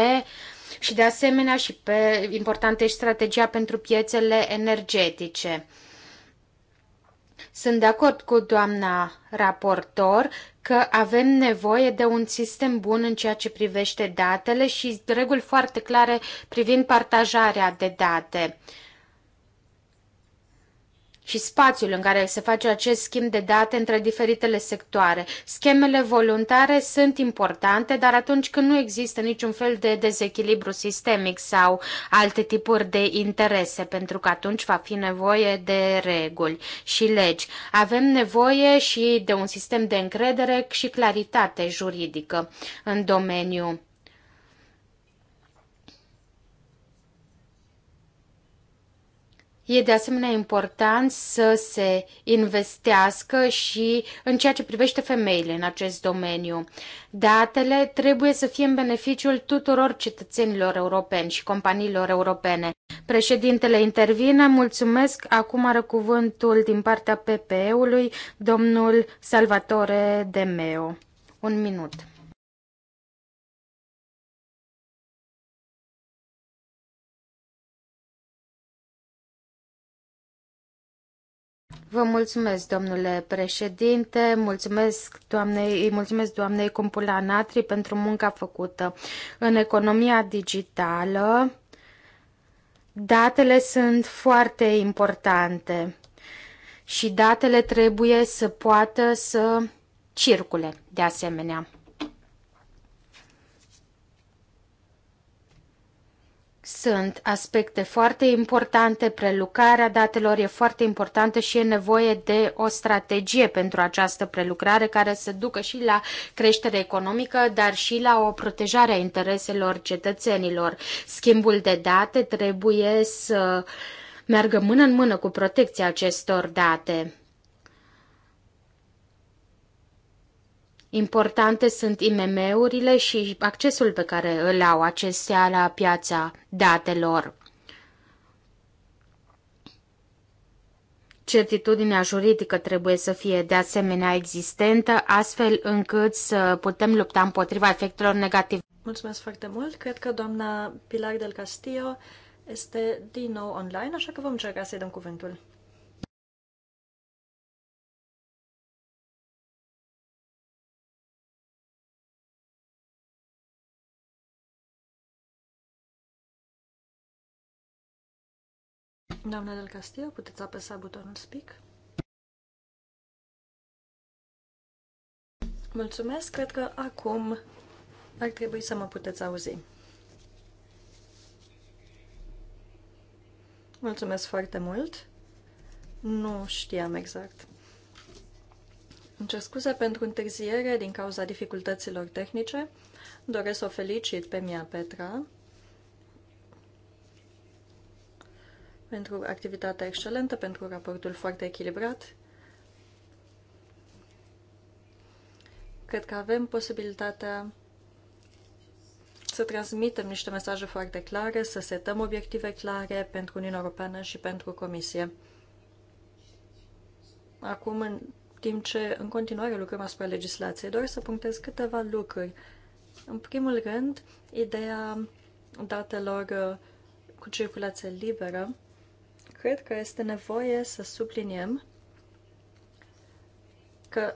și de asemenea și pe importantă și strategia pentru piețele energetice. Sunt de acord cu doamna raportor că avem nevoie de un sistem bun în ceea ce privește datele și reguli foarte clare privind partajarea de date. Uh, și spațiul în care se face acest schimb de date între diferitele sectoare. Schemele voluntare sunt importante, dar atunci când nu există niciun fel de dezechilibru sistemic sau alte tipuri de interese, pentru că atunci va fi nevoie de reguli și legi. Avem nevoie și de un sistem de încredere și claritate juridică în domeniu. E de asemenea important să se investească și în ceea ce privește femeile în acest domeniu. Datele trebuie să fie în beneficiul tuturor cetățenilor europeni și companiilor europene. Președintele intervine, mulțumesc. Acum are cuvântul din partea PPE-ului domnul Salvatore Demeo. Un minut. Vă mulțumesc, domnule președinte, mulțumesc doamnei, mulțumesc doamnei Compula Natri pentru munca făcută în economia digitală. Datele sunt foarte importante și datele trebuie să poată să circule de asemenea. Sunt aspecte foarte importante, prelucrarea datelor e foarte importantă și e nevoie de o strategie pentru această prelucrare care să ducă și la creștere economică, dar și la o protejare a intereselor cetățenilor. Schimbul de date trebuie să meargă mână în mână cu protecția acestor date. Importante sunt IMM-urile și accesul pe care îl au acestea la piața datelor. Certitudinea juridică trebuie să fie de asemenea existentă, astfel încât să putem lupta împotriva efectelor negative. Mulțumesc foarte mult! Cred că doamna Pilar del Castillo este din nou online, așa că vom încerca să-i dăm cuvântul. Doamna Del Castillo, puteți apăsa butonul Speak. Mulțumesc, cred că acum ar trebui să mă puteți auzi. Mulțumesc foarte mult. Nu știam exact. Îmi cer scuze pentru întârziere din cauza dificultăților tehnice. Doresc să o felicit pe Mia Petra pentru activitatea excelentă, pentru raportul foarte echilibrat. Cred că avem posibilitatea să transmitem niște mesaje foarte clare, să setăm obiective clare pentru Uniunea Europeană și pentru Comisie. Acum, în timp ce în continuare lucrăm asupra legislației, doar să punctez câteva lucruri. În primul rând, ideea datelor uh, cu circulație liberă cred că este nevoie să subliniem că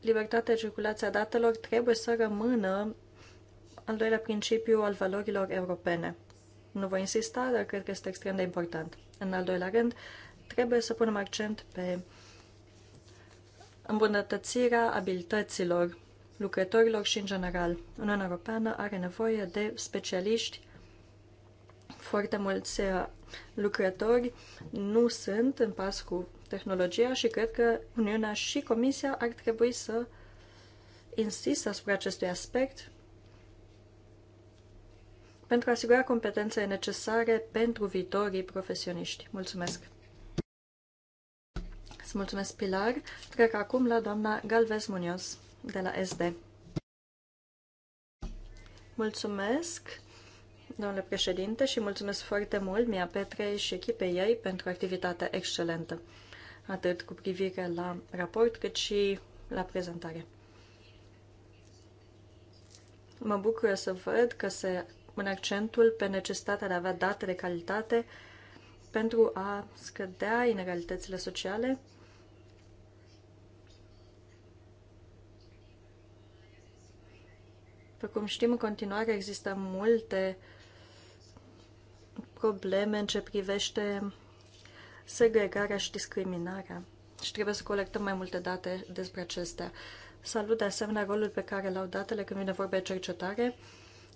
libertatea de circulație a datelor trebuie să rămână al doilea principiu al valorilor europene. Nu voi insista, dar cred că este extrem de important. În al doilea rând, trebuie să punem accent pe îmbunătățirea abilităților lucrătorilor și în general. Uniunea Europeană are nevoie de specialiști foarte mulți uh, lucrători nu sunt în pas cu tehnologia și cred că Uniunea și Comisia ar trebui să insistă asupra acestui aspect pentru a asigura competențele necesare pentru viitorii profesioniști. Mulțumesc! Să mulțumesc, Pilar. Trec acum la doamna Galvez Munoz de la SD. Mulțumesc! domnule președinte, și mulțumesc foarte mult Mia Petrei și echipei ei pentru activitatea excelentă, atât cu privire la raport, cât și la prezentare. Mă bucur să văd că se pune accentul pe necesitatea de a avea date de calitate pentru a scădea inegalitățile sociale După cum știm, în continuare există multe probleme în ce privește segregarea și discriminarea și trebuie să colectăm mai multe date despre acestea. Salut de asemenea rolul pe care l-au datele când vine vorba de cercetare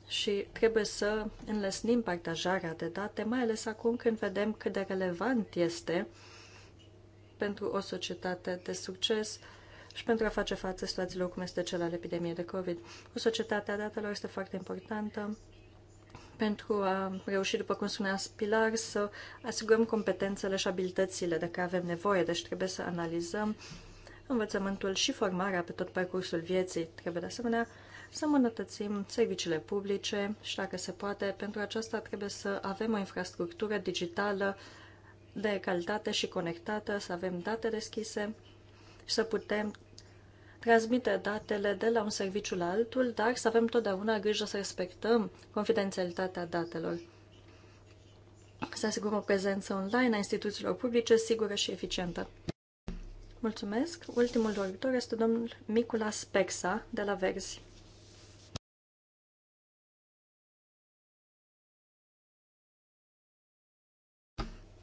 și trebuie să înlesnim partajarea de date, mai ales acum când vedem cât de relevant este pentru o societate de succes și pentru a face față situațiilor cum este cel al epidemiei de COVID. O societate a datelor este foarte importantă pentru a reuși, după cum spunea Pilar, să asigurăm competențele și abilitățile de care avem nevoie. Deci trebuie să analizăm învățământul și formarea pe tot parcursul vieții. Trebuie de asemenea să îmbunătățim serviciile publice și, dacă se poate, pentru aceasta trebuie să avem o infrastructură digitală de calitate și conectată, să avem date deschise și să putem transmite datele de la un serviciu la altul, dar să avem totdeauna grijă să respectăm confidențialitatea datelor. Să asigurăm o prezență online a instituțiilor publice sigură și eficientă. Mulțumesc. Ultimul doritor este domnul Micula Spexa de la Verzi.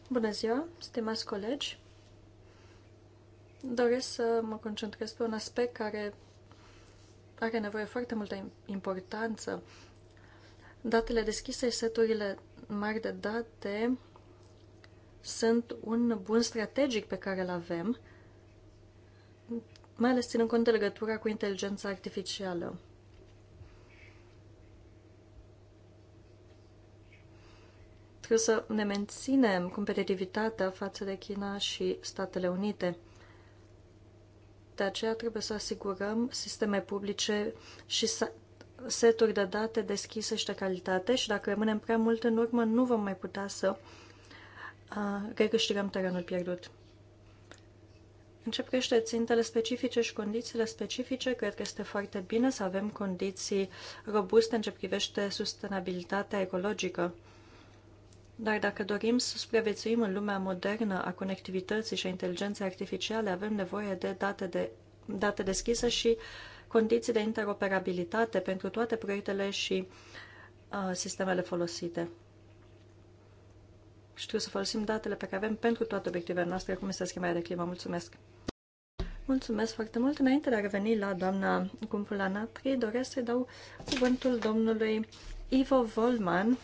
Bună ziua, stimați colegi! doresc să mă concentrez pe un aspect care are nevoie foarte multă importanță. Datele deschise și seturile mari de date sunt un bun strategic pe care îl avem, mai ales ținând cont de legătura cu inteligența artificială. Trebuie să ne menținem competitivitatea față de China și Statele Unite. De aceea trebuie să asigurăm sisteme publice și seturi de date deschise și de calitate și dacă rămânem prea mult în urmă, nu vom mai putea să recâștigăm terenul pierdut. În ce privește țintele specifice și condițiile specifice, cred că este foarte bine să avem condiții robuste în ce privește sustenabilitatea ecologică. Dar dacă dorim să supraviețuim în lumea modernă a conectivității și a inteligenței artificiale, avem nevoie de date, de, date deschise și condiții de interoperabilitate pentru toate proiectele și uh, sistemele folosite. Și trebuie să folosim datele pe care avem pentru toate obiectivele noastre, cum este schimbarea de climă. Mulțumesc! Mulțumesc foarte mult! Înainte de a reveni la doamna Cumpula Pri, doresc să-i dau cuvântul domnului Ivo Volman,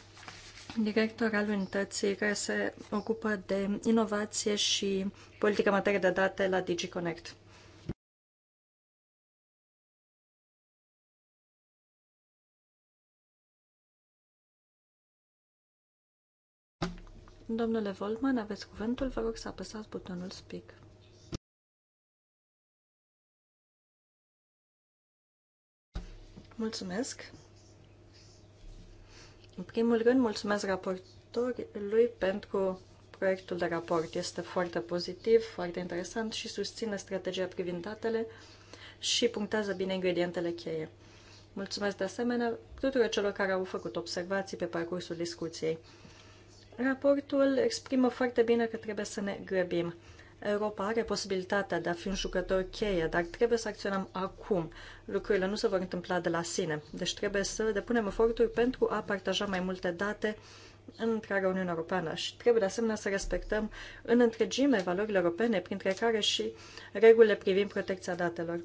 director al unității care se ocupă de inovație și politică în materie de date la DigiConnect. Domnule Volman, aveți cuvântul, vă rog să apăsați butonul Speak. Mulțumesc! În primul rând, mulțumesc raportorului pentru proiectul de raport. Este foarte pozitiv, foarte interesant și susține strategia privind datele și punctează bine ingredientele cheie. Mulțumesc de asemenea tuturor celor care au făcut observații pe parcursul discuției. Raportul exprimă foarte bine că trebuie să ne grăbim. Europa are posibilitatea de a fi un jucător cheie, dar trebuie să acționăm acum. Lucrurile nu se vor întâmpla de la sine, deci trebuie să depunem eforturi pentru a partaja mai multe date în întreaga Uniune Europeană și trebuie de asemenea să respectăm în întregime valorile europene, printre care și regulile privind protecția datelor.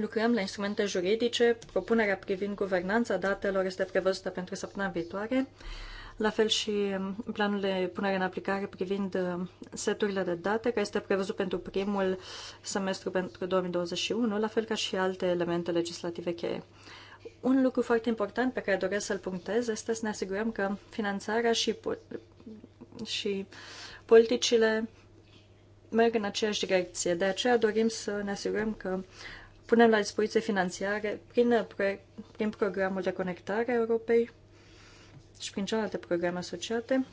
Lucrăm la instrumente juridice, propunerea privind guvernanța datelor este prevăzută pentru săptămâna viitoare la fel și planul de punere în aplicare privind uh, seturile de date, care este prevăzut pentru primul semestru pentru 2021, la fel ca și alte elemente legislative cheie. Un lucru foarte important pe care doresc să-l punctez este să ne asigurăm că finanțarea și, po- și politicile merg în aceeași direcție. De aceea dorim să ne asigurăm că punem la dispoziție finanțiare prin, proiect, prin programul de conectare a Europei și prin celelalte programe asociate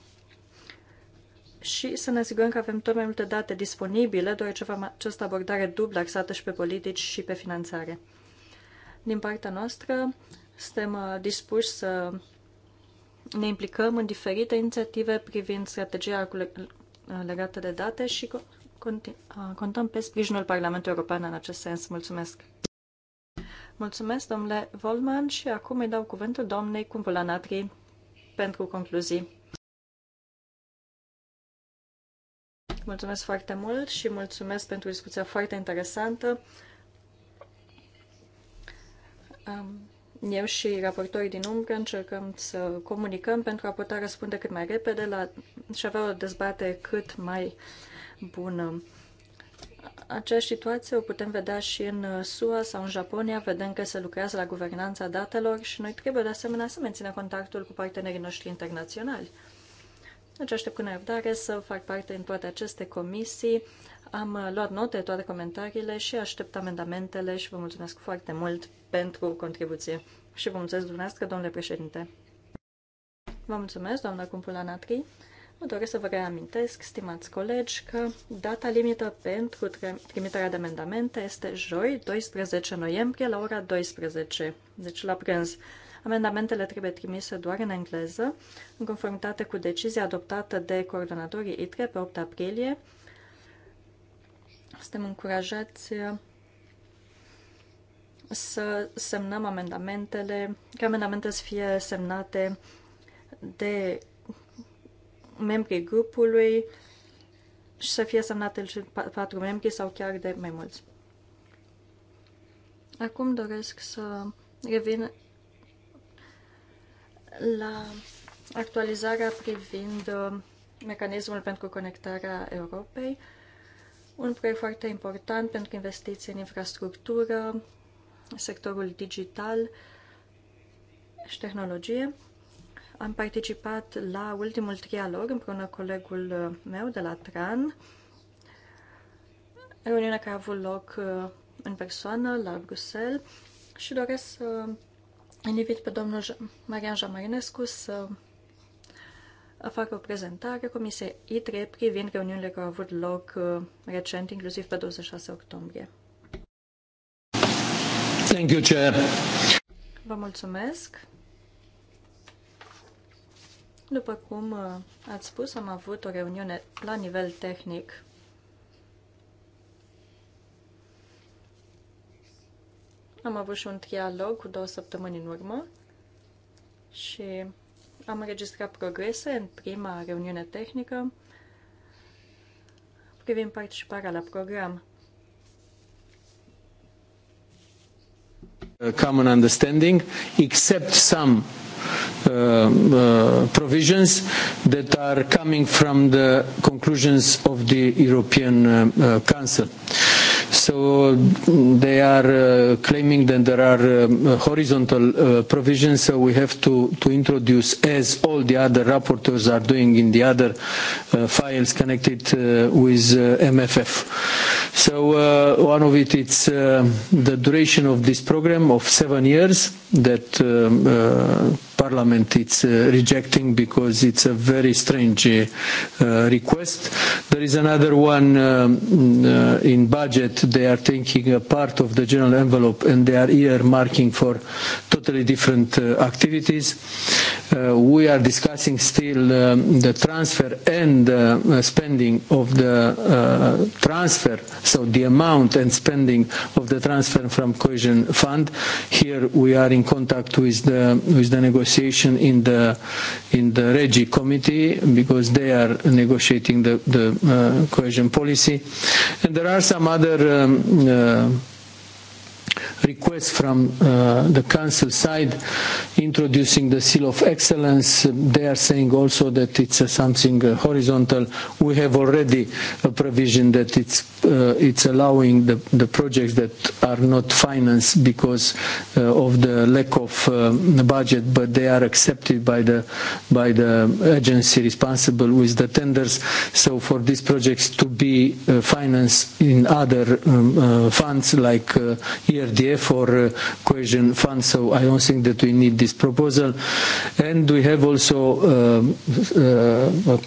și să ne asigurăm că avem tot mai multe date disponibile, deoarece avem această abordare dublă axată și pe politici și pe finanțare. Din partea noastră, suntem uh, dispuși să ne implicăm în diferite inițiative privind strategia legată de date și uh, contăm pe sprijinul Parlamentului European în acest sens. Mulțumesc! Mulțumesc, domnule Volman, și acum îi dau cuvântul doamnei Cumpulanatrii pentru concluzii. Mulțumesc foarte mult și mulțumesc pentru discuția foarte interesantă. Eu și raportorii din umbră încercăm să comunicăm pentru a putea răspunde cât mai repede la, și avea o dezbatere cât mai bună. Aceeași situație o putem vedea și în uh, SUA sau în Japonia, vedem că se lucrează la guvernanța datelor și noi trebuie de asemenea să menținem contactul cu partenerii noștri internaționali. Deci aștept cu nerăbdare să fac parte în toate aceste comisii. Am uh, luat note toate comentariile și aștept amendamentele și vă mulțumesc foarte mult pentru contribuție. Și vă mulțumesc dumneavoastră, domnule președinte. Vă mulțumesc, doamna Cumpula Natri. Mă doresc să vă reamintesc, stimați colegi, că data limită pentru trimiterea de amendamente este joi, 12 noiembrie, la ora 12, deci la prânz. Amendamentele trebuie trimise doar în engleză, în conformitate cu decizia adoptată de coordonatorii ITRE pe 8 aprilie. Suntem încurajați uh, să semnăm amendamentele, ca amendamente să fie semnate de membrii grupului și să fie semnate și patru membri sau chiar de mai mulți. Acum doresc să revin la actualizarea privind uh, mecanismul pentru conectarea Europei, un proiect foarte important pentru investiții în infrastructură, sectorul digital și tehnologie. Am participat la ultimul trialog împreună cu colegul uh, meu de la TRAN, reuniunea care a avut loc uh, în persoană la Bruxelles și doresc să invit pe domnul Marian Jamarinescu să uh, facă o prezentare Comisiei ITRE privind reuniunile care au avut loc recent, inclusiv pe 26 octombrie. Thank you, Chair. Vă mulțumesc. După cum uh, ați spus, am avut o reuniune la nivel tehnic Am avut și un trialog cu două săptămâni în urmă și am înregistrat progrese în prima reuniune tehnică privind participarea la program. A common understanding, except some Uh, uh, provisions that are coming from the conclusions of the European uh, Council. So they are claiming that there are um, horizontal provisions, so we have to, to introduce, as all the other rapporteurs are doing in the other files connected with MFF. So one of it is the duration of this program of seven years that um, uh, Parliament it's uh, rejecting because it's a very strange uh, request. There is another one um, uh, in budget. They are taking a part of the general envelope and they are earmarking for totally different uh, activities. Uh, we are discussing still um, the transfer and uh, spending of the uh, transfer, so the amount and spending of the transfer from cohesion fund. Here we are in contact with the with the negotiators negotiation in the in the Regi committee because they are negotiating the the uh, cohesion policy, and there are some other. Um, uh, request from uh, the council side introducing the seal of excellence they are saying also that it's uh, something uh, horizontal we have already a provision that it's uh, it's allowing the, the projects that are not financed because uh, of the lack of um, the budget but they are accepted by the by the agency responsible with the tenders so for these projects to be uh, financed in other um, uh, funds like uh, ERDF or uh, cohesion fund, so I don't think that we need this proposal. And we have also uh, uh,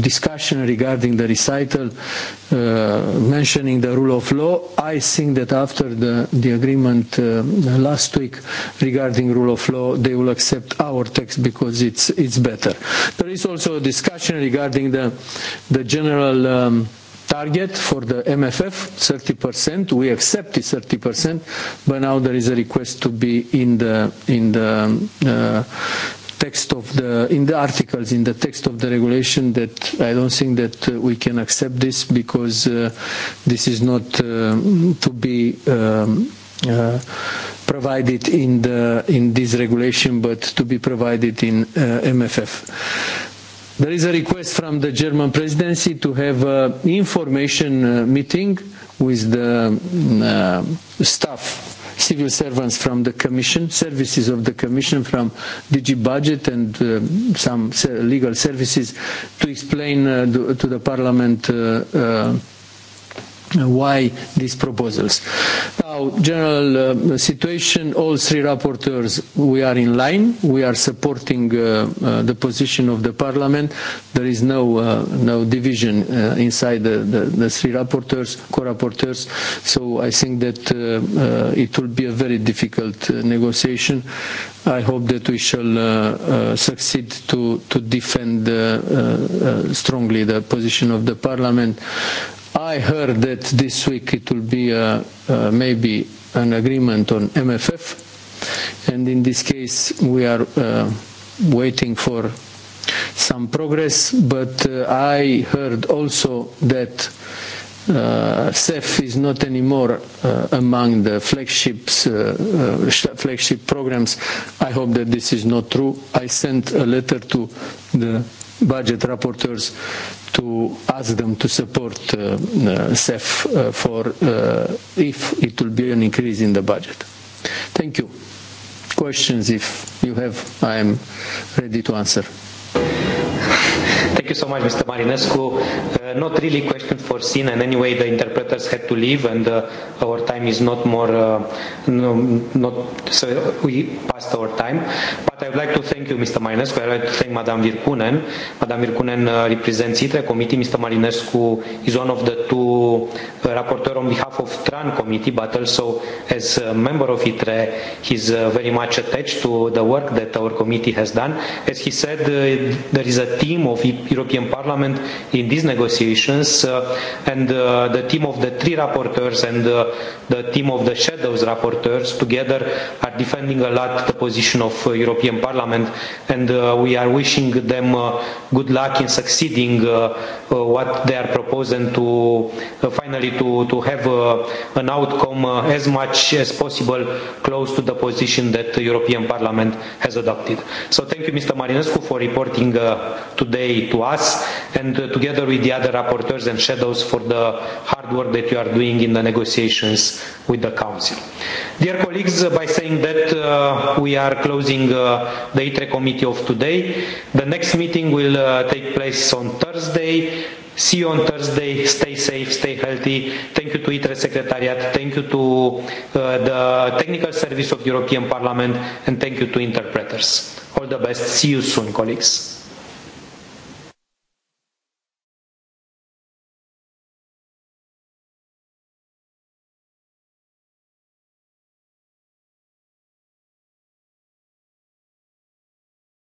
discussion regarding the recital uh, mentioning the rule of law. I think that after the, the agreement uh, last week regarding rule of law, they will accept our text because it's, it's better. There is also a discussion regarding the, the general um, target for the MFF, 30%. We accept accepted 30%, but now there is a request to be in the in the uh, text of the in the articles in the text of the regulation that I don't think that uh, we can accept this because uh, this is not uh, to be um, uh, provided in the in this regulation but to be provided in uh, MFF There is a request from the German presidency to have an information uh, meeting with the mm, uh, staff civil servants from the commission, services of the commission from DG budget and uh, some legal services to explain uh, to the parliament uh, uh, why these proposals. Now, general uh, situation, all three rapporteurs, we are in line. We are supporting uh, uh, the position of the parliament. There is no uh, no division uh, inside the, the, the three rapporteurs, co-rapporteurs. So I think that uh, uh, it will be a very difficult uh, negotiation. I hope that we shall uh, uh, succeed to, to defend uh, uh, uh strongly the position of the Parliament I heard that this week it will be a, uh, uh, maybe an agreement on MFF, and in this case we are uh, waiting for some progress. But uh, I heard also that uh, CEF is not anymore uh, among the flagships, uh, uh, flagship programs. I hope that this is not true. I sent a letter to the budget rapporteurs to ask them to support uh, uh, CEF uh, for uh, if it will be an increase in the budget. Thank you. Questions, if you have, I am ready to answer. Thank you so much, Mr. Marinescu. Uh, not really question scene, and anyway, the interpreters had to leave, and uh, our time is not more, uh, no, not so we passed our time. But I would like to thank you, Mr. Marinescu. I would like to thank Madame Virkunen. Madame Virkunen uh, represents ITRE committee. Mr. Marinescu is one of the two uh, rapporteur on behalf of TRAN committee, but also as a member of ITRE, he's uh, very much attached to the work that our committee has done. As he said, uh, there is a team of European Parliament in these negotiations, uh, and uh, the team of the three rapporteurs and uh, the team of the shadows rapporteurs together are defending a lot the position of uh, European Parliament, and uh, we are wishing them uh, good luck in succeeding uh, uh, what they are proposing to uh, finally to to have uh, an outcome uh, as much as possible close to the position that the European Parliament has adopted. So thank you, Mr. Marinescu, for reporting reporting uh, today to us and uh, together with the other rapporteurs and shadows for the hard work that you are doing in the negotiations with the Council. Dear colleagues, uh, by saying that uh, we are closing uh, the ITRE committee of today. The next meeting will uh, take place on Thursday, See you on Thursday. Stay safe, stay healthy. Thank you to ITRE Secretariat. Thank you to uh, the Technical Service of European Parliament. And thank you to interpreters. All the best. See you soon, colleagues.